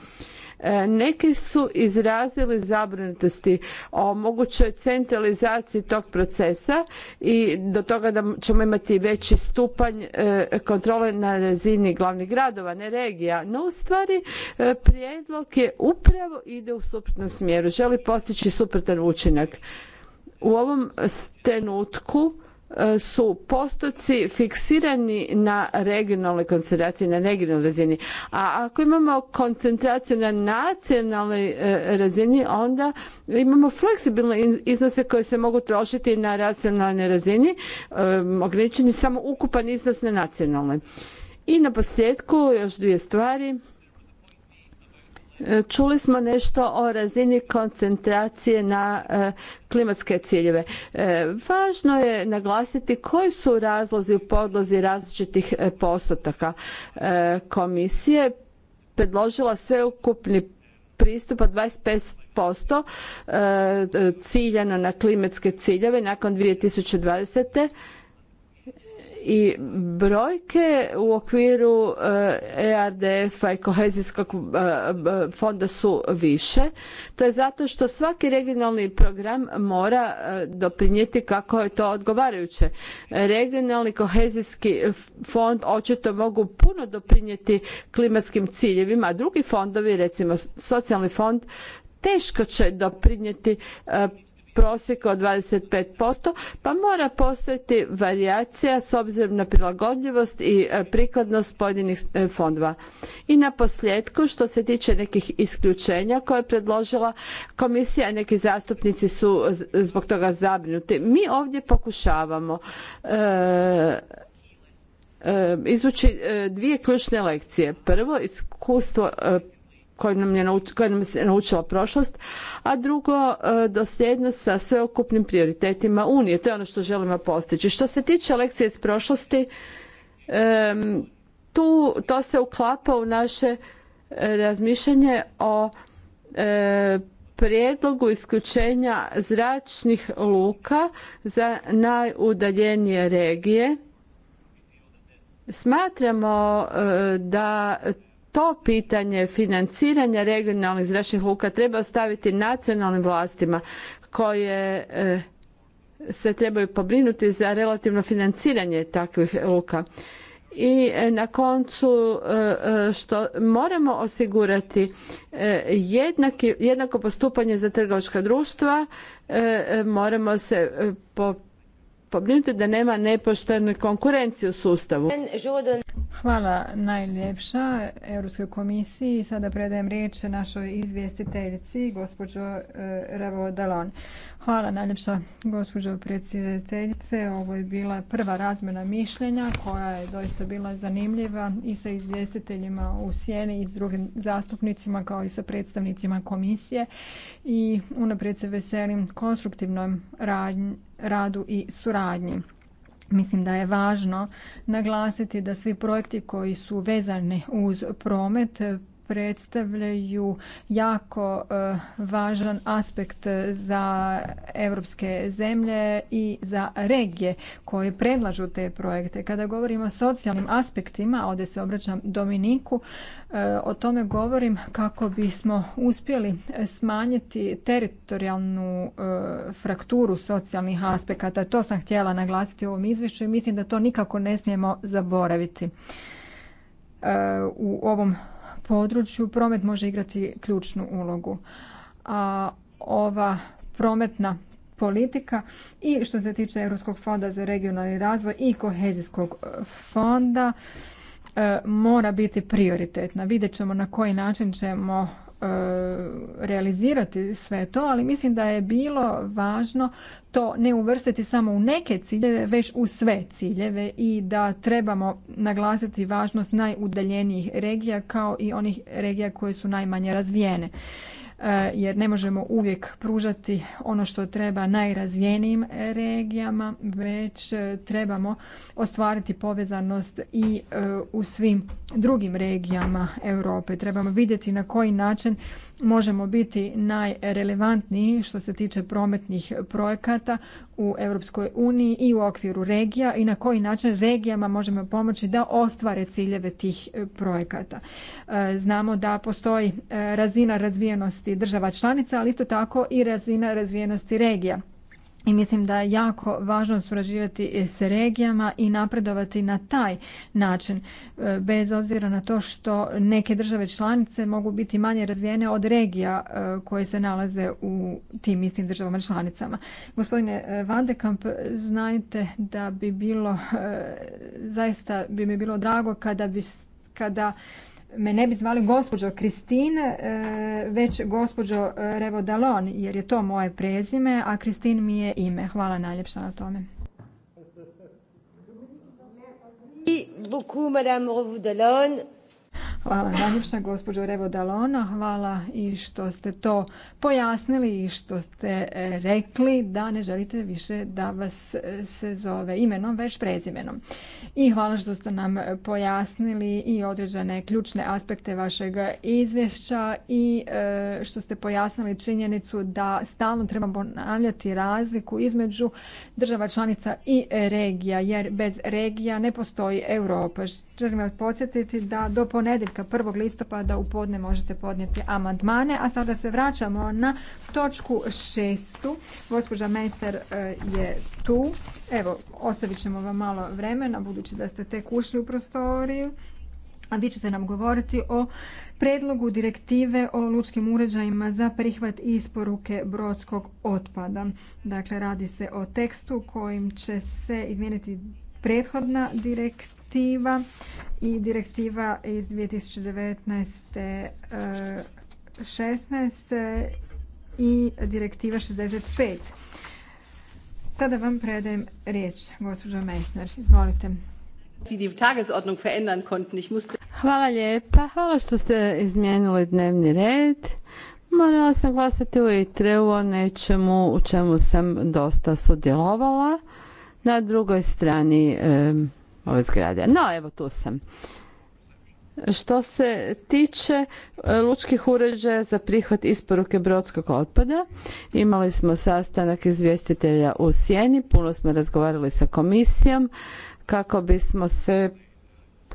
[SPEAKER 3] E, neki su izrazili zabrinutosti o mogućoj centralizaciji tog procesa i do toga da ćemo imati veći stupanj e, kontrole na razini glavnih gradova, ne regija. No u stvari e, prijedlog je upravo ide u suprotnom smjeru. Želi postići suprotan učinak. U ovom trenutku su postoci fiksirani na regionalnoj koncentraciji, na regionalnoj razini. A ako imamo koncentraciju na nacionalnoj e, razini, onda imamo fleksibilne iznose koje se mogu trošiti na nacionalnoj razini, e, ograničeni samo ukupan iznos na nacionalnoj. I na posljedku još dvije stvari. Čuli smo nešto o razini koncentracije na e, klimatske ciljeve. E, važno je naglasiti koji su razlozi u podlozi različitih e, postotaka. Komisije predložila sveukupni pristup od 25% ciljano na klimatske ciljeve nakon 2020 i brojke u okviru ERDF-a e i kohezijskog e, fonda su više. To je zato što svaki regionalni program mora e, doprinijeti kako je to odgovarajuće. Regionalni kohezijski fond očito mogu puno doprinijeti klimatskim ciljevima, a drugi fondovi, recimo socijalni fond, teško će doprinijeti prosjeka od 25%, pa mora postojati varijacija s obzirom na prilagodljivost i e, prikladnost pojedinih e, fondova. I na posljedku, što se tiče nekih isključenja koje je predložila komisija, neki zastupnici su zbog toga zabrinuti. Mi ovdje pokušavamo e, izvući dvije ključne lekcije. Prvo, iskustvo koje nam je naučila prošlost, a drugo e, dosljednost sa sveukupnim prioritetima Unije. To je ono što želimo postići. Što se tiče lekcije iz prošlosti, tu to se uklapa u naše e, razmišljanje o e, prijedlogu isključenja zračnih luka za najudaljenije regije. Smatramo da to pitanje financiranja regionalnih zračnih luka treba ostaviti nacionalnim vlastima koje e, se trebaju pobrinuti za relativno financiranje takvih luka. I e, na koncu e, što moramo osigurati jednako postupanje za trgovačka društva, moramo se po pobrinuti da nema nepoštene konkurencije u sustavu.
[SPEAKER 2] Hvala najljepša Europskoj komisiji. Sada predajem riječ našoj izvjestiteljici, gospođo eh, Revo Dalon. Hvala najljepša gospođo predsjedateljice. Ovo je bila prva razmjena mišljenja koja je doista bila zanimljiva i sa izvjestiteljima u sjeni i s drugim zastupnicima kao i sa predstavnicima komisije i unaprijed se veselim konstruktivnom radu i suradnji. Mislim da je važno naglasiti da svi projekti koji su vezani uz promet predstavljaju jako eh, važan aspekt za europske zemlje i za regije koje predlažu te projekte. Kada govorimo o socijalnim aspektima, ovdje se obraćam Dominiku, eh, o tome govorim kako bismo uspjeli smanjiti teritorijalnu eh, frakturu socijalnih aspekata. To sam htjela naglasiti u ovom izvješću i mislim da to nikako ne smijemo zaboraviti u ovom području promet može igrati ključnu ulogu. A ova prometna politika i što se tiče Europskog fonda za regionalni razvoj i kohezijskog e, fonda e, mora biti prioritetna. Vidjet ćemo na koji način ćemo E, realizirati sve to, ali mislim da je bilo važno to ne uvrstiti samo u neke ciljeve, već u sve ciljeve i da trebamo naglasiti važnost najudaljenijih regija kao i onih regija koje su najmanje razvijene. Eh, jer ne možemo uvijek pružati ono što treba najrazvijenijim regijama, već eh, trebamo ostvariti povezanost i eh, u svim drugim regijama Europe. Trebamo vidjeti na koji način možemo biti najrelevantniji što se tiče prometnih projekata u Europskoj uniji i u okviru regija i na koji način regijama možemo pomoći da ostvare ciljeve tih projekata. Znamo da postoji razina razvijenosti razvijenosti država članica, ali isto tako i razina razvijenosti regija. I mislim da je jako važno surađivati s regijama i napredovati na taj način, e, bez obzira na to što neke države članice mogu biti manje razvijene od regija e, koje se nalaze u tim istim državama članicama. Gospodine e, Vandekamp, znajte da bi bilo, zaista bi mi bilo drago kada bi, kada me ne bi zvali gospođo Kristin, e, već gospođo e, Revodalon, jer je to moje prezime, a Kristin mi je ime. Hvala najljepša na tome. i beaucoup, Madame Revodalon. Hvala najljepša gospođo Revo Dalona, hvala i što ste to pojasnili i što ste e, rekli da ne želite više da vas e, se zove imenom, već prezimenom. I hvala što ste nam pojasnili i određene ključne aspekte vašeg izvješća i e, što ste pojasnili činjenicu da stalno treba ponavljati razliku između država članica i regija, jer bez regija ne postoji Europa. Želim vas podsjetiti da do ponedjeljka točka 1. listopada u podne možete podnijeti amandmane, a sada se vraćamo na točku šestu. Gospođa Mester e, je tu. Evo, ostavit ćemo vam malo vremena budući da ste tek ušli u prostoriju. A vi ćete nam govoriti o predlogu direktive o lučkim uređajima za prihvat isporuke brodskog otpada. Dakle, radi se o tekstu kojim će se izmijeniti prethodna direktiva direktiva i direktiva iz 2019. 16 eh, i direktiva 65. Sada vam predajem riječ, gospođo Meissner. Izvolite.
[SPEAKER 3] Hvala lijepa. Hvala što ste izmijenili dnevni red. Morala sam glasati u ITRE o nečemu u čemu sam dosta sudjelovala. Na drugoj strani ove zgrade. No, evo tu sam. Što se tiče e, lučkih uređaja za prihvat isporuke brodskog otpada, imali smo sastanak izvjestitelja u Sjeni, puno smo razgovarali sa komisijom kako bismo se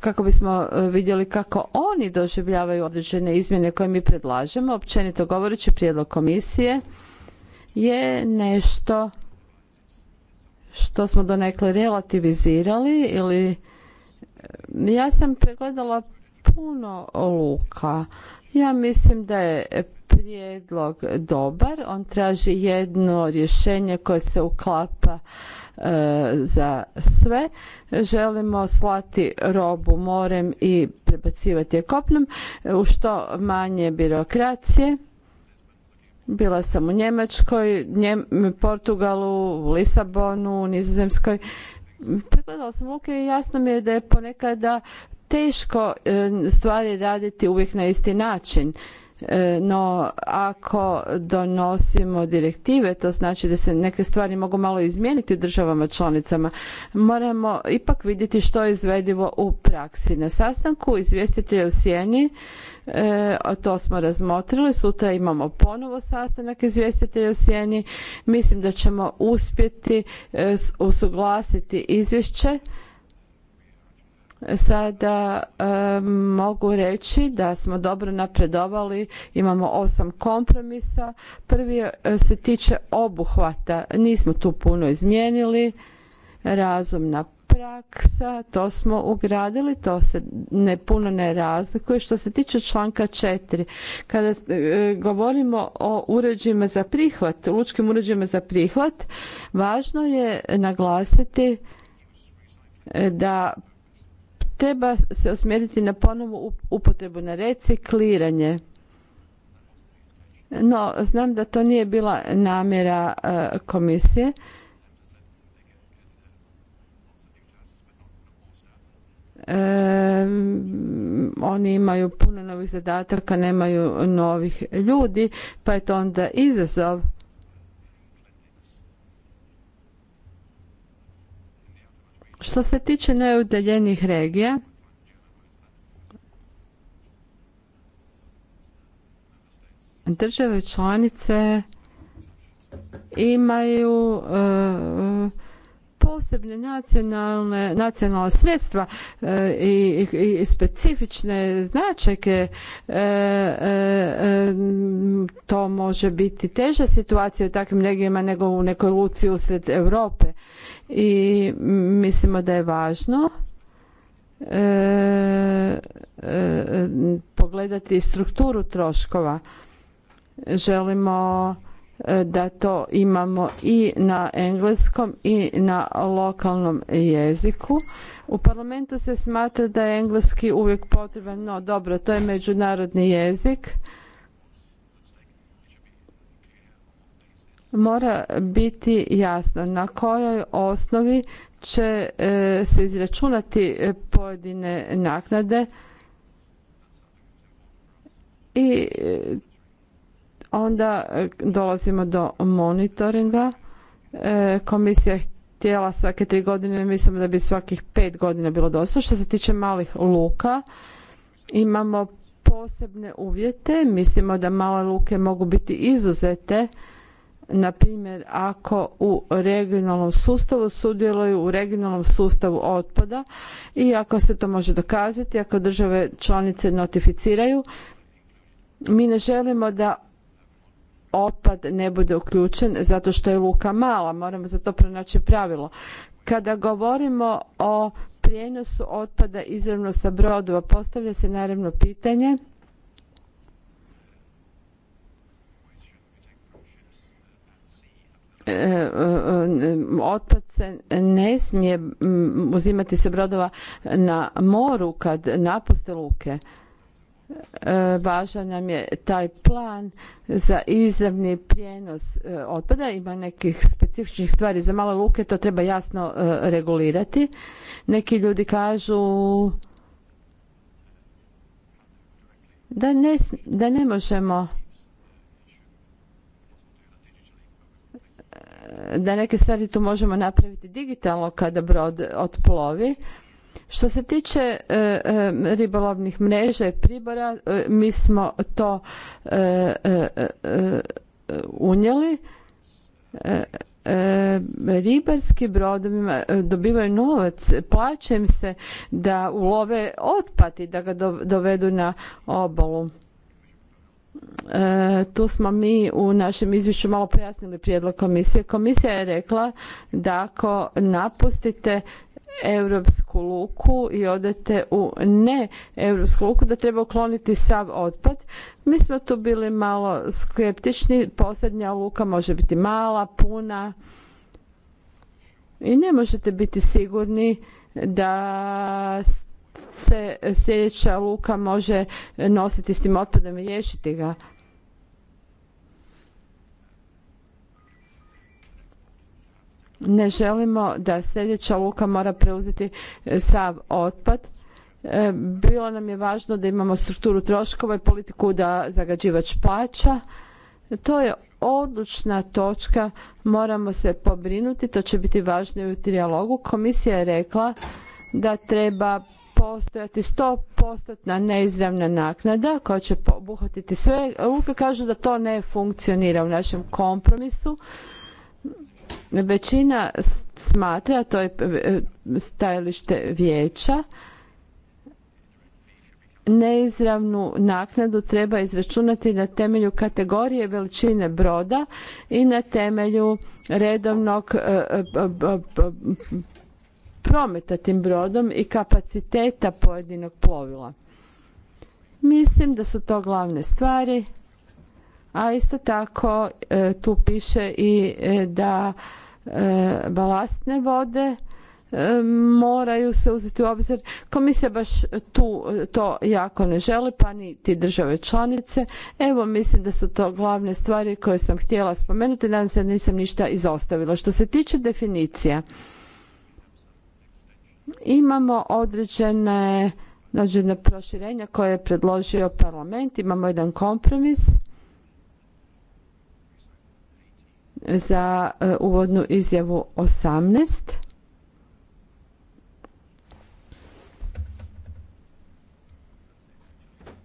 [SPEAKER 3] kako bismo e, vidjeli kako oni doživljavaju određene izmjene koje mi predlažemo. Općenito govoreći, prijedlog komisije je nešto što smo donekle relativizirali ili e, ja sam pregledala puno luka. Ja mislim da je prijedlog dobar, on traži jedno rješenje koje se uklapa e, za sve. Želimo slati robu morem i prebacivati je kopnom e, u što manje birokracije bila sam u Njemačkoj, Portugalu, Lisabonu, Nizozemskoj. Pregledala sam luke i jasno mi je da je ponekada teško e, stvari raditi uvijek na isti način. E, no, ako donosimo direktive, to znači da se neke stvari mogu malo izmijeniti u državama članicama, moramo ipak vidjeti što je izvedivo u praksi. Na sastanku izvjestitelja u Sjeni E, to smo razmotrili. Sutra imamo ponovo sastanak izvjestitelja u sjeni. Mislim da ćemo uspjeti e, usuglasiti izvješće. Sada e, mogu reći da smo dobro napredovali, imamo osam kompromisa. Prvi se tiče obuhvata, nismo tu puno izmijenili, razumna praksa, to smo ugradili, to se ne puno ne razlikuje. Što se tiče članka četiri, kada e, govorimo o uređajima za prihvat, lučkim uređajima za prihvat, važno je naglasiti e, da treba se usmjeriti na ponovu upotrebu, na recikliranje. No, znam da to nije bila namjera e, komisije. oni imaju puno novih zadataka, nemaju novih ljudi, pa je to onda izazov. Što se tiče neudeljenih regija, države članice imaju eh, posebne nacionalne, nacionalna sredstva e, i, specifične značajke e, e, to može biti teža situacija u takvim regijama nego u nekoj luci usred Europe i mislimo da je važno pogledati strukturu troškova želimo E, da to imamo i na engleskom i na lokalnom jeziku. U parlamentu se smatra da je engleski uvijek potreban, no dobro, to je međunarodni jezik. Mora biti jasno na kojoj osnovi će e, se izračunati e, pojedine naknade i Onda e, dolazimo do monitoringa. E, komisija htjela svake tri godine, mislimo da bi svakih pet godina bilo dosta. Što se tiče malih luka, imamo posebne uvjete. Mislimo da male luke mogu biti izuzete na primjer ako u regionalnom sustavu sudjeluju u regionalnom sustavu otpada i ako se to može dokazati, ako države članice notificiraju, mi ne želimo da otpad ne bude uključen zato što je luka mala. Moramo za to pronaći pravilo. Kada govorimo o prijenosu otpada izravno sa brodova, postavlja se naravno pitanje e, e, otpad se ne smije uzimati sa brodova na moru kad napuste luke. E, važan nam je taj plan za izravni prijenos e, otpada. Ima nekih specifičnih stvari. Za male luke to treba jasno e, regulirati. Neki ljudi kažu da ne, da ne možemo da neke stvari tu možemo napraviti digitalno kada brod otplovi što se tiče e, e, ribolovnih mreža i pribora, e, mi smo to unijeli. ribarski brodovima dobivaju novac, plaća im se da ulove otpad i da ga dovedu na obalu. tu smo mi u našem izvješću malo pojasnili prijedlog komisije. Komisija je rekla da ako napustite europsku luku i odete u ne europsku luku da treba ukloniti sav otpad. Mi smo tu bili malo skeptični, posljednja luka može biti mala, puna i ne možete biti sigurni da se sljedeća luka može nositi s tim otpadom i riješiti ga. Ne želimo da sljedeća luka mora preuzeti e, sav otpad. E, bilo nam je važno da imamo strukturu troškova i politiku da zagađivač plaća. To je odlučna točka, moramo se pobrinuti, to će biti važno i u trijalogu. Komisija je rekla da treba postojati 100% neizravna naknada koja će obuhvatiti sve. Luke kažu da to ne funkcionira u našem kompromisu. Većina smatra, to je e, stajalište vijeća, neizravnu naknadu treba izračunati na temelju kategorije veličine broda i na temelju redovnog e, e, prometa tim brodom i kapaciteta pojedinog plovila. Mislim da su to glavne stvari, a isto tako tu piše i da E, balastne vode e, moraju se uzeti u obzir. Komisija baš tu e, to jako ne želi, pa niti države članice. Evo, mislim da su to glavne stvari koje sam htjela spomenuti. Nadam se da nisam ništa izostavila. Što se tiče definicija, imamo određene, određene proširenja koje je predložio parlament. Imamo jedan kompromis za e, uvodnu izjavu 18.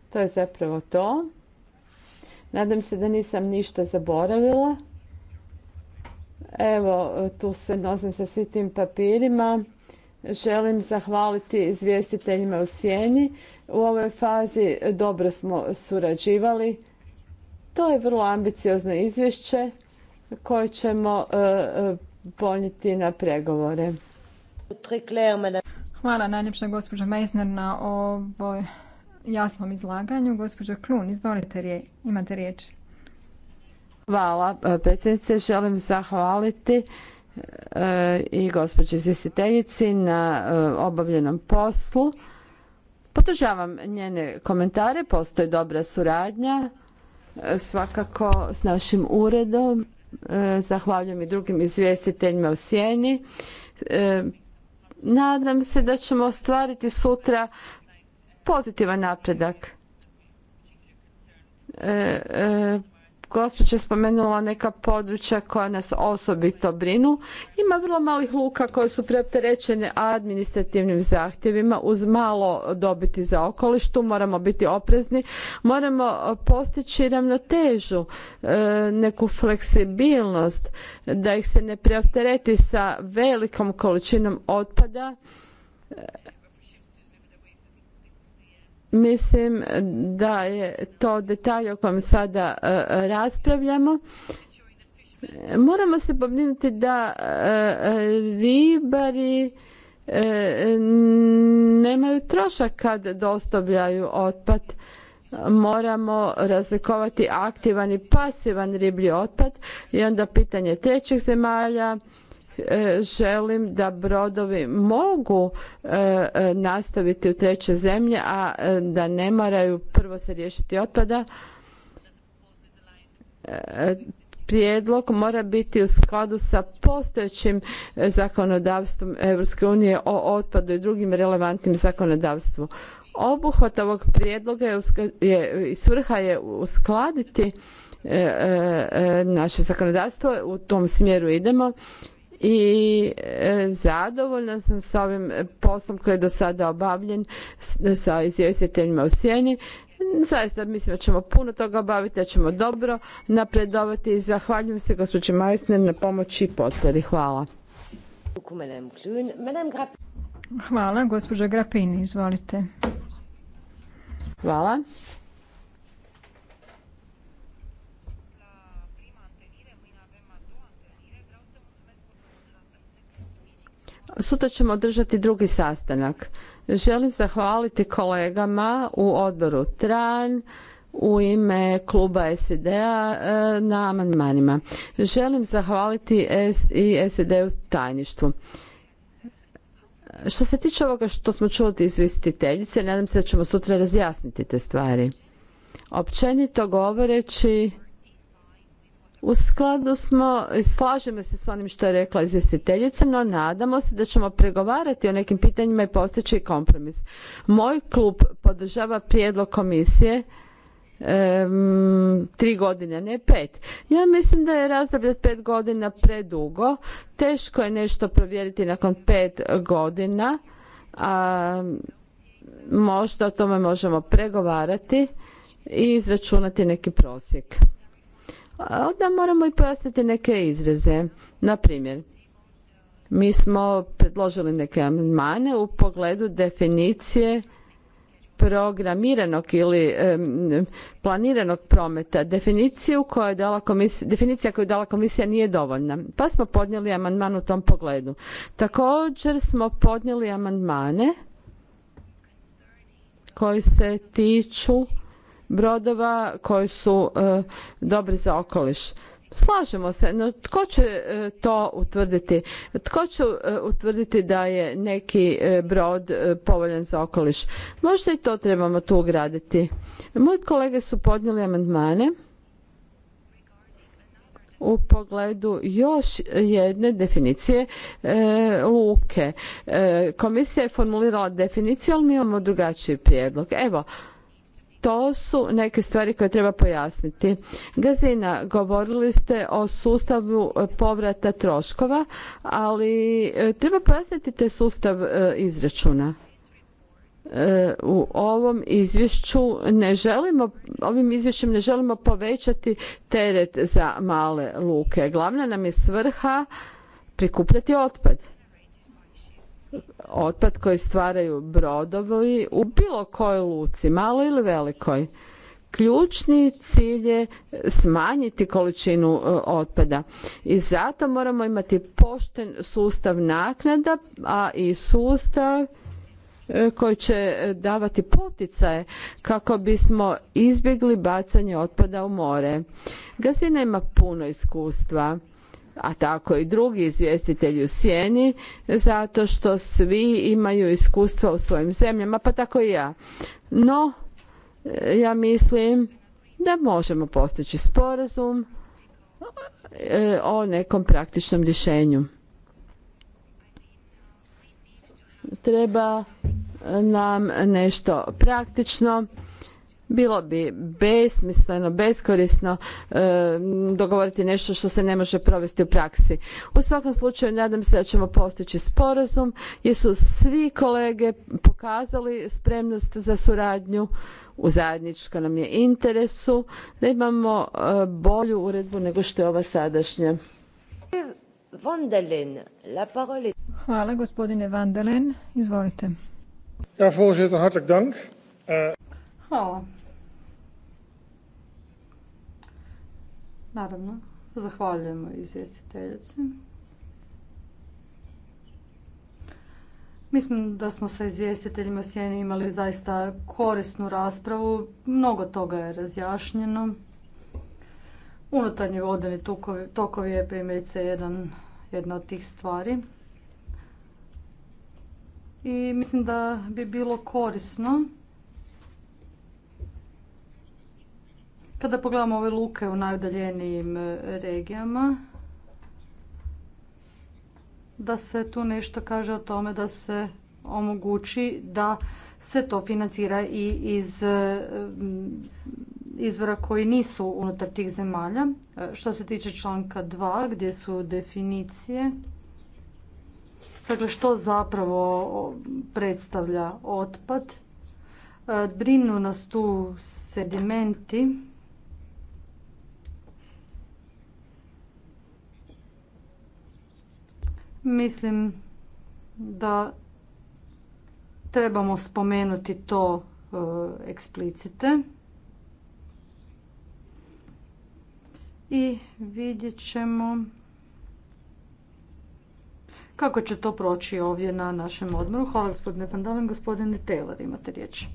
[SPEAKER 3] To je zapravo to. Nadam se da nisam ništa zaboravila. Evo, e, tu se nosim sa svim tim papirima. Želim zahvaliti izvjestiteljima u Sjeni. U ovoj fazi dobro smo surađivali. To je vrlo ambiciozno izvješće koje ćemo e, e, ponijeti na pregovore.
[SPEAKER 2] Hvala najljepša gospođa Meisner na ovoj jasnom izlaganju. Gospođa Klun, izvolite, imate riječ.
[SPEAKER 3] Hvala e, predsjednice, želim zahvaliti i gospođi izvjestiteljici na obavljenom poslu. Podržavam njene komentare, postoji dobra suradnja svakako s našim uredom E, zahvaljujem i drugim izvjestiteljima u Sjeni. E, nadam se da ćemo ostvariti sutra pozitivan napredak e, Gospođa spomenula neka područja koja nas osobito brinu. Ima vrlo malih luka koje su preopterećene administrativnim zahtjevima uz malo dobiti za okoliš. moramo biti oprezni. Moramo postići ravnotežu, e, neku fleksibilnost da ih se ne preoptereti sa velikom količinom otpada Mislim da je to detalj o kojem sada e, raspravljamo. Moramo se pobrinuti da e, ribari e, nemaju trošak kad dostavljaju otpad. Moramo razlikovati aktivan i pasivan riblji otpad i onda pitanje trećih zemalja E, želim da brodovi mogu e, e, nastaviti u treće zemlje, a da ne moraju prvo se riješiti otpada. Prijedlog mora biti u skladu sa postojećim zakonodavstvom EU o otpadu i drugim relevantnim zakonodavstvom. Obuhvat ovog prijedloga i svrha je uskladiti naše zakonodavstvo, u tom smjeru idemo i e, zadovoljna sam s ovim poslom koji je do sada obavljen sa izvjestiteljima u sjeni. Zaista mislim da ćemo puno toga obaviti, da ćemo dobro napredovati i zahvaljujem se gospođi Majsner na pomoći i potpori. Hvala.
[SPEAKER 2] Hvala, gospođa Grapini, izvolite. Hvala.
[SPEAKER 3] Sutra ćemo održati drugi sastanak. Želim zahvaliti kolegama u odboru TRAN, u ime kluba SED-a e, na amandmanima. Želim zahvaliti i SED-u tajništvu. Što se tiče ovoga što smo čuli od izvjestiteljice, nadam se da ćemo sutra razjasniti te stvari. Općenito govoreći, u skladu smo, slažemo se s onim što je rekla izvjestiteljica, no nadamo se da ćemo pregovarati o nekim pitanjima i postići kompromis. Moj klub podržava prijedlog komisije tri godine, ne pet. Ja mislim da je razdoblje pet godina predugo. Teško je nešto provjeriti nakon pet godina. A, možda o tome možemo pregovarati i izračunati neki prosjek onda moramo i pojasniti neke izraze. Na primjer, mi smo predložili neke amandmane u pogledu definicije programiranog ili planiranog prometa definiciju je dala komisija, definicija koju je dala komisija nije dovoljna. Pa smo podnijeli amandman u tom pogledu. Također smo podnijeli amandmane koji se tiču brodova koji su e, dobri za okoliš. Slažemo se, no tko će e, to utvrditi? Tko će e, utvrditi da je neki brod povoljan za okoliš? Možda i to trebamo tu ugraditi. Moji kolege su podnijeli amandmane u pogledu još jedne definicije luke. komisija je formulirala definiciju, ali mi imamo drugačiji prijedlog. Evo, to su neke stvari koje treba pojasniti. Gazina, govorili ste o sustavu e, povrata troškova, ali e, treba pojasniti te sustav e, izračuna. U ovom izvješću ne želimo, ovim izvješćem ne želimo povećati teret za male luke. Glavna nam je svrha prikupljati otpad otpad koji stvaraju brodovi u bilo kojoj luci, maloj ili velikoj. Ključni cilj je smanjiti količinu e, otpada i zato moramo imati pošten sustav naknada, a i sustav e, koji će e, davati poticaje kako bismo izbjegli bacanje otpada u more. Gazina ima puno iskustva a tako i drugi izvjestitelji u sjeni zato što svi imaju iskustva u svojim zemljama pa tako i ja no e, ja mislim da možemo postići sporazum e, o nekom praktičnom rješenju treba nam nešto praktično bilo bi besmisleno, beskorisno e, dogovoriti nešto što se ne može provesti u praksi. U svakom slučaju nadam se da ćemo postići sporazum jer su svi kolege pokazali spremnost za suradnju u zajedničkom nam je interesu da imamo e, bolju uredbu nego što je ova sadašnja.
[SPEAKER 2] gospodine Naravno,
[SPEAKER 1] zahvaljujemo izvjestiteljici. Mislim da smo sa izvjestiteljima u Sjeni imali zaista korisnu raspravu. Mnogo toga je razjašnjeno. Unutarnji vodeni tokovi je primjerice jedan, jedna od tih stvari. I mislim da bi bilo korisno Kada pogledamo ove luke u najudaljenijim e, regijama, da se tu nešto kaže o tome da se omogući da se to financira i iz e, izvora koji nisu unutar tih zemalja. E, što se tiče članka 2 gdje su definicije, dakle što zapravo predstavlja otpad, brinu nas tu sedimenti, Mislim da trebamo spomenuti to eksplicite. I vidjet ćemo kako će to proći ovdje na našem odmoru. Hvala gospodine Pandalin, gospodine Taylor imate riječ.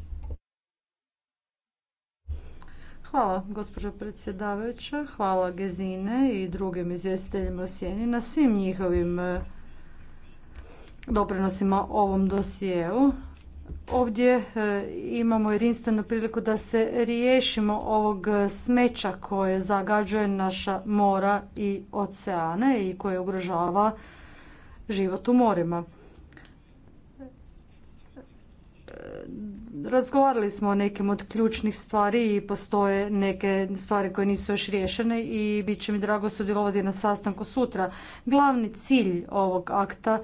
[SPEAKER 1] Hvala gospođo predsjedavajuća, hvala Gezine i drugim izvjestiteljima o sjeni na svim njihovim e, doprinosima ovom dosjeu. Ovdje e, imamo jedinstvenu priliku da se riješimo ovog smeća koje zagađuje naša mora i oceane i koje ugrožava život u morima. Razgovarali smo o nekim od ključnih stvari i postoje neke stvari koje nisu još riješene i bit će mi drago sudjelovati na sastanku sutra. Glavni cilj ovog akta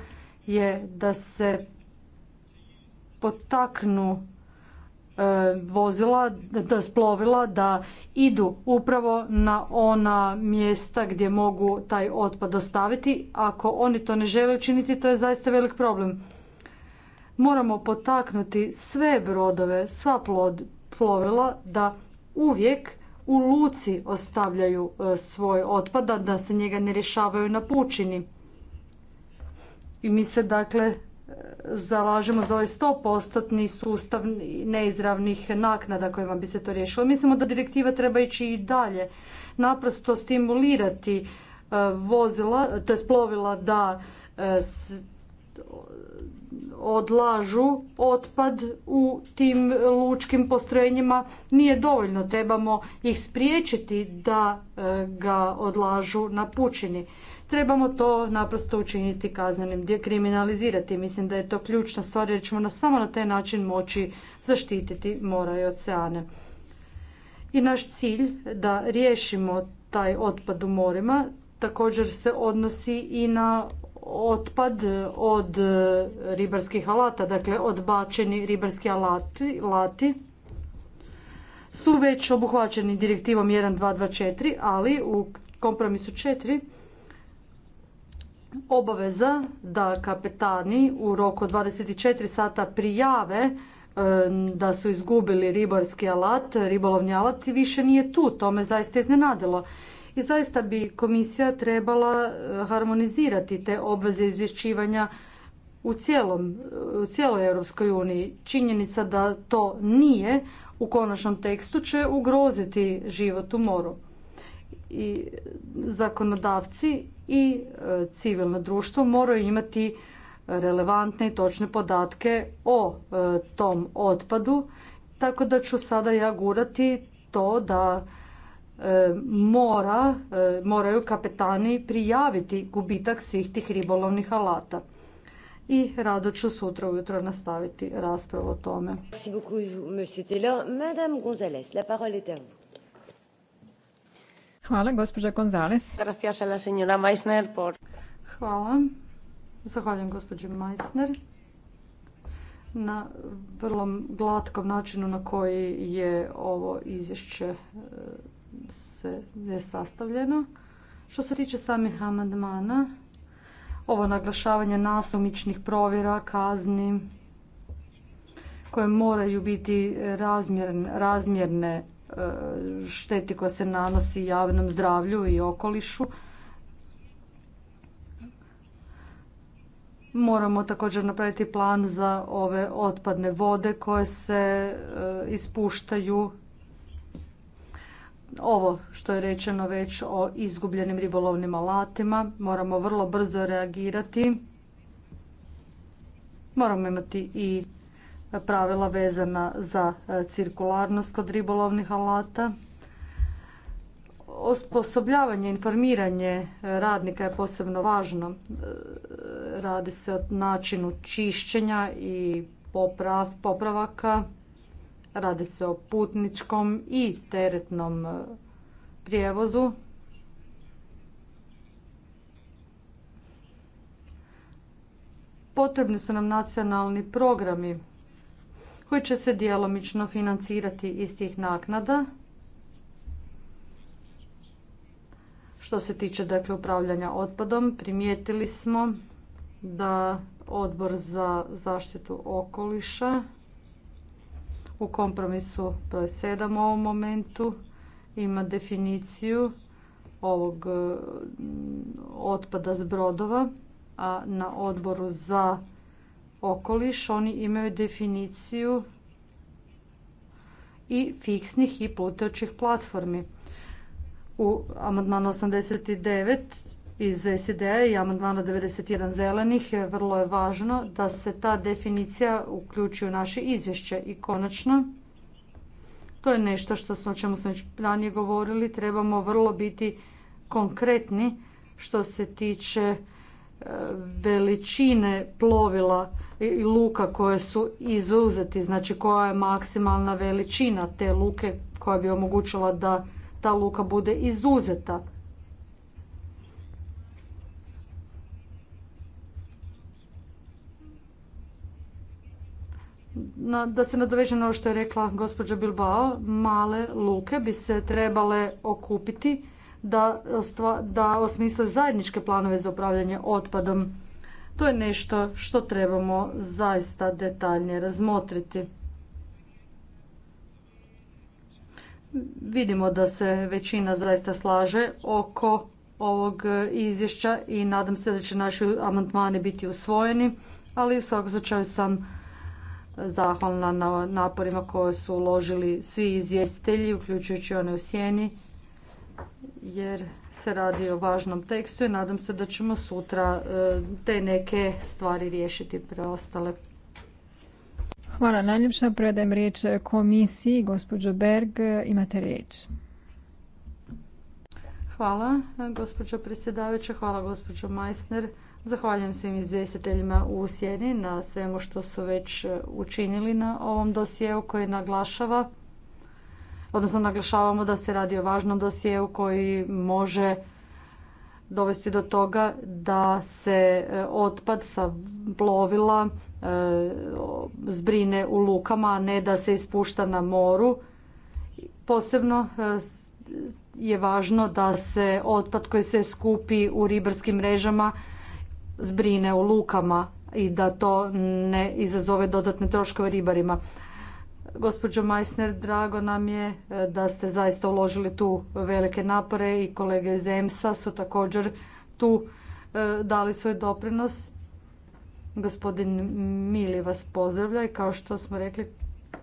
[SPEAKER 1] je da se potaknu e, vozila, da splovila da idu upravo na ona mjesta gdje mogu taj otpad ostaviti. Ako oni to ne žele učiniti, to je zaista velik problem. Moramo potaknuti sve brodove, sva plovila da uvijek u luci ostavljaju e, svoj otpad, da se njega ne rješavaju na pučini. I mi se dakle e, zalažemo za ovaj 100% sustav neizravnih naknada kojima bi se to riješilo. Mislimo da direktiva treba ići i dalje. Naprosto stimulirati e, vozila, to plovila da e, odlažu otpad u tim lučkim postrojenjima nije dovoljno. Trebamo ih spriječiti da ga odlažu na pučini trebamo to naprosto učiniti kaznenim, kriminalizirati. Mislim da je to ključna stvar jer ćemo samo na taj način moći zaštititi mora i oceane. I naš cilj da riješimo taj otpad u morima također se odnosi i na otpad od ribarskih alata, dakle odbačeni ribarski alati, alati su već obuhvaćeni direktivom 1224, ali u kompromisu 4 obaveza da kapetani u roku 24 sata prijave e, da su izgubili ribarski alat, ribolovni alat i više nije tu. To me zaista iznenadilo. I zaista bi komisija trebala e, harmonizirati te obveze izvješćivanja u, cijelom, u cijeloj Europskoj uniji. Činjenica da to nije u konačnom tekstu će ugroziti život u moru i zakonodavci i e, civilno društvo moraju imati relevantne i točne podatke o e, tom otpadu, tako da ću sada ja gurati to da e, moraju kapetani prijaviti gubitak svih tih ribolovnih alata. I rado ću sutra ujutro nastaviti raspravu o tome. Merci Madame Gonzalez, la parole
[SPEAKER 2] Hvala, gospođa Gonzales.
[SPEAKER 1] Gracias a la Meissner Hvala. Zahvaljujem gospođi Meissner na vrlo glatkom načinu na koji je ovo izvješće e, se sastavljeno. Što se tiče samih amandmana, ovo naglašavanje nasumičnih provjera, kazni, koje moraju biti razmjerne E, šteti koja se nanosi javnom zdravlju i okolišu. Moramo također napraviti plan za ove otpadne vode koje se e, ispuštaju. Ovo što je rečeno već o izgubljenim ribolovnim alatima, moramo vrlo brzo reagirati. Moramo imati i pravila vezana za e, cirkularnost kod ribolovnih alata. Osposobljavanje, informiranje e, radnika je posebno važno. E, radi se o načinu čišćenja i poprav, popravaka. Radi se o putničkom i teretnom prijevozu. Potrebni su nam nacionalni programi koji će se djelomično financirati iz tih naknada. Što se tiče dakle, upravljanja otpadom, primijetili smo da odbor za zaštitu okoliša u kompromisu broj 7 u ovom momentu ima definiciju ovog mm, otpada s brodova, a na odboru za okoliš, oni imaju definiciju i fiksnih i plutajućih platformi. U amandmanu 89 iz SID-a i amandmana 91 zelenih vrlo je važno da se ta definicija uključi u naše izvješće i konačno to je nešto što smo, o čemu smo već ranije govorili, trebamo vrlo biti konkretni što se tiče veličine plovila i luka koje su izuzeti, znači koja je maksimalna veličina te luke koja bi omogućila da ta luka bude izuzeta. da se nadoveže na ovo što je rekla gospođa Bilbao, male luke bi se trebale okupiti da, da osmisle zajedničke planove za upravljanje otpadom. To je nešto što trebamo zaista detaljnije razmotriti. Vidimo da se većina zaista slaže oko ovog izvješća i nadam se da će naši amandmani biti usvojeni, ali u svakom slučaju sam zahvalna na naporima koje su uložili svi izvjestitelji, uključujući one u sjeni jer se radi o važnom tekstu i nadam se da ćemo sutra e, te neke stvari riješiti preostale.
[SPEAKER 2] Hvala najljepša. Predajem riječ komisiji. Gospođo Berg, imate riječ.
[SPEAKER 1] Hvala, gospođo predsjedavajuća. Hvala, gospođo Meissner. Zahvaljujem svim izvjestiteljima u Sjeni na svemu što su već učinili na ovom dosijeu koji naglašava odnosno naglašavamo da se radi o važnom dosjeu koji može dovesti do toga da se e, otpad sa plovila e, zbrine u lukama, a ne da se ispušta na moru. Posebno e, je važno da se otpad koji se skupi u ribarskim mrežama zbrine u lukama i da to ne izazove dodatne troškove ribarima. Gospođo Meissner, drago nam je e, da ste zaista uložili tu velike napore i kolege iz EMSA su također tu e, dali svoj doprinos. Gospodin Mili vas pozdravlja i kao što smo rekli,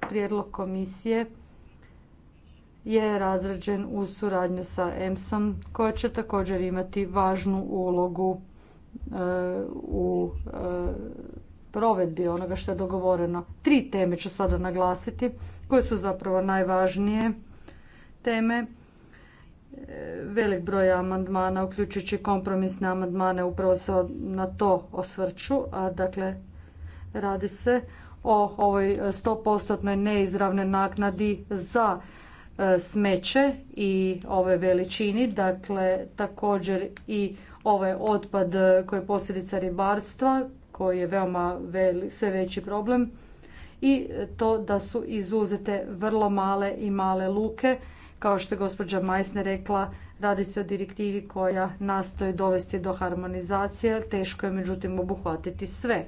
[SPEAKER 1] prijedlog komisije je razrađen u suradnju sa EMS-om koja će također imati važnu ulogu e, u provedbi onoga što je dogovoreno. Tri teme ću sada naglasiti, koje su zapravo najvažnije teme. E, velik broj amandmana, uključujući kompromisne amandmane, upravo se na to osvrću. A dakle, radi se o ovoj 100% neizravne naknadi za e, smeće i ove veličini, dakle također i ovaj otpad koji je posljedica ribarstva koji je veoma sve veći problem i to da su izuzete vrlo male i male luke. Kao što je gospođa Majsne rekla, radi se o direktivi koja nastoji dovesti do harmonizacije, teško je međutim obuhvatiti sve.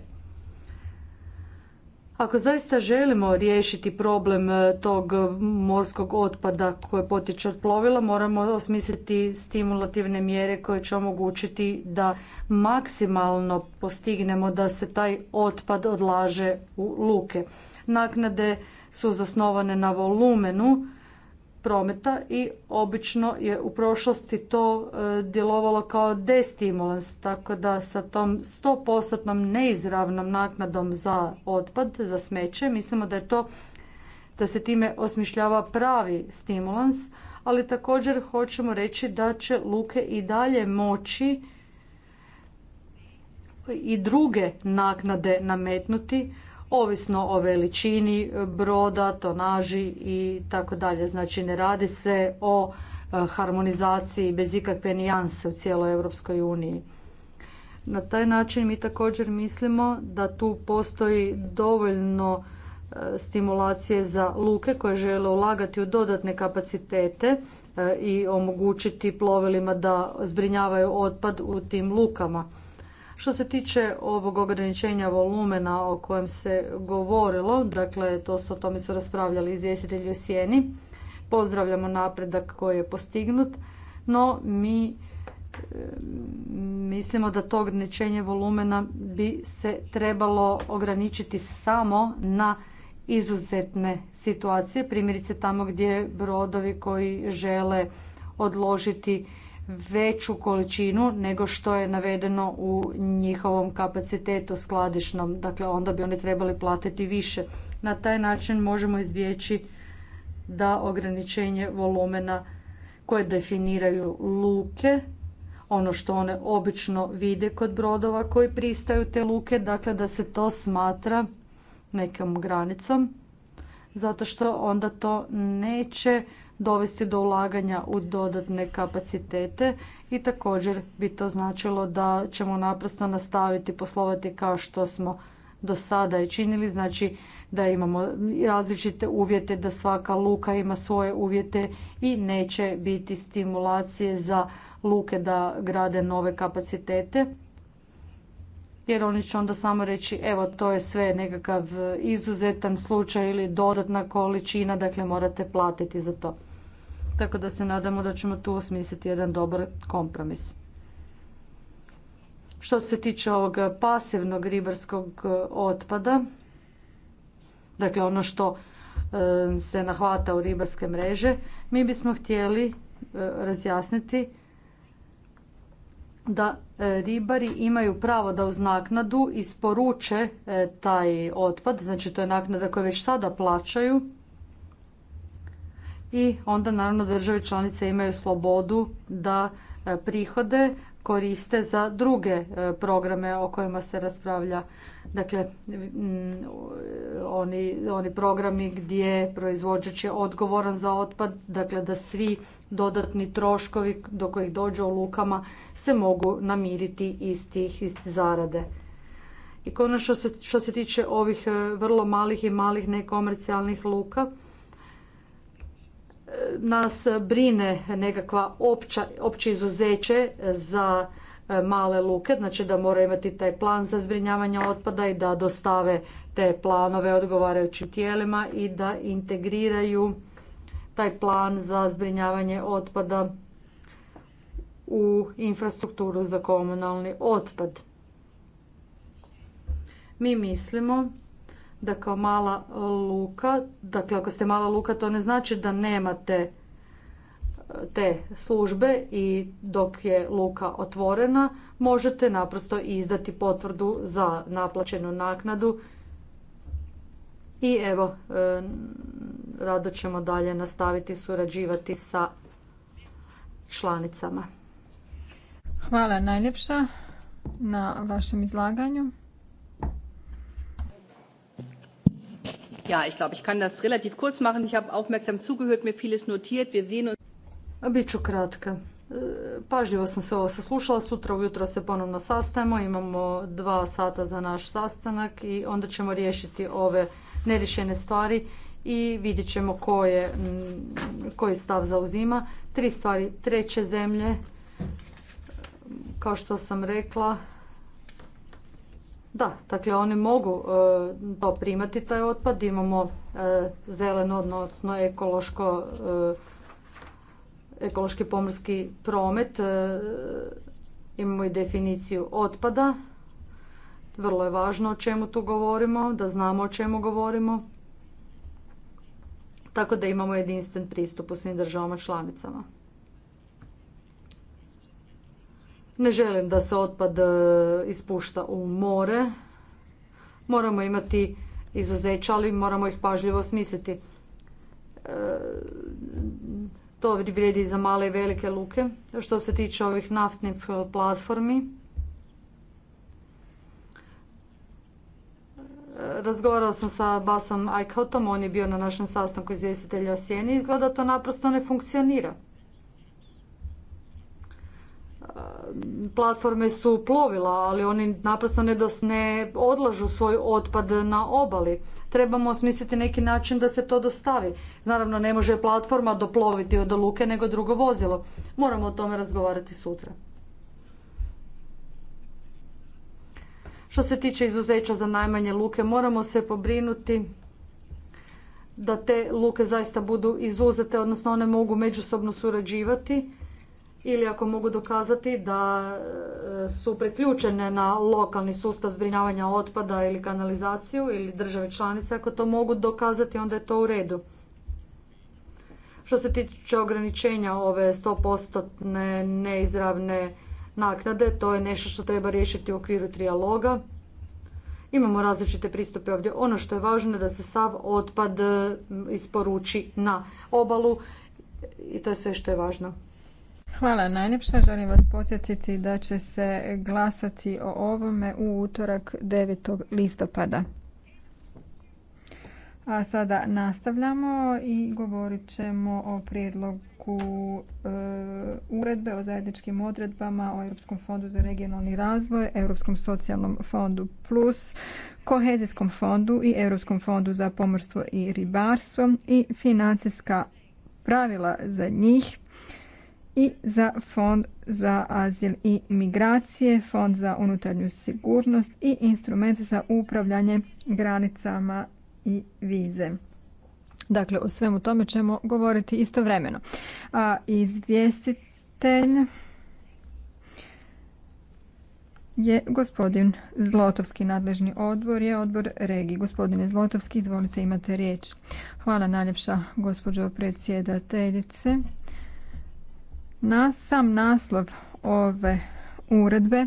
[SPEAKER 1] Ako zaista želimo riješiti problem e, tog morskog otpada koje potiče od plovila, moramo osmisliti stimulativne mjere koje će omogućiti da maksimalno postignemo da se taj otpad odlaže u luke. Naknade su zasnovane na volumenu prometa i obično je u prošlosti to e, djelovalo kao destimulans, tako da sa tom 100% neizravnom naknadom za otpad, za smeće, mislimo da je to da se time osmišljava pravi stimulans, ali također hoćemo reći da će luke i dalje moći i druge naknade nametnuti ovisno o veličini broda, tonaži i tako dalje. Znači ne radi se o e, harmonizaciji bez ikakve nijanse u cijeloj Europskoj uniji. Na taj način mi također mislimo da tu postoji dovoljno e, stimulacije za luke koje žele ulagati u dodatne kapacitete e, i omogućiti plovilima da zbrinjavaju otpad u tim lukama. Što se tiče ovog ograničenja volumena o kojem se govorilo, dakle to su, o tome su raspravljali izvjestitelji u sjeni, pozdravljamo napredak koji je postignut, no mi e, mislimo da to ograničenje volumena bi se trebalo ograničiti samo na izuzetne situacije, primjerice tamo gdje brodovi koji žele odložiti veću količinu nego što je navedeno u njihovom kapacitetu skladišnom. Dakle, onda bi oni trebali platiti više. Na taj način možemo izbjeći da ograničenje volumena koje definiraju luke, ono što one obično vide kod brodova koji pristaju te luke, dakle da se to smatra nekom granicom, zato što onda to neće dovesti do ulaganja u dodatne kapacitete i također bi to značilo da ćemo naprosto nastaviti poslovati kao što smo do sada i činili, znači da imamo različite uvjete, da svaka luka ima svoje uvjete i neće biti stimulacije za luke da grade nove kapacitete jer oni će onda samo reći evo to je sve nekakav izuzetan slučaj ili dodatna količina, dakle morate platiti za to. Tako da se nadamo da ćemo tu osmisliti jedan dobar kompromis. Što se tiče ovog pasivnog ribarskog e, otpada, dakle ono što e, se nahvata u ribarske mreže, mi bismo htjeli e, razjasniti da ribari imaju pravo da uz naknadu isporuče taj otpad, znači to je naknada koju već sada plaćaju i onda naravno države članice imaju slobodu da e, prihode koriste za druge e, programe o kojima se raspravlja. Dakle, oni, oni programi gdje proizvođač je odgovoran za otpad, dakle da svi dodatni troškovi do kojih dođe u lukama se mogu namiriti iz tih iz zarade. I konačno što se tiče ovih e, vrlo malih i malih nekomercijalnih luka, nas brine nekakva opća, opće izuzeće za e, male luke, znači da moraju imati taj plan za zbrinjavanje otpada i da dostave te planove odgovarajućim tijelima i da integriraju taj plan za zbrinjavanje otpada u infrastrukturu za komunalni otpad. Mi mislimo da kao mala luka, dakle ako ste mala luka to ne znači da nemate e, te službe i dok je luka otvorena možete naprosto izdati potvrdu za naplaćenu naknadu i evo e, rado ćemo dalje nastaviti surađivati sa članicama.
[SPEAKER 2] Hvala najljepša na vašem izlaganju.
[SPEAKER 1] Ja, ich glaube, ich kann das relativ kurz machen. Ich habe aufmerksam zugehört, mir vieles notiert. Wir sehen uns... Biću kratka. E, pažljivo sam sve ovo saslušala, sutra ujutro se ponovno sastajemo, imamo dva sata za naš sastanak i onda ćemo riješiti ove nerišene stvari i vidjet ćemo je, koji stav zauzima. Tri stvari, treće zemlje, kao što sam rekla, da, dakle oni mogu e, to primati taj otpad, imamo e, zeleno odnosno ekološko e, ekološki pomorski promet, imamo i definiciju otpada. Vrlo je važno o čemu tu govorimo, da znamo o čemu govorimo. Tako da imamo jedinstven pristup u svim državama članicama. Ne želim da se otpad e, ispušta u more. Moramo imati izuzeća, ali moramo ih pažljivo smisliti. E, to vrijedi i za male i velike luke. Što se tiče ovih naftnih platformi, e, razgovarao sam sa Basom Eichhoutom, on je bio na našem sastanku izvjestitelja o sjeni. Izgleda to naprosto ne funkcionira. platforme su plovila, ali oni naprosto ne, odlažu svoj otpad na obali. Trebamo smisliti neki način da se to dostavi. Naravno, ne može platforma doploviti od luke nego drugo vozilo. Moramo o tome razgovarati sutra. Što se tiče izuzeća za najmanje luke, moramo se pobrinuti da te luke zaista budu izuzete, odnosno one mogu međusobno surađivati ili ako mogu dokazati da e, su priključene na lokalni sustav zbrinjavanja otpada ili kanalizaciju ili države članice, ako to mogu dokazati onda je to u redu. Što se tiče ograničenja ove 100% neizravne naknade, to je nešto što treba riješiti u okviru trijaloga. Imamo različite pristupe ovdje. Ono što je važno je da se sav otpad isporuči na obalu i to je sve što je važno.
[SPEAKER 2] Hvala najljepša. Želim vas podsjetiti da će se glasati o ovome u utorak 9. listopada. A sada nastavljamo i govorit ćemo o prijedlogu e, uredbe o zajedničkim odredbama o Europskom fondu za regionalni razvoj, Europskom socijalnom fondu plus, Kohezijskom fondu i Europskom fondu za pomorstvo i ribarstvo i financijska pravila za njih i za Fond za azil i migracije, Fond za unutarnju sigurnost i instrument za upravljanje granicama i vize. Dakle, o svemu tome ćemo govoriti istovremeno. A izvjestitelj je gospodin Zlotovski, nadležni odbor je odbor regi. Gospodine Zlotovski, izvolite, imate riječ. Hvala najljepša gospođo predsjedateljice. Na sam naslov ove uredbe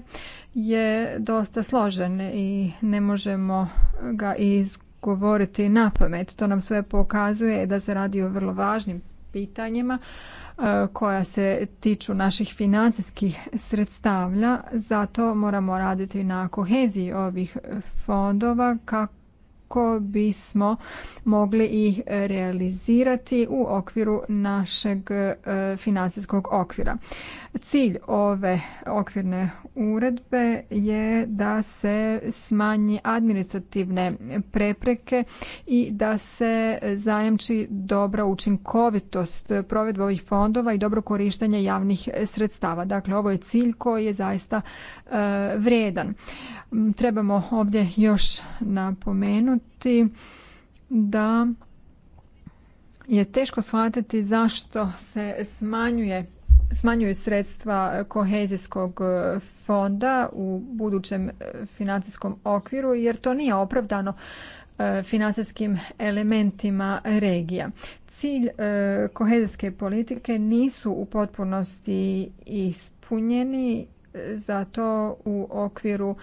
[SPEAKER 2] je dosta složen i ne možemo ga izgovoriti na pamet. To nam sve pokazuje da se radi o vrlo važnim pitanjima e, koja se tiču naših financijskih sredstavlja, zato moramo raditi na koheziji ovih fondova kako kako bismo mogli i realizirati u okviru našeg e, financijskog okvira. Cilj ove okvirne uredbe je da se smanji administrativne prepreke i da se zajamči dobra učinkovitost provedbe ovih fondova i dobro korištenje javnih sredstava. Dakle, ovo je cilj koji je zaista e, vrijedan. Trebamo ovdje još napomenuti da je teško shvatiti zašto se smanjuje smanjuju sredstva kohezijskog e, fonda u budućem e, financijskom okviru jer to nije opravdano e, financijskim elementima regija. Cilj kohezijske politike nisu u potpunosti ispunjeni za to u okviru e,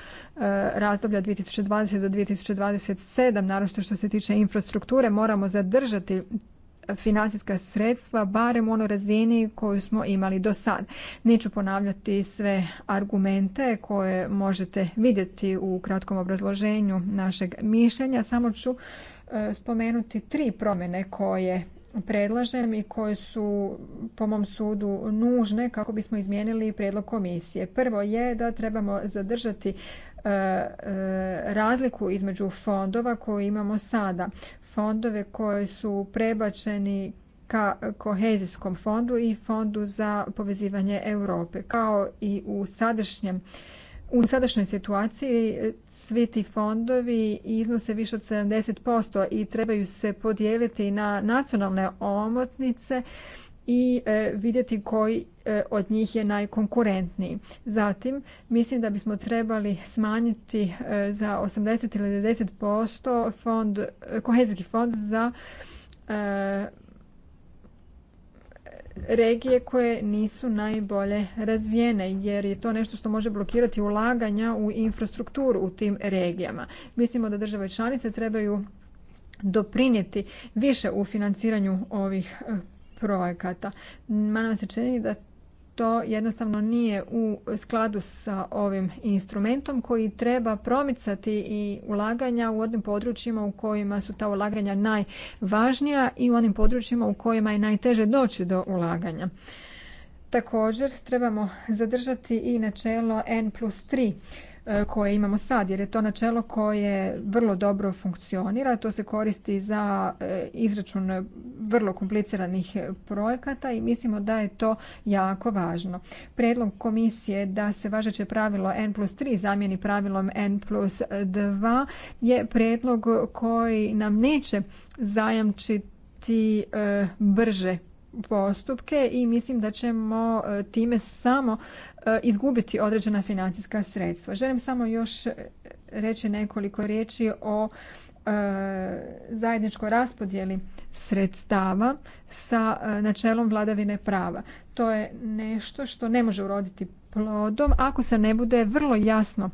[SPEAKER 2] razdoblja 2020 do 2027, naročito što se tiče infrastrukture, moramo zadržati financijska sredstva barem u onoj razini koju smo imali do sad. Neću ponavljati sve argumente koje možete vidjeti u kratkom obrazloženju našeg mišljenja, samo ću e, spomenuti tri promjene koje predlažem i koje su po mom sudu nužne kako bismo izmijenili prijedlog komisije. Prvo je da trebamo zadržati e, e, razliku između fondova koje imamo sada. Fondove koje su prebačeni ka kohezijskom fondu i fondu za povezivanje Europe. Kao i u sadašnjem u sadašnjoj situaciji e, svi ti fondovi iznose više od 70% i trebaju se podijeliti na nacionalne omotnice i e, vidjeti koji e, od njih je najkonkurentniji. Zatim, mislim da bismo trebali smanjiti za 80 ili 90% fond, kohezijski fond za regije koje nisu najbolje razvijene jer je to nešto što može blokirati ulaganja u infrastrukturu u tim regijama. Mislimo da države članice trebaju doprinijeti više u financiranju ovih eh, projekata. Mano se čini da to jednostavno nije u skladu sa ovim instrumentom koji treba promicati i ulaganja u onim područjima u kojima su ta ulaganja najvažnija i u onim područjima u kojima je najteže doći do ulaganja. Također trebamo zadržati i načelo N plus E, koje imamo sad, jer je to načelo koje vrlo dobro funkcionira. To se koristi za e, izračun vrlo kompliciranih projekata i mislimo da je to jako važno. Predlog komisije da se važeće pravilo N plus 3 zamijeni pravilom N plus 2 je predlog koji nam neće zajamčiti e, brže postupke i mislim da ćemo time samo E, izgubiti određena financijska sredstva. Želim samo još e, reći nekoliko riječi o e, zajedničkoj raspodjeli sredstava sa načelom vladavine prava. To je nešto što ne može uroditi plodom ako se ne bude vrlo jasno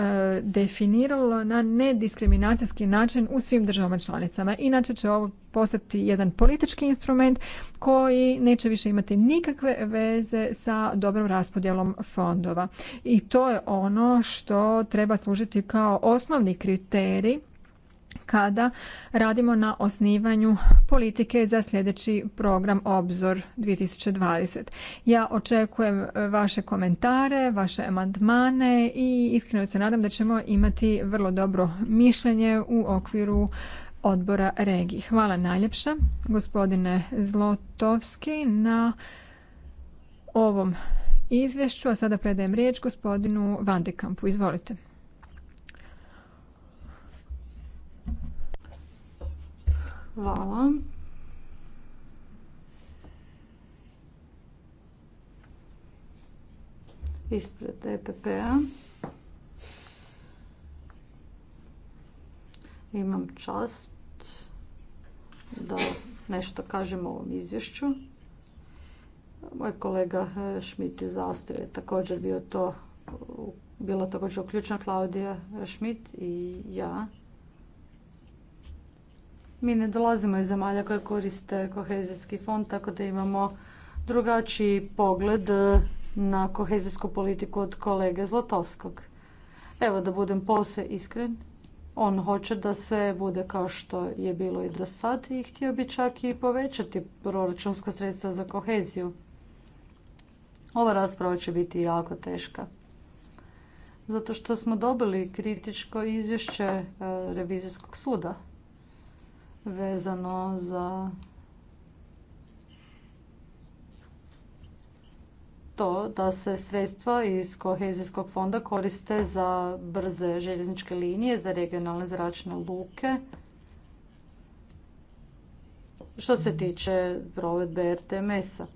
[SPEAKER 2] E, definiralo na nediskriminacijski način u svim državama članicama. Inače će ovo postati jedan politički instrument koji neće više imati nikakve veze sa dobrom raspodjelom fondova. I to je ono što treba služiti kao osnovni kriterij kada radimo na osnivanju politike za sljedeći program Obzor 2020. Ja očekujem vaše komentare, vaše amandmane i iskreno se nadam da ćemo imati vrlo dobro mišljenje u okviru odbora regiji. Hvala najljepša gospodine Zlotovski na ovom izvješću, a sada predajem riječ gospodinu Vandekampu. Izvolite. Hvala.
[SPEAKER 1] Ispred EPP-a. Imam čast da nešto kažem o ovom izvješću. Moj kolega Šmit e, iz Austrije također bio to, bila također uključena Klaudija Šmit i ja. Mi ne dolazimo iz zemalja koje koriste kohezijski fond, tako da imamo drugačiji pogled e, na kohezijsku politiku od kolege Zlatovskog. Evo da budem posve iskren, on hoće da sve bude kao što je bilo i do sad i htio bi čak i povećati proračunska sredstva za koheziju. Ova rasprava će biti jako teška. Zato što smo dobili kritičko izvješće e, Revizijskog suda vezano za to da se sredstva iz kohezijskog fonda koriste za brze željezničke linije, za regionalne zračne luke. Što se tiče provedbe RTMS-a.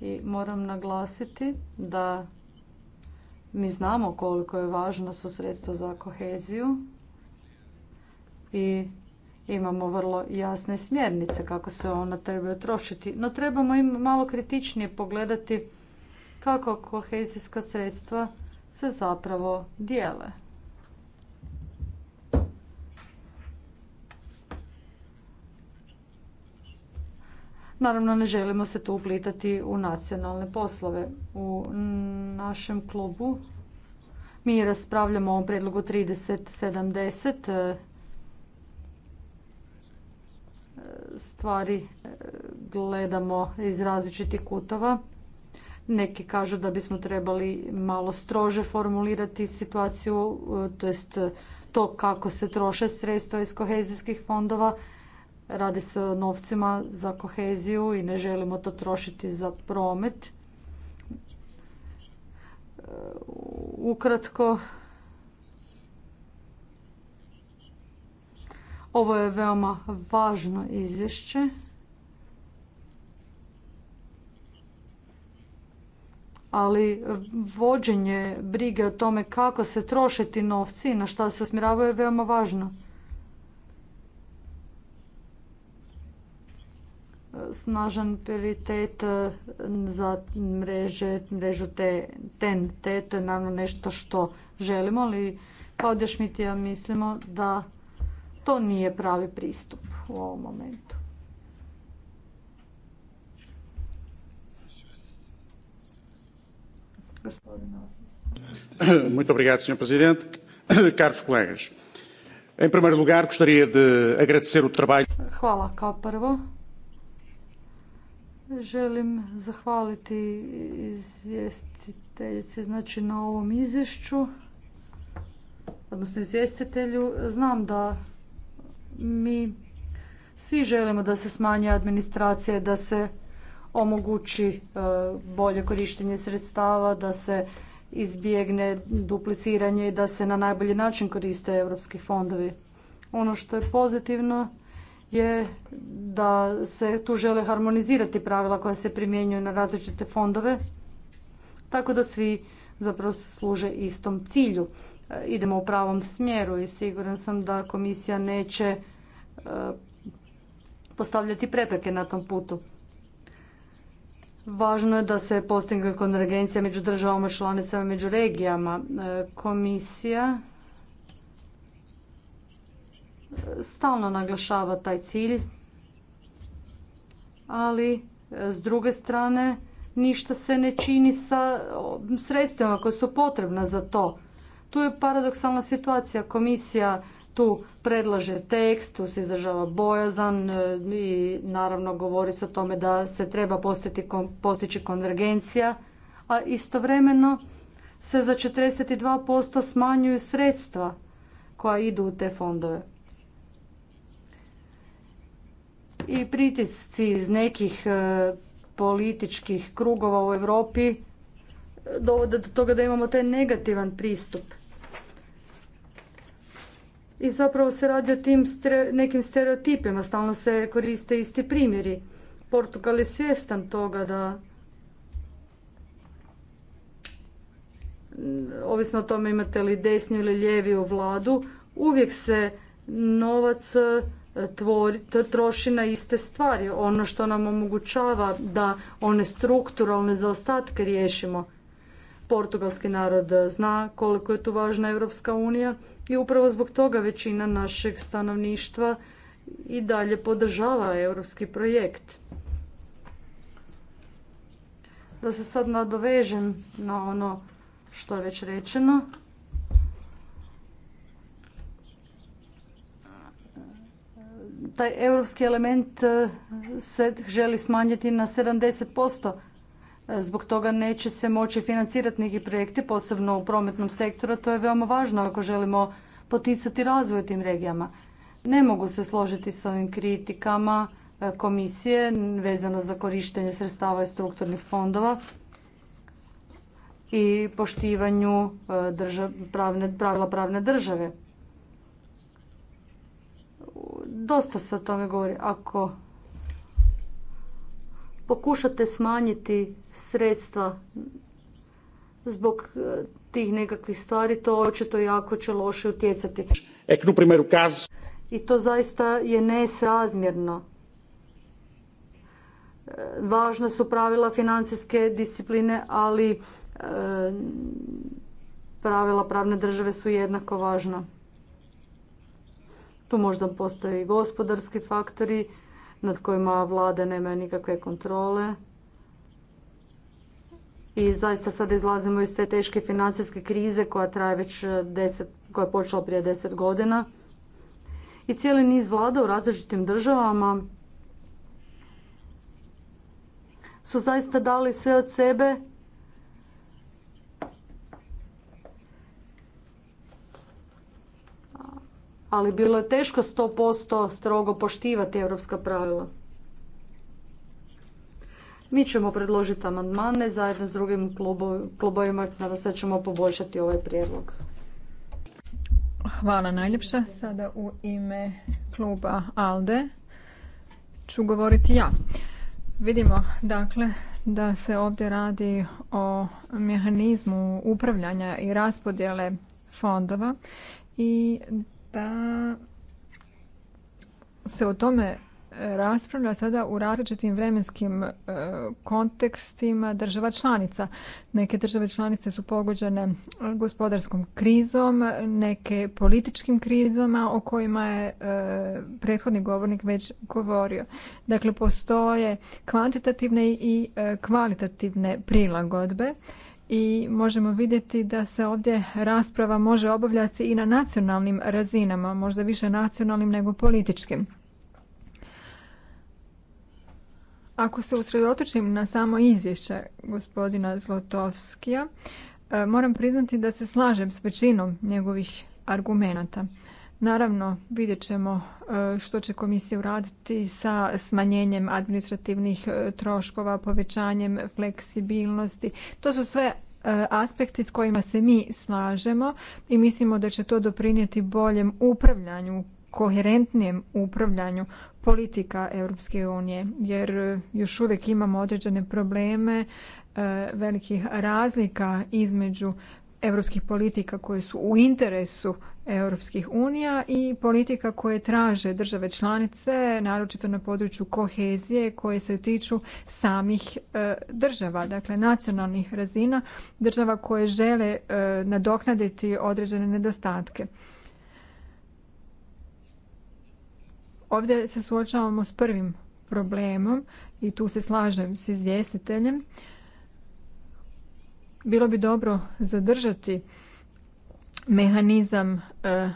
[SPEAKER 1] I moram naglasiti da mi znamo koliko je važno su sredstva za koheziju i imamo vrlo jasne smjernice kako se ona treba trošiti. No trebamo im malo kritičnije pogledati kako kohezijska sredstva se zapravo dijele. Naravno, ne želimo se tu uplitati u nacionalne poslove. U našem klubu mi raspravljamo o prijedlogu 3070 stvari e, gledamo iz različitih kutova. Neki kažu da bismo trebali malo strože formulirati situaciju, e, to jest e, to kako se troše sredstva iz kohezijskih fondova. Radi se o novcima za koheziju i ne želimo to trošiti za promet. Ukratko, Ovo je veoma važno izvješće. ali vođenje brige o tome kako se troše ti novci i na šta se osmiravaju je veoma važno. Snažan prioritet e, za mreže, mrežu TNT, to je naravno nešto što želimo, ali kao ja mislimo da to nije pravi pristup u ovom momentu. Muito obrigado, Sr. Presidente. Caros colegas, em primeiro lugar gostaria de agradecer o trabalho. Hvala kao prvo. Želim zahvaliti izvjestiteljici znači na ovom izvješću, odnosno izvjestitelju. Znam da mi svi želimo da se smanje administracija, da se omogući e, bolje korištenje sredstava, da se izbjegne dupliciranje i da se na najbolji način koriste europski fondovi. Ono što je pozitivno je da se tu žele harmonizirati pravila koja se primjenjuju na različite fondove, tako da svi zapravo služe istom cilju. E, idemo u pravom smjeru i siguran sam da komisija neće e, postavljati prepreke na tom putu. Važno je da se postigne konvergencija među državama članicama i među regijama. E, komisija stalno naglašava taj cilj, ali s druge strane ništa se ne čini sa sredstvima koja su potrebna za to. Tu je paradoksalna situacija. Komisija tu predlaže tekst, tu se izražava bojazan e, i naravno govori se o tome da se treba postići konvergencija, a istovremeno se za 42% smanjuju sredstva koja idu u te fondove. I pritisci iz nekih e, političkih krugova u Europi dovode do toga da imamo taj negativan pristup i zapravo se radi o tim nekim stereotipima, stalno se koriste isti primjeri. Portugal je svjestan toga da mm, ovisno o tome imate li desnju ili u vladu, uvijek se novac e, troši na iste stvari. Ono što nam omogućava da one strukturalne zaostatke riješimo. Portugalski narod zna koliko je tu važna Europska unija i upravo zbog toga većina našeg stanovništva i dalje podržava europski projekt. Da se sad nadovežem na ono što je već rečeno. Taj europski element eh, se želi smanjiti na 70%. Zbog toga neće se moći financirati neki projekti, posebno u prometnom sektoru. To je veoma važno ako želimo poticati razvoj tim regijama. Ne mogu se složiti s ovim kritikama e, komisije vezano za korištenje sredstava i strukturnih fondova i poštivanju e, pravne, pravila pravne države. Dosta se o tome govori. Ako pokušate smanjiti sredstva zbog e, tih nekakvih stvari, to očito jako će loše utjecati. E I to zaista je nesrazmjerno. E, važna su pravila financijske discipline, ali pravila pravne države su jednako važna. Tu možda postoje i gospodarski faktori, nad kojima vlade nemaju nikakve kontrole. I zaista sad izlazimo iz te teške financijske krize koja traje već deset koja je počela prije deset godina. I cijeli niz vlada u različitim državama su zaista dali sve od sebe ali bilo je teško 100% strogo poštivati europska pravila. Mi ćemo predložiti amandmane zajedno s drugim klubovima, da se ćemo poboljšati ovaj prijedlog.
[SPEAKER 2] Hvala najljepša. Sada u ime kluba ALDE ću govoriti ja. Vidimo dakle da se ovdje radi o mehanizmu upravljanja i raspodjele fondova i da se o tome e, raspravlja sada u različitim vremenskim e, kontekstima država članica. Neke države članice su pogođene gospodarskom krizom, neke političkim krizama o kojima je e, prethodni govornik već govorio. Dakle, postoje kvantitativne i kvalitativne prilagodbe i možemo vidjeti da se ovdje rasprava može obavljati i na nacionalnim razinama, možda više nacionalnim nego političkim. Ako se usredotočim na samo izvješće gospodina Zlotovskija, e, moram priznati da se slažem s većinom njegovih argumenata. Naravno, vidjet ćemo e, što će komisija uraditi sa smanjenjem administrativnih e, troškova, povećanjem fleksibilnosti. To su sve e, aspekti s kojima se mi slažemo i mislimo da će to doprinijeti boljem upravljanju, koherentnijem upravljanju politika Europske unije, jer još uvijek imamo određene probleme velikih razlika između europskih politika koje su u interesu europskih unija i politika koje traže države članice, naročito na području kohezije koje se tiču samih e, država, dakle nacionalnih razina, država koje žele e, nadoknaditi određene nedostatke. Ovdje se suočavamo s prvim problemom i tu se slažem s izvjestiteljem. Bilo bi dobro zadržati mehanizam e,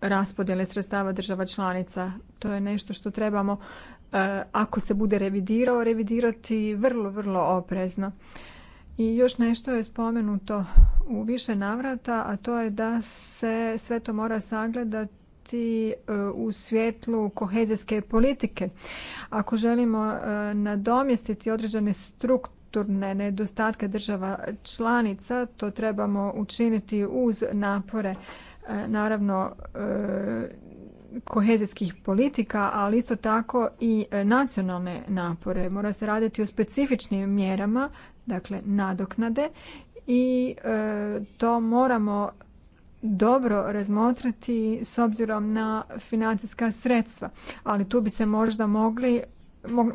[SPEAKER 2] raspodjele sredstava država članica. To je nešto što trebamo, e, ako se bude revidirao, revidirati vrlo, vrlo oprezno. I još nešto je spomenuto u više navrata, a to je da se sve to mora sagledati e, u svjetlu kohezijske politike. Ako želimo nadomjestiti određene strukture, strukturne nedostatke država članica, to trebamo učiniti uz napore e, naravno e, kohezijskih politika, ali isto tako i nacionalne napore. Mora se raditi o specifičnim mjerama, dakle nadoknade i e, to moramo dobro razmotriti s obzirom na financijska sredstva, ali tu bi se možda mogli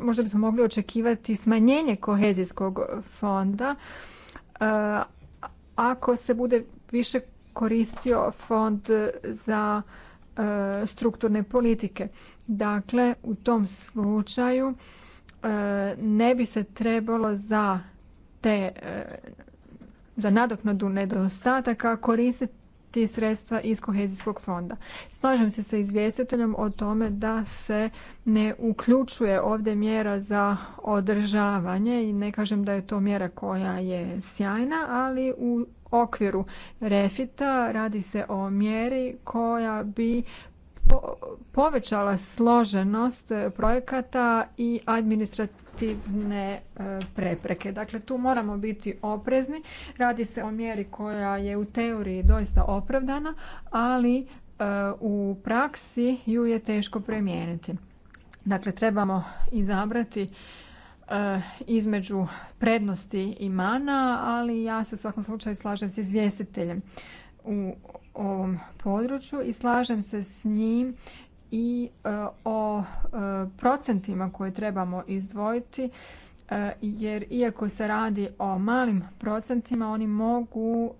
[SPEAKER 2] možda bismo mogli očekivati smanjenje kohezijskog fonda eh, ako se bude više koristio fond za eh, strukturne politike. Dakle, u tom slučaju eh, ne bi se trebalo za te za nadoknadu nedostataka koristiti ti sredstva iz kohezijskog fonda. Slažem se sa izvjestiteljom o tome da se ne uključuje ovdje mjera za održavanje i ne kažem da je to mjera koja je sjajna, ali u okviru refita radi se o mjeri koja bi povećala složenost projekata i administrativnu tipne e, prepreke. Dakle, tu moramo biti oprezni. Radi se o mjeri koja je u teoriji doista opravdana, ali e, u praksi ju je teško premijeniti. Dakle, trebamo izabrati e, između prednosti i mana, ali ja se u svakom slučaju slažem s izvjestiteljem u ovom području i slažem se s njim i e, o e, procentima koje trebamo izdvojiti e, jer iako se radi o malim procentima oni mogu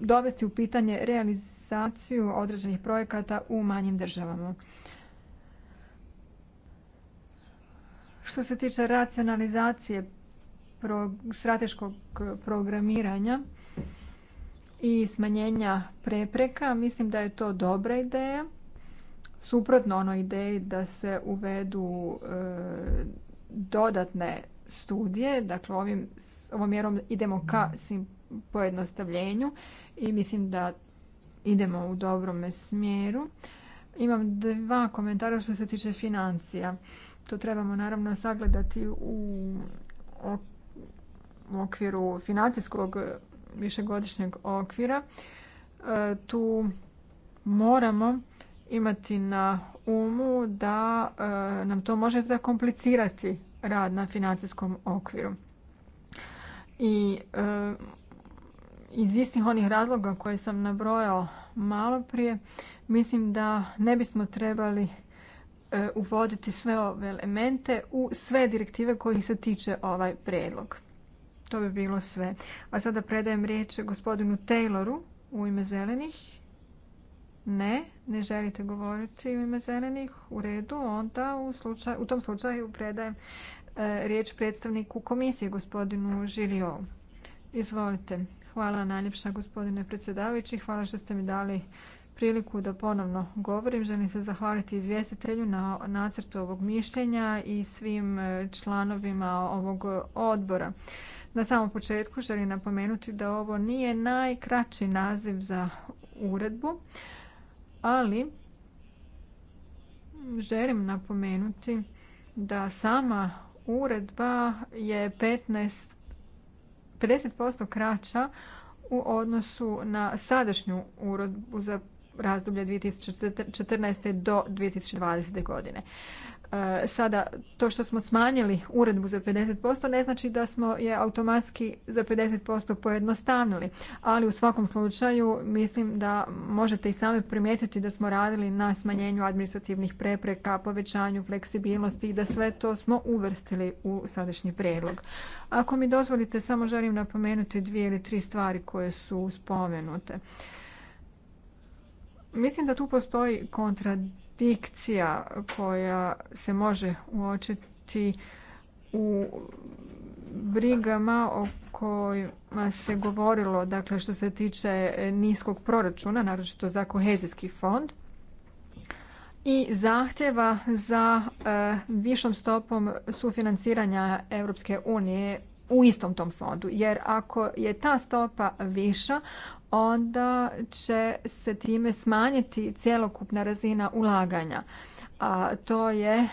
[SPEAKER 2] dovesti u pitanje realizaciju određenih projekata u manjim državama. Što se tiče racionalizacije strateškog programiranja i smanjenja prepreka, mislim da je to dobra ideja suprotno onoj ideji da se uvedu e, dodatne studije. Dakle, ovim, ovom mjerom idemo ka pojednostavljenju i mislim da idemo u dobrome smjeru. Imam dva komentara što se tiče financija. To trebamo naravno sagledati u okviru financijskog višegodišnjeg okvira. E, tu moramo imati na umu da e, nam to može zakomplicirati rad na financijskom okviru. I e, iz istih onih razloga koje sam nabrojao malo prije, mislim da ne bismo trebali e, uvoditi sve ove elemente u sve direktive kojih se tiče ovaj predlog. To bi bilo sve. A sada predajem riječ gospodinu Tayloru u ime zelenih. Ne, ne želite govoriti u ime zelenih. U redu, onda u, u tom slučaju predajem e, riječ predstavniku komisije, gospodinu Žiliovu. Izvolite. Hvala najljepša gospodine predsjedavajući. Hvala što ste mi dali priliku da ponovno govorim. Želim se zahvaliti izvjestitelju na nacrtu ovog mišljenja i svim e, članovima ovog odbora. Na samom početku želim napomenuti da ovo nije najkraći naziv za uredbu ali želim napomenuti da sama uredba je 15, 50% kraća u odnosu na sadašnju uredbu za razdoblje 2014. do 2020. godine sada to što smo smanjili uredbu za 50% ne znači da smo je automatski za 50% pojednostavili, ali u svakom slučaju mislim da možete i sami primijetiti da smo radili na smanjenju administrativnih prepreka, povećanju fleksibilnosti i da sve to smo uvrstili u sadašnji prijedlog. Ako mi dozvolite, samo želim napomenuti dvije ili tri stvari koje su spomenute. Mislim da tu postoji kontradikt dikcija koja se može uočiti u brigama o kojima se govorilo dakle što se tiče niskog proračuna, naročito za kohezijski fond i zahtjeva za e, višom stopom sufinanciranja Europske unije u istom tom fondu. Jer ako je ta stopa viša, onda će se time smanjiti cjelokupna razina ulaganja. A to je e,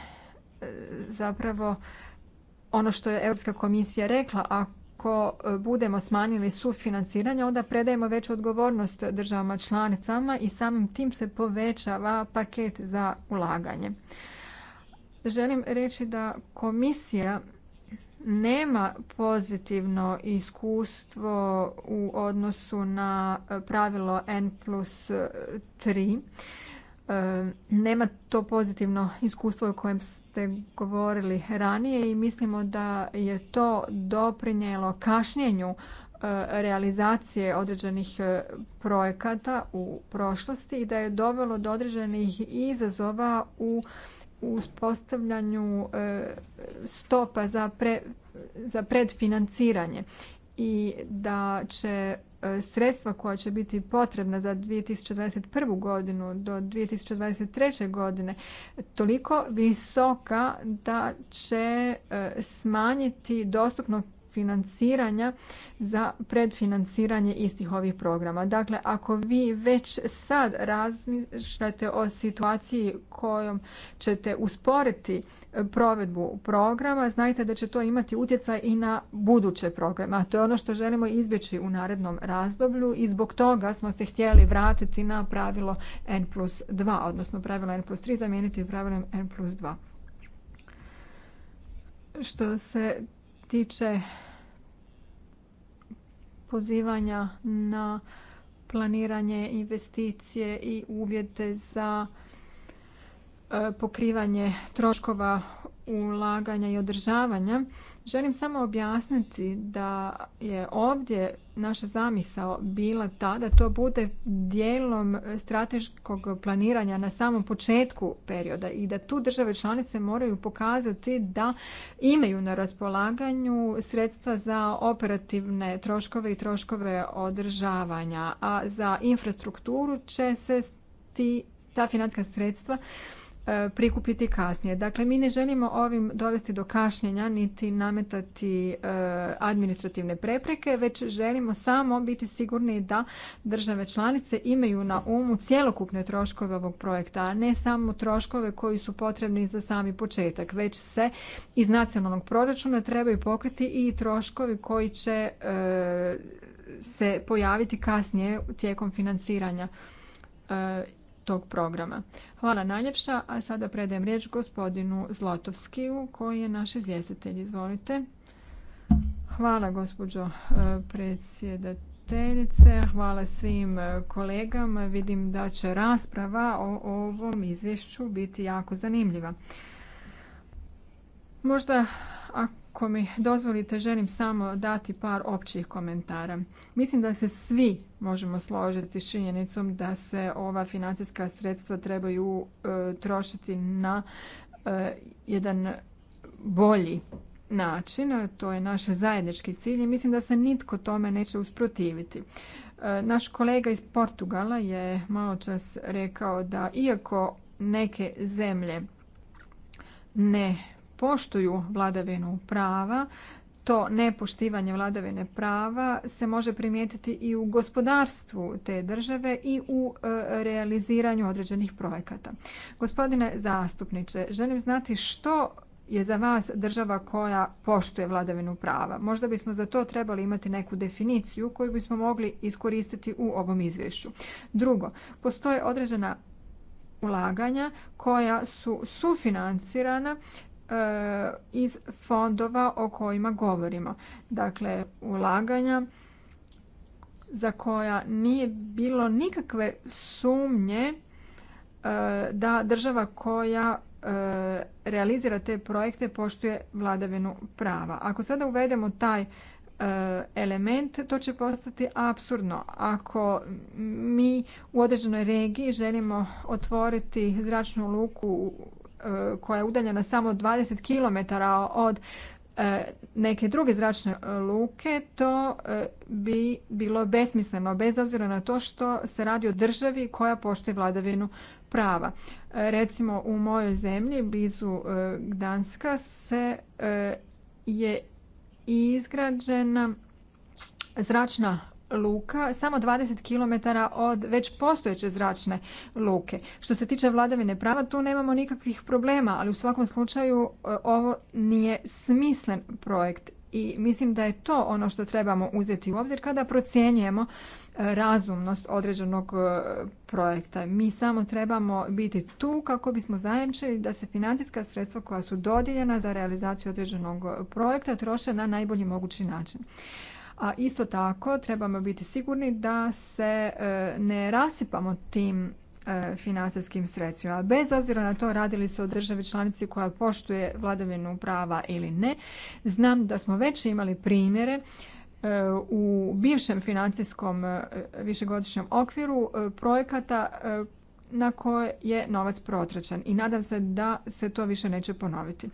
[SPEAKER 2] zapravo ono što je Europska komisija rekla, ako budemo smanjili sufinanciranje, onda predajemo veću odgovornost državama članicama i samim tim se povećava paket za ulaganje. Želim reći da komisija nema pozitivno iskustvo u odnosu na pravilo N plus 3, e, nema to pozitivno iskustvo o kojem ste govorili ranije i mislimo da je to doprinjelo kašnjenju e, realizacije određenih e, projekata u prošlosti i da je dovelo do određenih izazova u uspostavljanju e, stopa za, za predfinanciranje i da će e, sredstva koja će biti potrebna za 2021. godinu do 2023. godine toliko visoka da će e, smanjiti dostupnost financiranja za predfinanciranje istih ovih programa. Dakle, ako vi već sad razmišljate o situaciji kojom ćete usporiti e, provedbu programa, znajte da će to imati utjecaj i na buduće programe. A to je ono što želimo izbjeći u narednom razdoblju i zbog toga smo se htjeli vratiti na pravilo N plus 2, odnosno pravilo N plus 3 zamijeniti pravilom N plus 2. Što se tiče pozivanja na planiranje investicije i uvjete za e, pokrivanje troškova ulaganja i održavanja. Želim samo objasniti da je ovdje naša zamisao bila ta da to bude dijelom strateškog planiranja na samom početku perioda i da tu države članice moraju pokazati da imaju na raspolaganju sredstva za operativne troškove i troškove održavanja, a za infrastrukturu će se ta financijska sredstva prikupiti kasnije. Dakle, mi ne želimo ovim dovesti do kašnjenja niti nametati e, administrativne prepreke, već želimo samo biti sigurni da države članice imaju na umu cjelokupne troškove ovog projekta, a ne samo troškove koji su potrebni za sami početak, već se iz nacionalnog proračuna trebaju pokriti i troškovi koji će e, se pojaviti kasnije tijekom financiranja e, tog programa. Hvala najljepša, a sada predajem riječ gospodinu Zlotovskiju koji je naš izvjestitelj. Izvolite. Hvala gospođo e, predsjedateljice, hvala svim e, kolegama. Vidim da će rasprava o ovom izvješću biti jako zanimljiva. Možda ako ako mi dozvolite, želim samo dati par općih komentara. Mislim da se svi možemo složiti s činjenicom da se ova financijska sredstva trebaju e, trošiti na e, jedan bolji način, to je naš zajednički cilj i mislim da se nitko tome neće usprotiviti. E, naš kolega iz Portugala je malo čas rekao da iako neke zemlje ne poštuju vladavinu prava, to nepoštivanje vladavine prava se može primijetiti i u gospodarstvu te države i u e, realiziranju određenih projekata. Gospodine zastupniče, želim znati što je za vas država koja poštuje vladavinu prava. Možda bismo za to trebali imati neku definiciju koju bismo mogli iskoristiti u ovom izvješću. Drugo, postoje određena ulaganja koja su sufinancirana E, iz fondova o kojima govorimo. Dakle, ulaganja za koja nije bilo nikakve sumnje e, da država koja e, realizira te projekte poštuje vladavinu prava. Ako sada uvedemo taj element, to će postati absurdno. Ako mi u određenoj regiji želimo otvoriti zračnu luku E, koja je udaljena samo 20 km od e, neke druge zračne e, luke, to bi bilo besmisleno, bez obzira na to što se radi o državi koja poštuje vladavinu prava. Recimo u mojoj zemlji, blizu Gdanska, se je izgrađena zračna luka samo 20 km od već postojeće zračne luke. Što se tiče vladavine prava, tu nemamo nikakvih problema, ali u svakom slučaju e, ovo nije smislen projekt i mislim da je to ono što trebamo uzeti u obzir kada procjenjujemo e, razumnost određenog e, projekta. Mi samo trebamo biti tu kako bismo zajamčili da se financijska sredstva koja su dodijeljena za realizaciju određenog projekta troše na najbolji mogući način a isto tako trebamo biti sigurni da se e, ne rasipamo tim e, financijskim sredstvima. Bez obzira na to radili se o državi članici koja poštuje vladavinu prava ili ne, znam da smo već imali primjere e, u bivšem financijskom višegodišnjem okviru projekata na koje je novac protračan i nadam se da se to više neće ponoviti.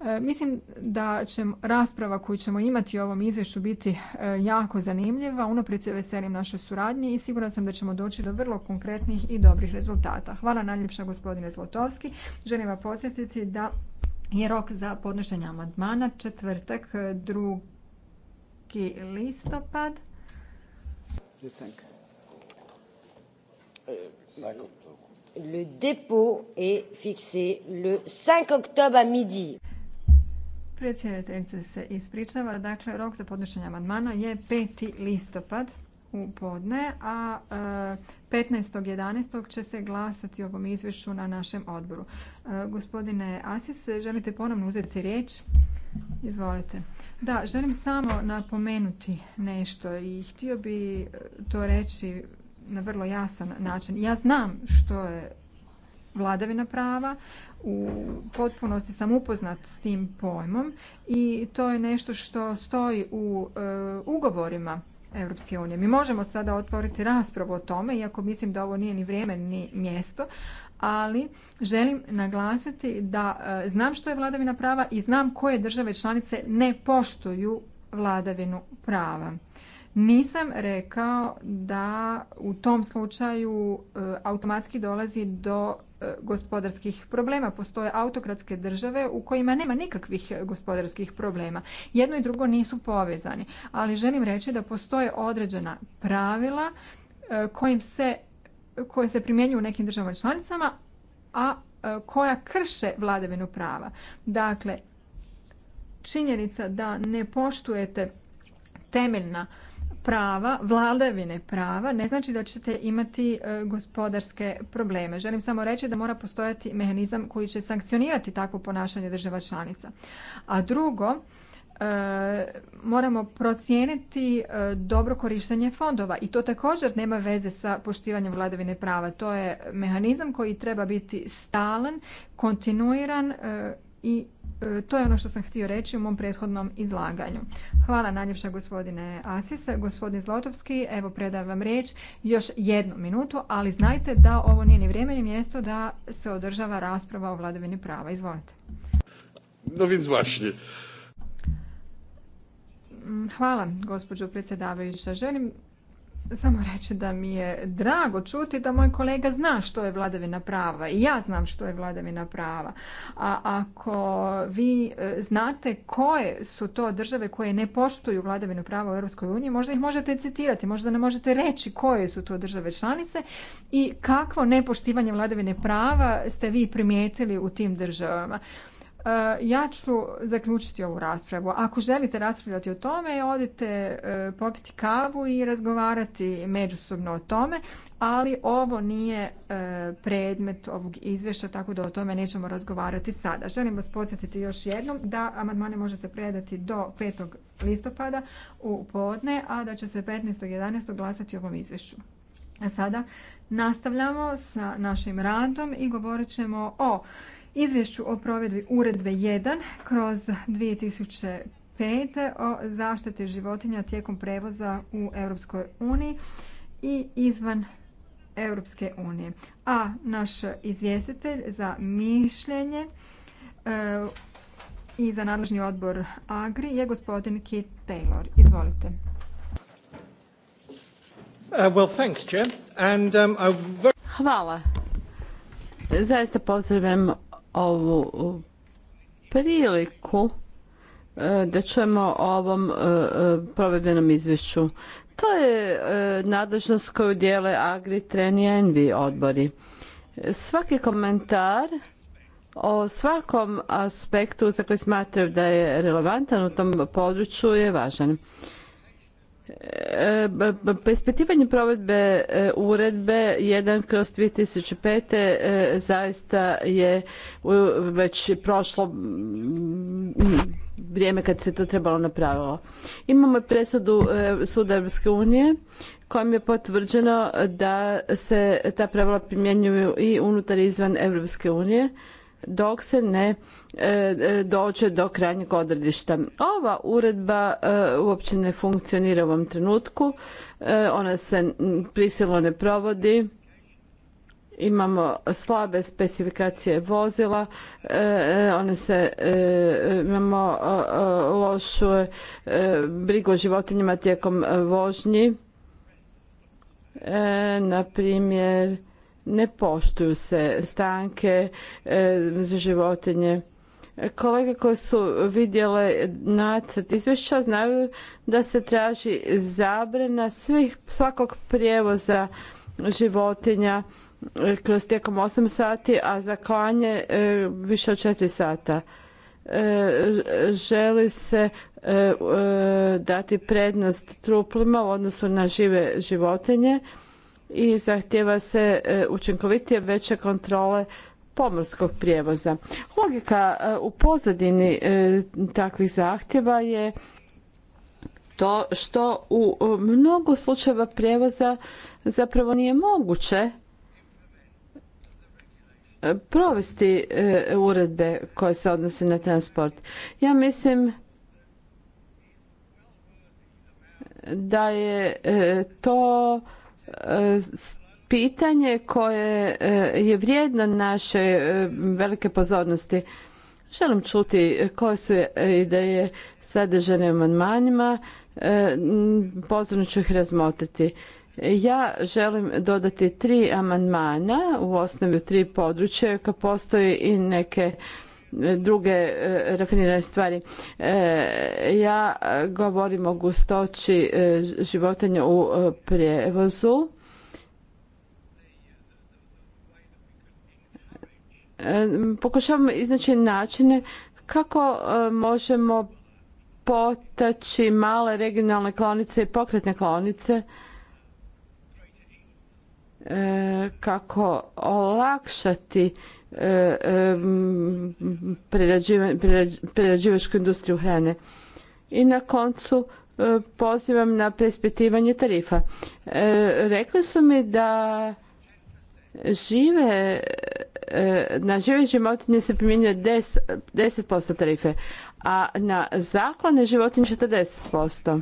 [SPEAKER 2] E, mislim da će rasprava koju ćemo imati u ovom izvješću biti e, jako zanimljiva. Unaprijed se veselim našoj suradnje i siguran sam da ćemo doći do vrlo konkretnih i dobrih rezultata. Hvala najljepša gospodine Zlotovski. Želim vam podsjetiti da je rok za podnošenje amandmana četvrtak e, drugi listopad. Zakon. Le dépôt est
[SPEAKER 1] fixé le 5 octobre à midi.
[SPEAKER 2] Predsjedateljica se ispričava. Dakle, rok za podnošenje amandmana je 5. listopad u podne, a 15.11. E, će se glasati ovom izvješću na našem odboru. E, gospodine Asis, želite ponovno uzeti riječ? Izvolite. Da, želim samo napomenuti nešto i htio bi to reći na vrlo jasan način. Ja znam što je vladavina prava, u potpunosti sam upoznat s tim pojmom i to je nešto što stoji u e, ugovorima Europske unije. Mi možemo sada otvoriti raspravu o tome, iako mislim da ovo nije ni vrijeme ni mjesto, ali želim naglasiti da e, znam što je vladavina prava i znam koje države članice ne poštuju vladavinu prava. Nisam rekao da u tom slučaju e, automatski dolazi do e, gospodarskih problema. Postoje autokratske države u kojima nema nikakvih gospodarskih problema. Jedno i drugo nisu povezani. Ali želim reći da postoje određena pravila e, kojim se, koje se primjenjuju u nekim državama članicama, a koja krše vladavinu prava. Dakle, činjenica da ne poštujete temeljna prava, vladavine prava, ne znači da ćete imati e, gospodarske probleme. Želim samo reći da mora postojati mehanizam koji će sankcionirati takvo ponašanje država članica. A drugo, e, moramo procijeniti e, dobro korištenje fondova i to također nema veze sa poštivanjem vladavine prava. To je mehanizam koji treba biti stalan, kontinuiran i E, to je ono što sam htio reći u mom prethodnom izlaganju. Hvala najljepša gospodine Asis. Gospodin Zlotovski, evo predajem vam riječ još jednu minutu, ali znajte da ovo nije ni vrijeme ni mjesto da se održava rasprava o vladavini prava. Izvolite.
[SPEAKER 3] No
[SPEAKER 2] Hvala, gospođo predsjedavajuća. Želim samo reći da mi je drago čuti da moj kolega zna što je vladavina prava i ja znam što je vladavina prava. A ako vi e, znate koje su to države koje ne poštuju vladavinu prava u EU, možda ih možete citirati, možda ne možete reći koje su to države članice i kakvo nepoštivanje vladavine prava ste vi primijetili u tim državama. Eh, ja ću zaključiti ovu raspravu. Ako želite raspravljati o tome, odite eh, popiti kavu i razgovarati međusobno o tome, ali ovo nije eh, predmet ovog izvješća, tako da o tome nećemo razgovarati sada. Želim vas podsjetiti još jednom da amandmane možete predati do 5. listopada u podne, a da će se 15.11. glasati o ovom izvješću. A sada nastavljamo sa našim radom i govorit ćemo o izvješću o provedbi uredbe 1 kroz 2005 o zaštiti životinja tijekom prevoza u Europskoj uniji i izvan Europske unije. A naš izvjestitelj za mišljenje e, i za nadležni odbor Agri je gospodin Keith Taylor. Izvolite. Uh, um, Hvala.
[SPEAKER 3] Zaista pozdravljam ovu priliku e, da ćemo o ovom e, e, provedbenom izvješću. To je nadležnost koju dijele Agri, Treni i Envi odbori. Svaki komentar o svakom aspektu za koji smatraju da je relevantan u tom području je važan. E, Preispitivanje provedbe e, uredbe 1 kroz 2005. E, zaista je već prošlo vrijeme kad se to trebalo napravilo. Imamo presudu Suda Europske unije kojom je potvrđeno da se ta pravila primjenjuju i unutar i izvan Europske unije dok se ne e, e, dođe do krajnjeg odredišta. Ova uredba e, uopće ne funkcionira u ovom trenutku, ona se prisilno ne provodi, imamo slabe specifikacije vozila, one se, imamo lošu brigu o životinjama tijekom vožnji, na primjer ne poštuju se stanke e, za životinje. Kolege koje su vidjele nacrt izvješća znaju da se traži zabrana svih, svakog prijevoza životinja e, kroz tijekom 8 sati, a za klanje e, više od 4 sata. Želi se dati prednost truplima u odnosu na žive životinje i zahtjeva se e, učinkovitije veće kontrole pomorskog prijevoza. Logika e, u pozadini e, takvih zahtjeva je to što u mnogo slučajeva prijevoza zapravo nije moguće provesti uredbe koje se odnose na transport. Ja mislim da je to pitanje koje e, je vrijedno naše e, velike pozornosti. Želim čuti e, koje su ideje sadržane amandmanima, pozorno ću ih razmotriti. Ja želim dodati tri amandmana u osnovi tri područja, kao postoji i neke druge e, rafinirane stvari. E, ja govorim o gustoći e, životinja u prijevozu. Pokušavamo iznaći načine kako možemo potaći male regionalne klonice i pokretne klonice kako olakšati E, e, prerađivačku industriju hrane. I na koncu e, pozivam na preispitivanje tarifa. Rekli su mi da žive na žive životinje se primjenjuje 10%, posto tarife, a na zaklane životinje 40%.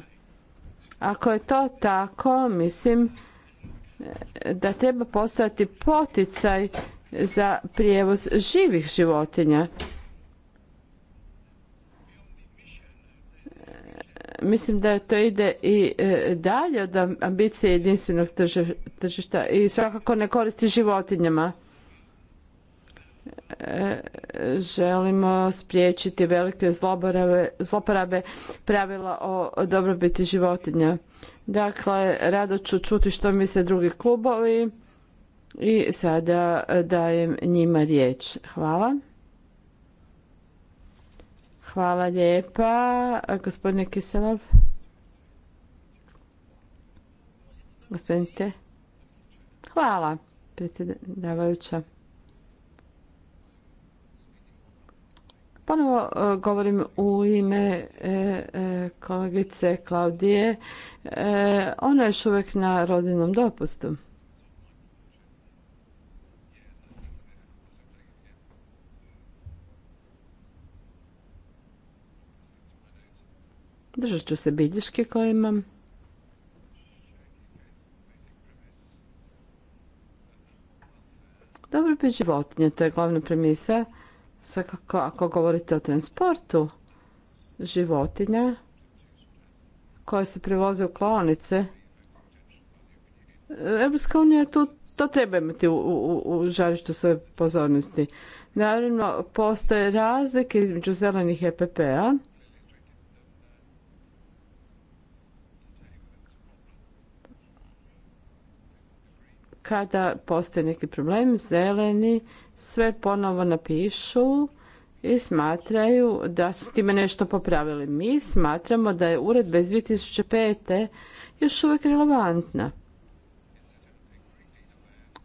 [SPEAKER 3] Ako je to tako, mislim da treba postojati poticaj za prijevoz živih životinja. Mislim da to ide i e, dalje od ambicije jedinstvenog tržišta i svakako ne koristi životinjama. E, želimo spriječiti velike zloporabe pravila o dobrobiti životinja. Dakle, rado ću čuti što misle drugi klubovi i sada e, dajem njima riječ. Hvala. Hvala lijepa. E, gospodine Kiselov. Te. Hvala, predsjedavajuća. Ponovo e, govorim u ime kolegice Klaudije. Ona je još uvijek na rodinom dopustu. Držat ću se bilješke koje imam. Dobro bi životinje, to je glavna premisa. Svakako, ako govorite o transportu životinja koje se prevoze u klonice, Europska unija tu to treba imati u, žarištu svoje pozornosti. Naravno, postoje razlike između zelenih EPP-a kada postoje neki problem, zeleni sve ponovo napišu i smatraju da su time nešto popravili. Mi smatramo da je uredba iz 2005. još uvijek relevantna.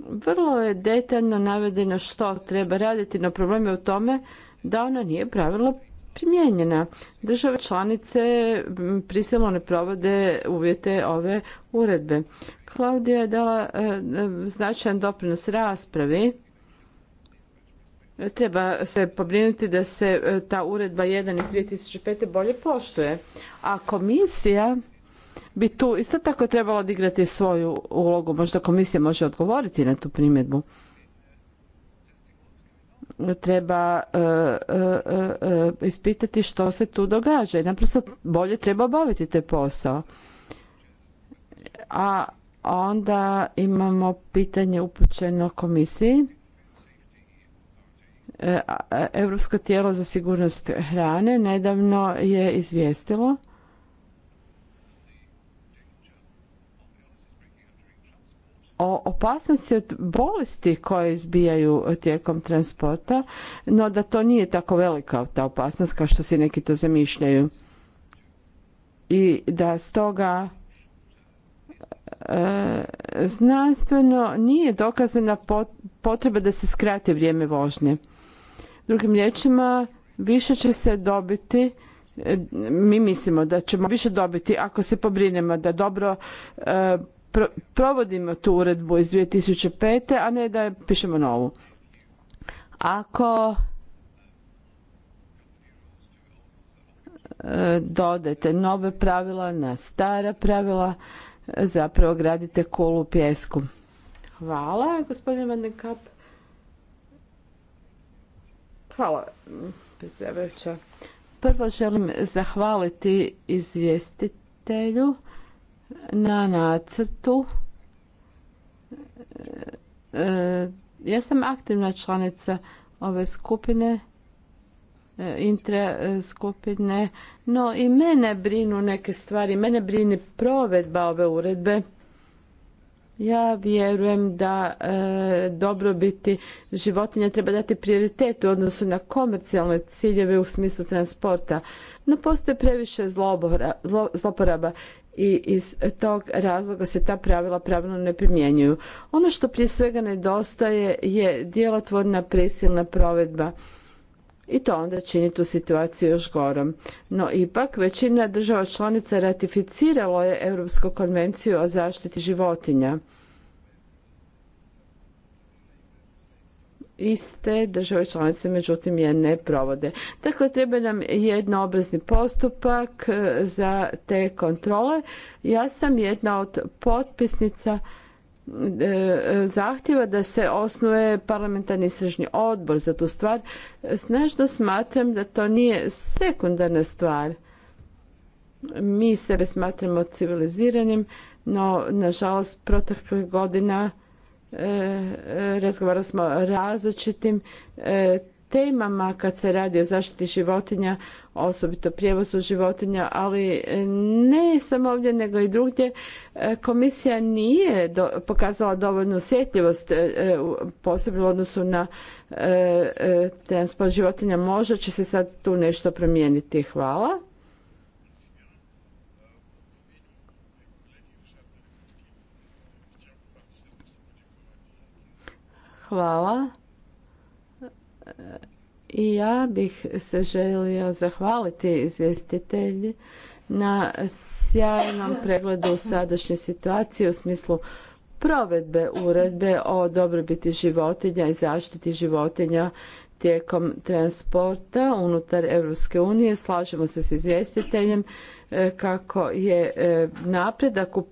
[SPEAKER 3] Vrlo je detaljno navedeno što treba raditi, no problem je u tome da ona nije pravilno primijenjena. Države članice prisilno ne provode uvjete ove uredbe. Klaudija je dala e, e, značajan doprinos raspravi. Treba se pobrinuti da se e, ta uredba 1 iz 2005. bolje poštuje. A komisija bi tu isto tako trebala odigrati svoju ulogu. Možda komisija može odgovoriti na tu primjedbu. Treba ispitati što se tu događa i naprosto bolje treba obaviti te posao. A Onda imamo pitanje upućeno komisiji. E, Europsko tijelo za sigurnost hrane nedavno je izvijestilo o opasnosti od bolesti koje izbijaju tijekom transporta, no da to nije tako velika ta opasnost kao što si neki to zamišljaju. I da stoga E, znanstveno nije dokazana potreba da se skrate vrijeme vožnje. Drugim riječima, više će se dobiti e, mi mislimo da ćemo više dobiti ako se pobrinemo da dobro e, provodimo tu uredbu iz 2005. a ne da pišemo novu. Ako dodajte nove pravila na stara pravila, zapravo gradite kolu u pjesku. Hvala, gospodine Van den Kap. Hvala, predsjedavajuća. Prvo želim zahvaliti izvjestitelju na nacrtu. E, e, ja sam aktivna članica ove skupine E, skupine, no i mene brinu neke stvari, mene brini provedba ove uredbe. Ja vjerujem da e, dobrobiti životinja treba dati prioritet u odnosu na komercijalne ciljeve u smislu transporta, no postoje previše zloporaba i iz tog razloga se ta pravila pravilno ne primjenjuju. Ono što prije svega nedostaje je djelotvorna prisilna provedba i to onda čini tu situaciju još gorom. No ipak većina država članica ratificiralo je Europsku konvenciju o zaštiti životinja. iste države članice, međutim je ne provode. Dakle, treba nam jednoobrazni postupak eh, za te kontrole. Ja sam jedna od potpisnica E, zahtjeva da se osnuje parlamentarni istražni odbor za tu stvar, snažno smatram da to nije sekundarna stvar. Mi sebe smatramo civiliziranim, no nažalost proteklih godina e, e, razgovarali smo o različitim temama kad se radi o zaštiti životinja, osobito prijevozu životinja, ali e, ne samo ovdje nego i drugdje e, komisija nije pokazala dovoljnu osjetljivost e, posebno u odnosu na transport životinja. Možda će se sad tu nešto promijeniti. Hvala. Hvala. I ja bih se želio zahvaliti izvjestitelji na sjajnom pregledu sadašnje situacije u smislu provedbe uredbe o dobrobiti životinja i zaštiti životinja tijekom transporta unutar Europske unije. Slažemo se s izvjestiteljem e, kako je e, napredak u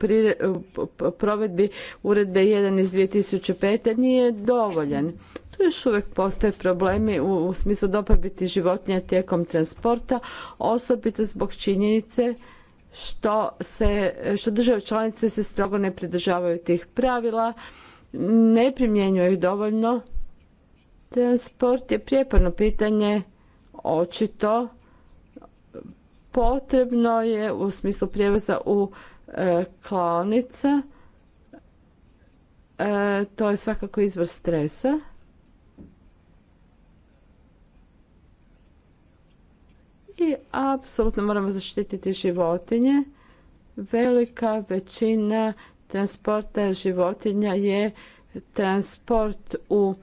[SPEAKER 3] provedbi uredbe 1 iz 2005. nije dovoljan. Tu još uvijek postoje problemi u, smislu dobrobiti životinja tijekom transporta, osobito zbog činjenice što, se, što države članice se strogo ne pridržavaju tih pravila, ne primjenjuju dovoljno. Transport je prijeporno pitanje, očito potrebno je u smislu prijevoza u e, klonica e, to je svakako izvor stresa. i apsolutno moramo zaštititi životinje. Velika većina transporta životinja je transport u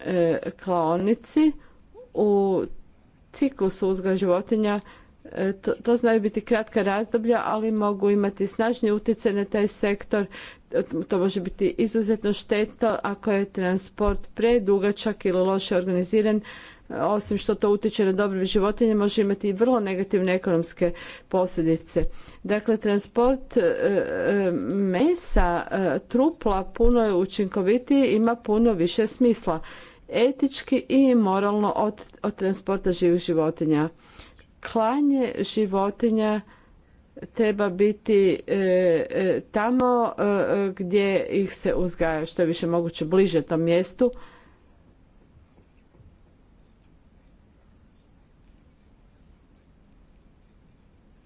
[SPEAKER 3] e, klaonici, u ciklusu uzgoja životinja. E, to, to znaju biti kratka razdoblja, ali mogu imati snažni utjecaj na taj sektor. To može biti izuzetno šteto ako je transport predugačak ili loše organiziran osim što to utječe na dobrobit životinje, može imati i vrlo negativne ekonomske posljedice. Dakle, transport e, e, mesa, e, trupla puno je učinkovitiji, ima puno više smisla etički i moralno od, transporta živih životinja. Klanje životinja treba biti tamo gdje ih se uzgaja što je više moguće bliže tom mjestu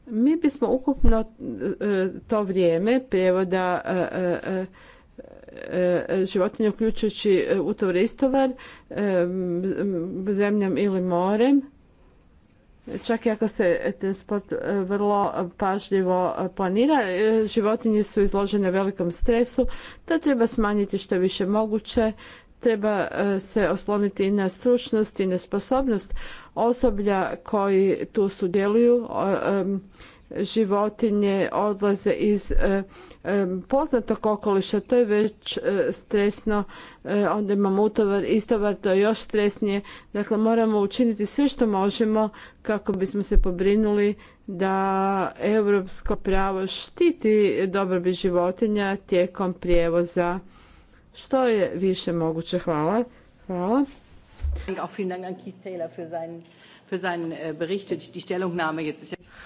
[SPEAKER 3] mi bismo ukupno e, to vrijeme prijevoda e, e, životinja uključujući u turistovar, zemljom ili morem Čak i ako se transport vrlo pažljivo planira, životinje su izložene velikom stresu, da treba smanjiti što je više moguće, treba se osloniti i na stručnost i na sposobnost osoblja koji tu sudjeluju životinje odlaze iz poznatog okoliša, to je već e, stresno, e, onda imamo utovar, istovar, to je još stresnije. Dakle, moramo učiniti sve što možemo kako bismo se pobrinuli da europsko pravo štiti dobrobit životinja tijekom prijevoza. Što je više moguće. Hvala. Hvala.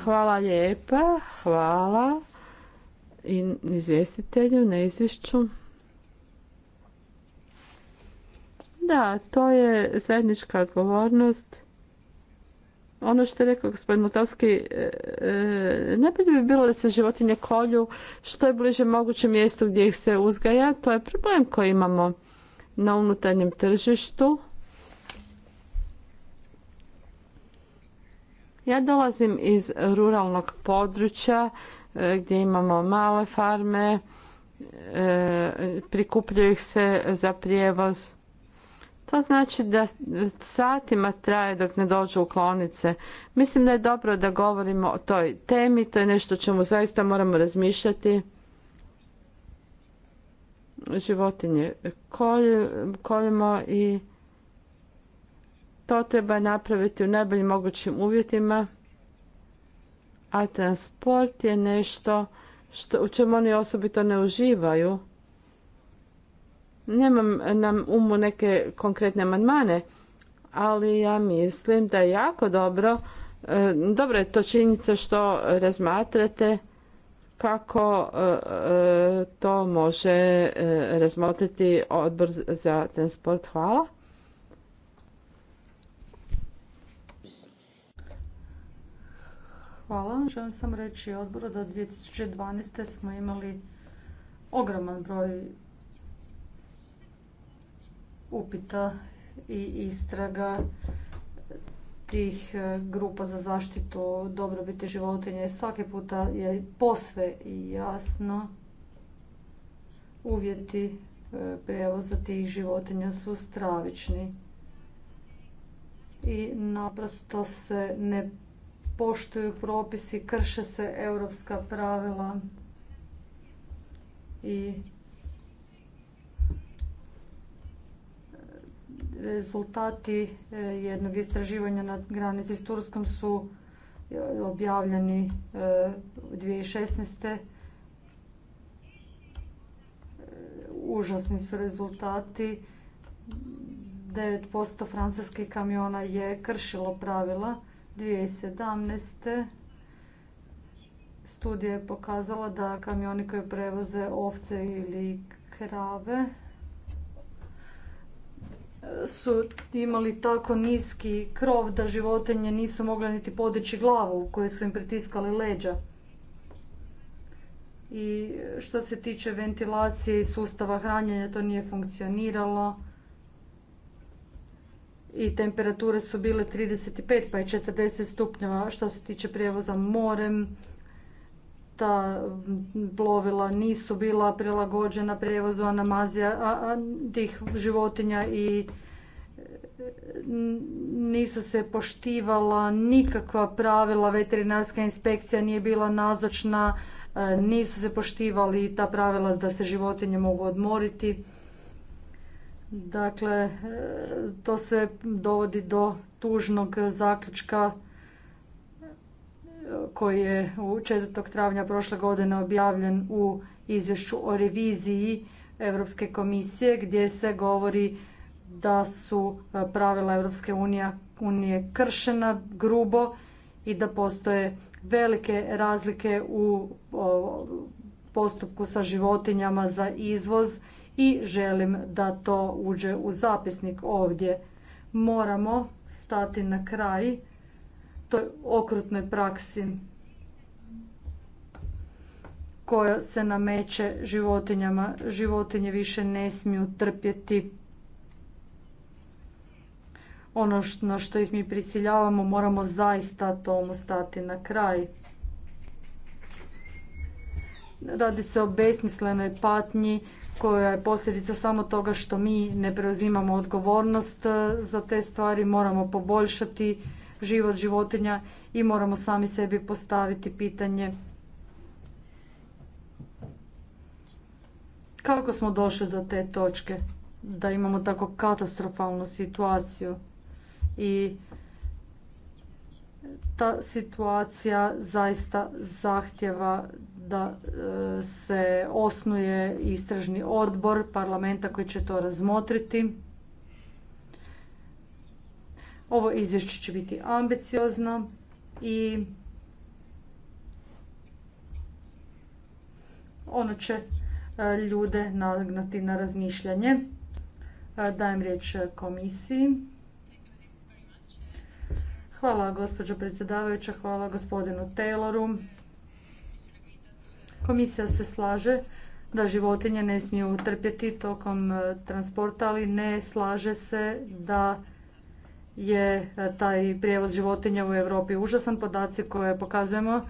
[SPEAKER 3] Hvala lijepa, hvala i izvjestitelju na izvješću. Da, to je zajednička odgovornost. Ono što je rekao gospodin Motovski, ne e, bi bilo da se životinje kolju što je bliže mogućem mjestu gdje ih se uzgaja. To je problem koji imamo na unutarnjem tržištu Ja dolazim iz ruralnog područja e, gdje imamo male farme, e, prikupljaju ih se za prijevoz. To znači da satima traje dok ne dođu u klonice. Mislim da je dobro da govorimo o toj temi, to je nešto o čemu zaista moramo razmišljati. Životinje kolimo i to treba napraviti u najboljim mogućim uvjetima, a transport je nešto što, u čemu oni osobito ne uživaju. Nemam nam umu neke konkretne amandmane, ali ja mislim da je jako dobro, e, dobro je to činjenica što razmatrate kako e, e, to može razmotriti odbor za transport. Hvala.
[SPEAKER 1] Hvala. Želim sam reći odboru da 2012. smo imali ogroman broj upita i istraga tih e, grupa za zaštitu dobrobiti životinja Svake puta je posve i jasno uvjeti e, prijevoza tih životinja su stravični i naprosto se ne poštuju propisi, krše se europska pravila i rezultati e, jednog istraživanja na granici s Turskom su e, objavljeni 2016. E, užasni su rezultati. 9% francuskih kamiona je kršilo pravila 2017. studija je pokazala da kamioni koji prevoze ovce ili krave su imali tako niski krov da životinje nisu mogle niti podići glavu koje su im pritiskali leđa. I što se tiče ventilacije i sustava hranjenja, to nije funkcioniralo i temperature su bile 35 pa i 40 stupnjeva što se tiče prijevoza morem. Ta plovila nisu bila prilagođena prijevozu anamazija tih životinja i e, nisu se poštivala nikakva pravila, veterinarska inspekcija nije bila nazočna, e, nisu se poštivali ta pravila da se životinje mogu odmoriti Dakle, e, to sve dovodi do tužnog zaključka e, koji je u 4. travnja prošle godine objavljen u izvješću o reviziji Europske komisije gdje se govori da su e, pravila Europske unije kršena grubo i da postoje velike razlike u postupku sa životinjama za izvoz i želim da to uđe u zapisnik ovdje. Moramo stati na kraj toj okrutnoj praksi koja se nameće životinjama. Životinje više ne smiju trpjeti ono na što ih mi prisiljavamo, moramo zaista tomu stati na kraj. Radi se o besmislenoj patnji koja je posljedica samo toga što mi ne preuzimamo odgovornost eh, za te stvari, moramo poboljšati život životinja i moramo sami sebi postaviti pitanje kako smo došli do te točke da imamo tako katastrofalnu situaciju i ta situacija zaista zahtjeva da e, se osnuje istražni odbor parlamenta koji će to razmotriti. Ovo izvješće će biti ambiciozno i ono će e, ljude nagnati na razmišljanje. E, dajem riječ komisiji. Hvala gospođo predsjedavajuća, hvala gospodinu Tayloru. Komisija se slaže da životinje ne smiju trpjeti tokom e, transporta, ali ne slaže se da je e, taj prijevoz životinja u Europi užasan. Podaci koje pokazujemo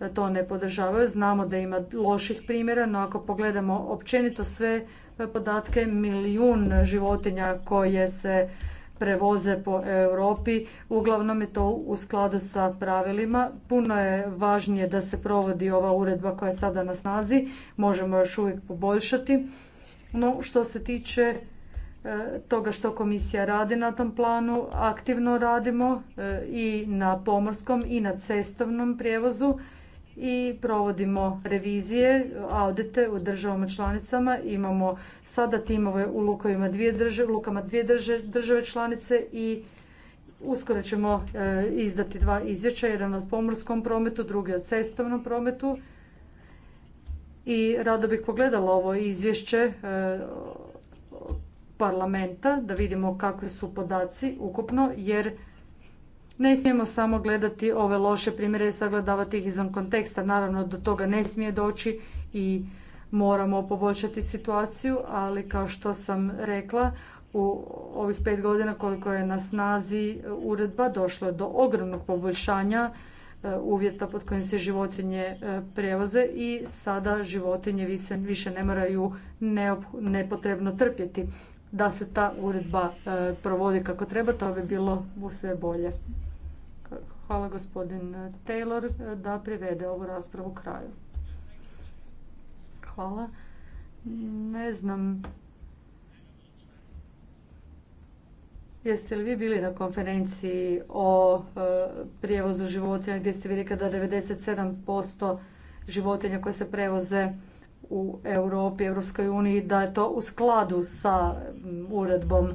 [SPEAKER 1] e, to ne podržavaju. Znamo da ima loših primjera, no ako pogledamo općenito sve podatke, milijun životinja koje se prevoze po Europi. Uglavnom je to u skladu sa pravilima. Puno je važnije da se provodi ova uredba koja je sada na snazi. Možemo još uvijek poboljšati. No, što se tiče e, toga što komisija radi na tom planu, aktivno radimo e, i na pomorskom i na cestovnom prijevozu i provodimo revizije, audite u državama članicama. Imamo sada timove u lukama dvije države, članice i uskoro ćemo e, izdati dva izvješća, jedan od pomorskom prometu, drugi od cestovnom prometu. I rado bih pogledala ovo izvješće e, parlamenta da vidimo kakvi su podaci ukupno jer ne smijemo samo gledati ove loše primjere i sagledavati ih izvan konteksta. Naravno do toga ne smije doći i moramo poboljšati situaciju, ali kao što sam rekla, u ovih pet godina koliko je na snazi uredba došlo je do ogromnog poboljšanja e, uvjeta pod kojim se životinje e, prevoze i sada životinje više ne moraju nepotrebno trpjeti. Da se ta uredba e, provodi kako treba, to bi bilo sve bolje. Hvala gospodin eh, Taylor eh, da privede ovu raspravu kraju. Hvala. Ne znam Jeste li vi bili na konferenciji o eh, prijevozu životinja gdje ste vi rekli da 97% životinja koje se prevoze u Europi, Europskoj uniji, da je to u skladu sa mm, uredbom.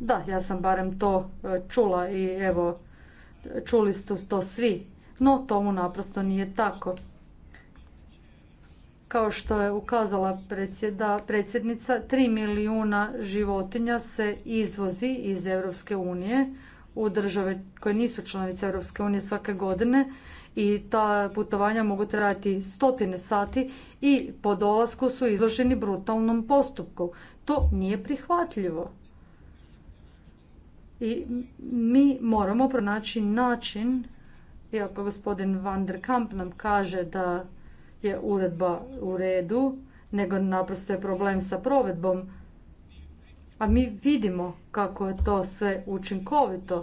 [SPEAKER 1] Da, ja sam barem to čula i evo čuli ste to svi, no tomu naprosto nije tako. Kao što je ukazala predsjednica, 3 milijuna životinja se izvozi iz Europske unije u države koje nisu članice Europske unije svake godine i ta putovanja mogu trajati stotine sati i po dolasku su izloženi brutalnom postupku. To nije prihvatljivo. I mi moramo pronaći način, iako gospodin Van der Kamp nam kaže da je uredba u redu, nego naprosto je problem sa provedbom. A mi vidimo kako je to sve učinkovito.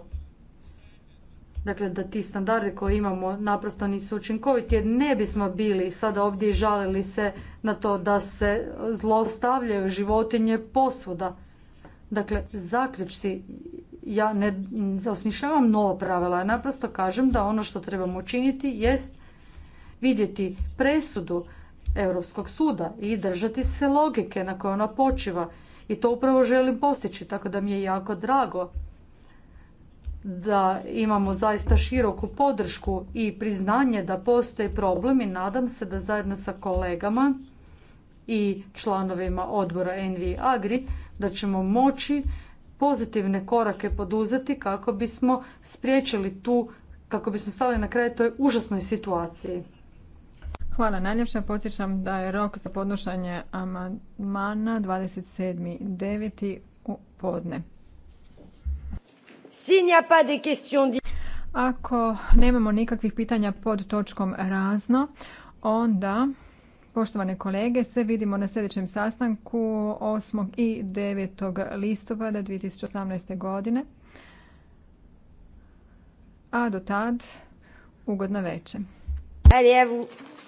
[SPEAKER 1] Dakle, da ti standardi koje imamo naprosto nisu učinkoviti jer ne bismo bili sada ovdje i žalili se na to da se zlostavljaju životinje posvuda. Dakle, zaključci ja ne osmišljavam nova pravila, ja naprosto kažem da ono što trebamo učiniti jest vidjeti presudu Europskog suda i držati se logike na kojoj ona počiva. I to upravo želim postići, tako da mi je jako drago da imamo zaista široku podršku i priznanje da postoji problem i nadam se da zajedno sa kolegama i članovima odbora NV Agri da ćemo moći pozitivne korake poduzeti kako bismo
[SPEAKER 2] spriječili tu, kako bismo stali na kraj toj užasnoj situaciji. Hvala najljepša. Podsjećam da je rok za podnošanje amandmana 27.9. u podne. Ako nemamo nikakvih pitanja pod točkom razno, onda Poštovane kolege, se vidimo na sljedećem sastanku 8. i 9. listopada 2018. godine. A do tad, ugodna večer. Adieu.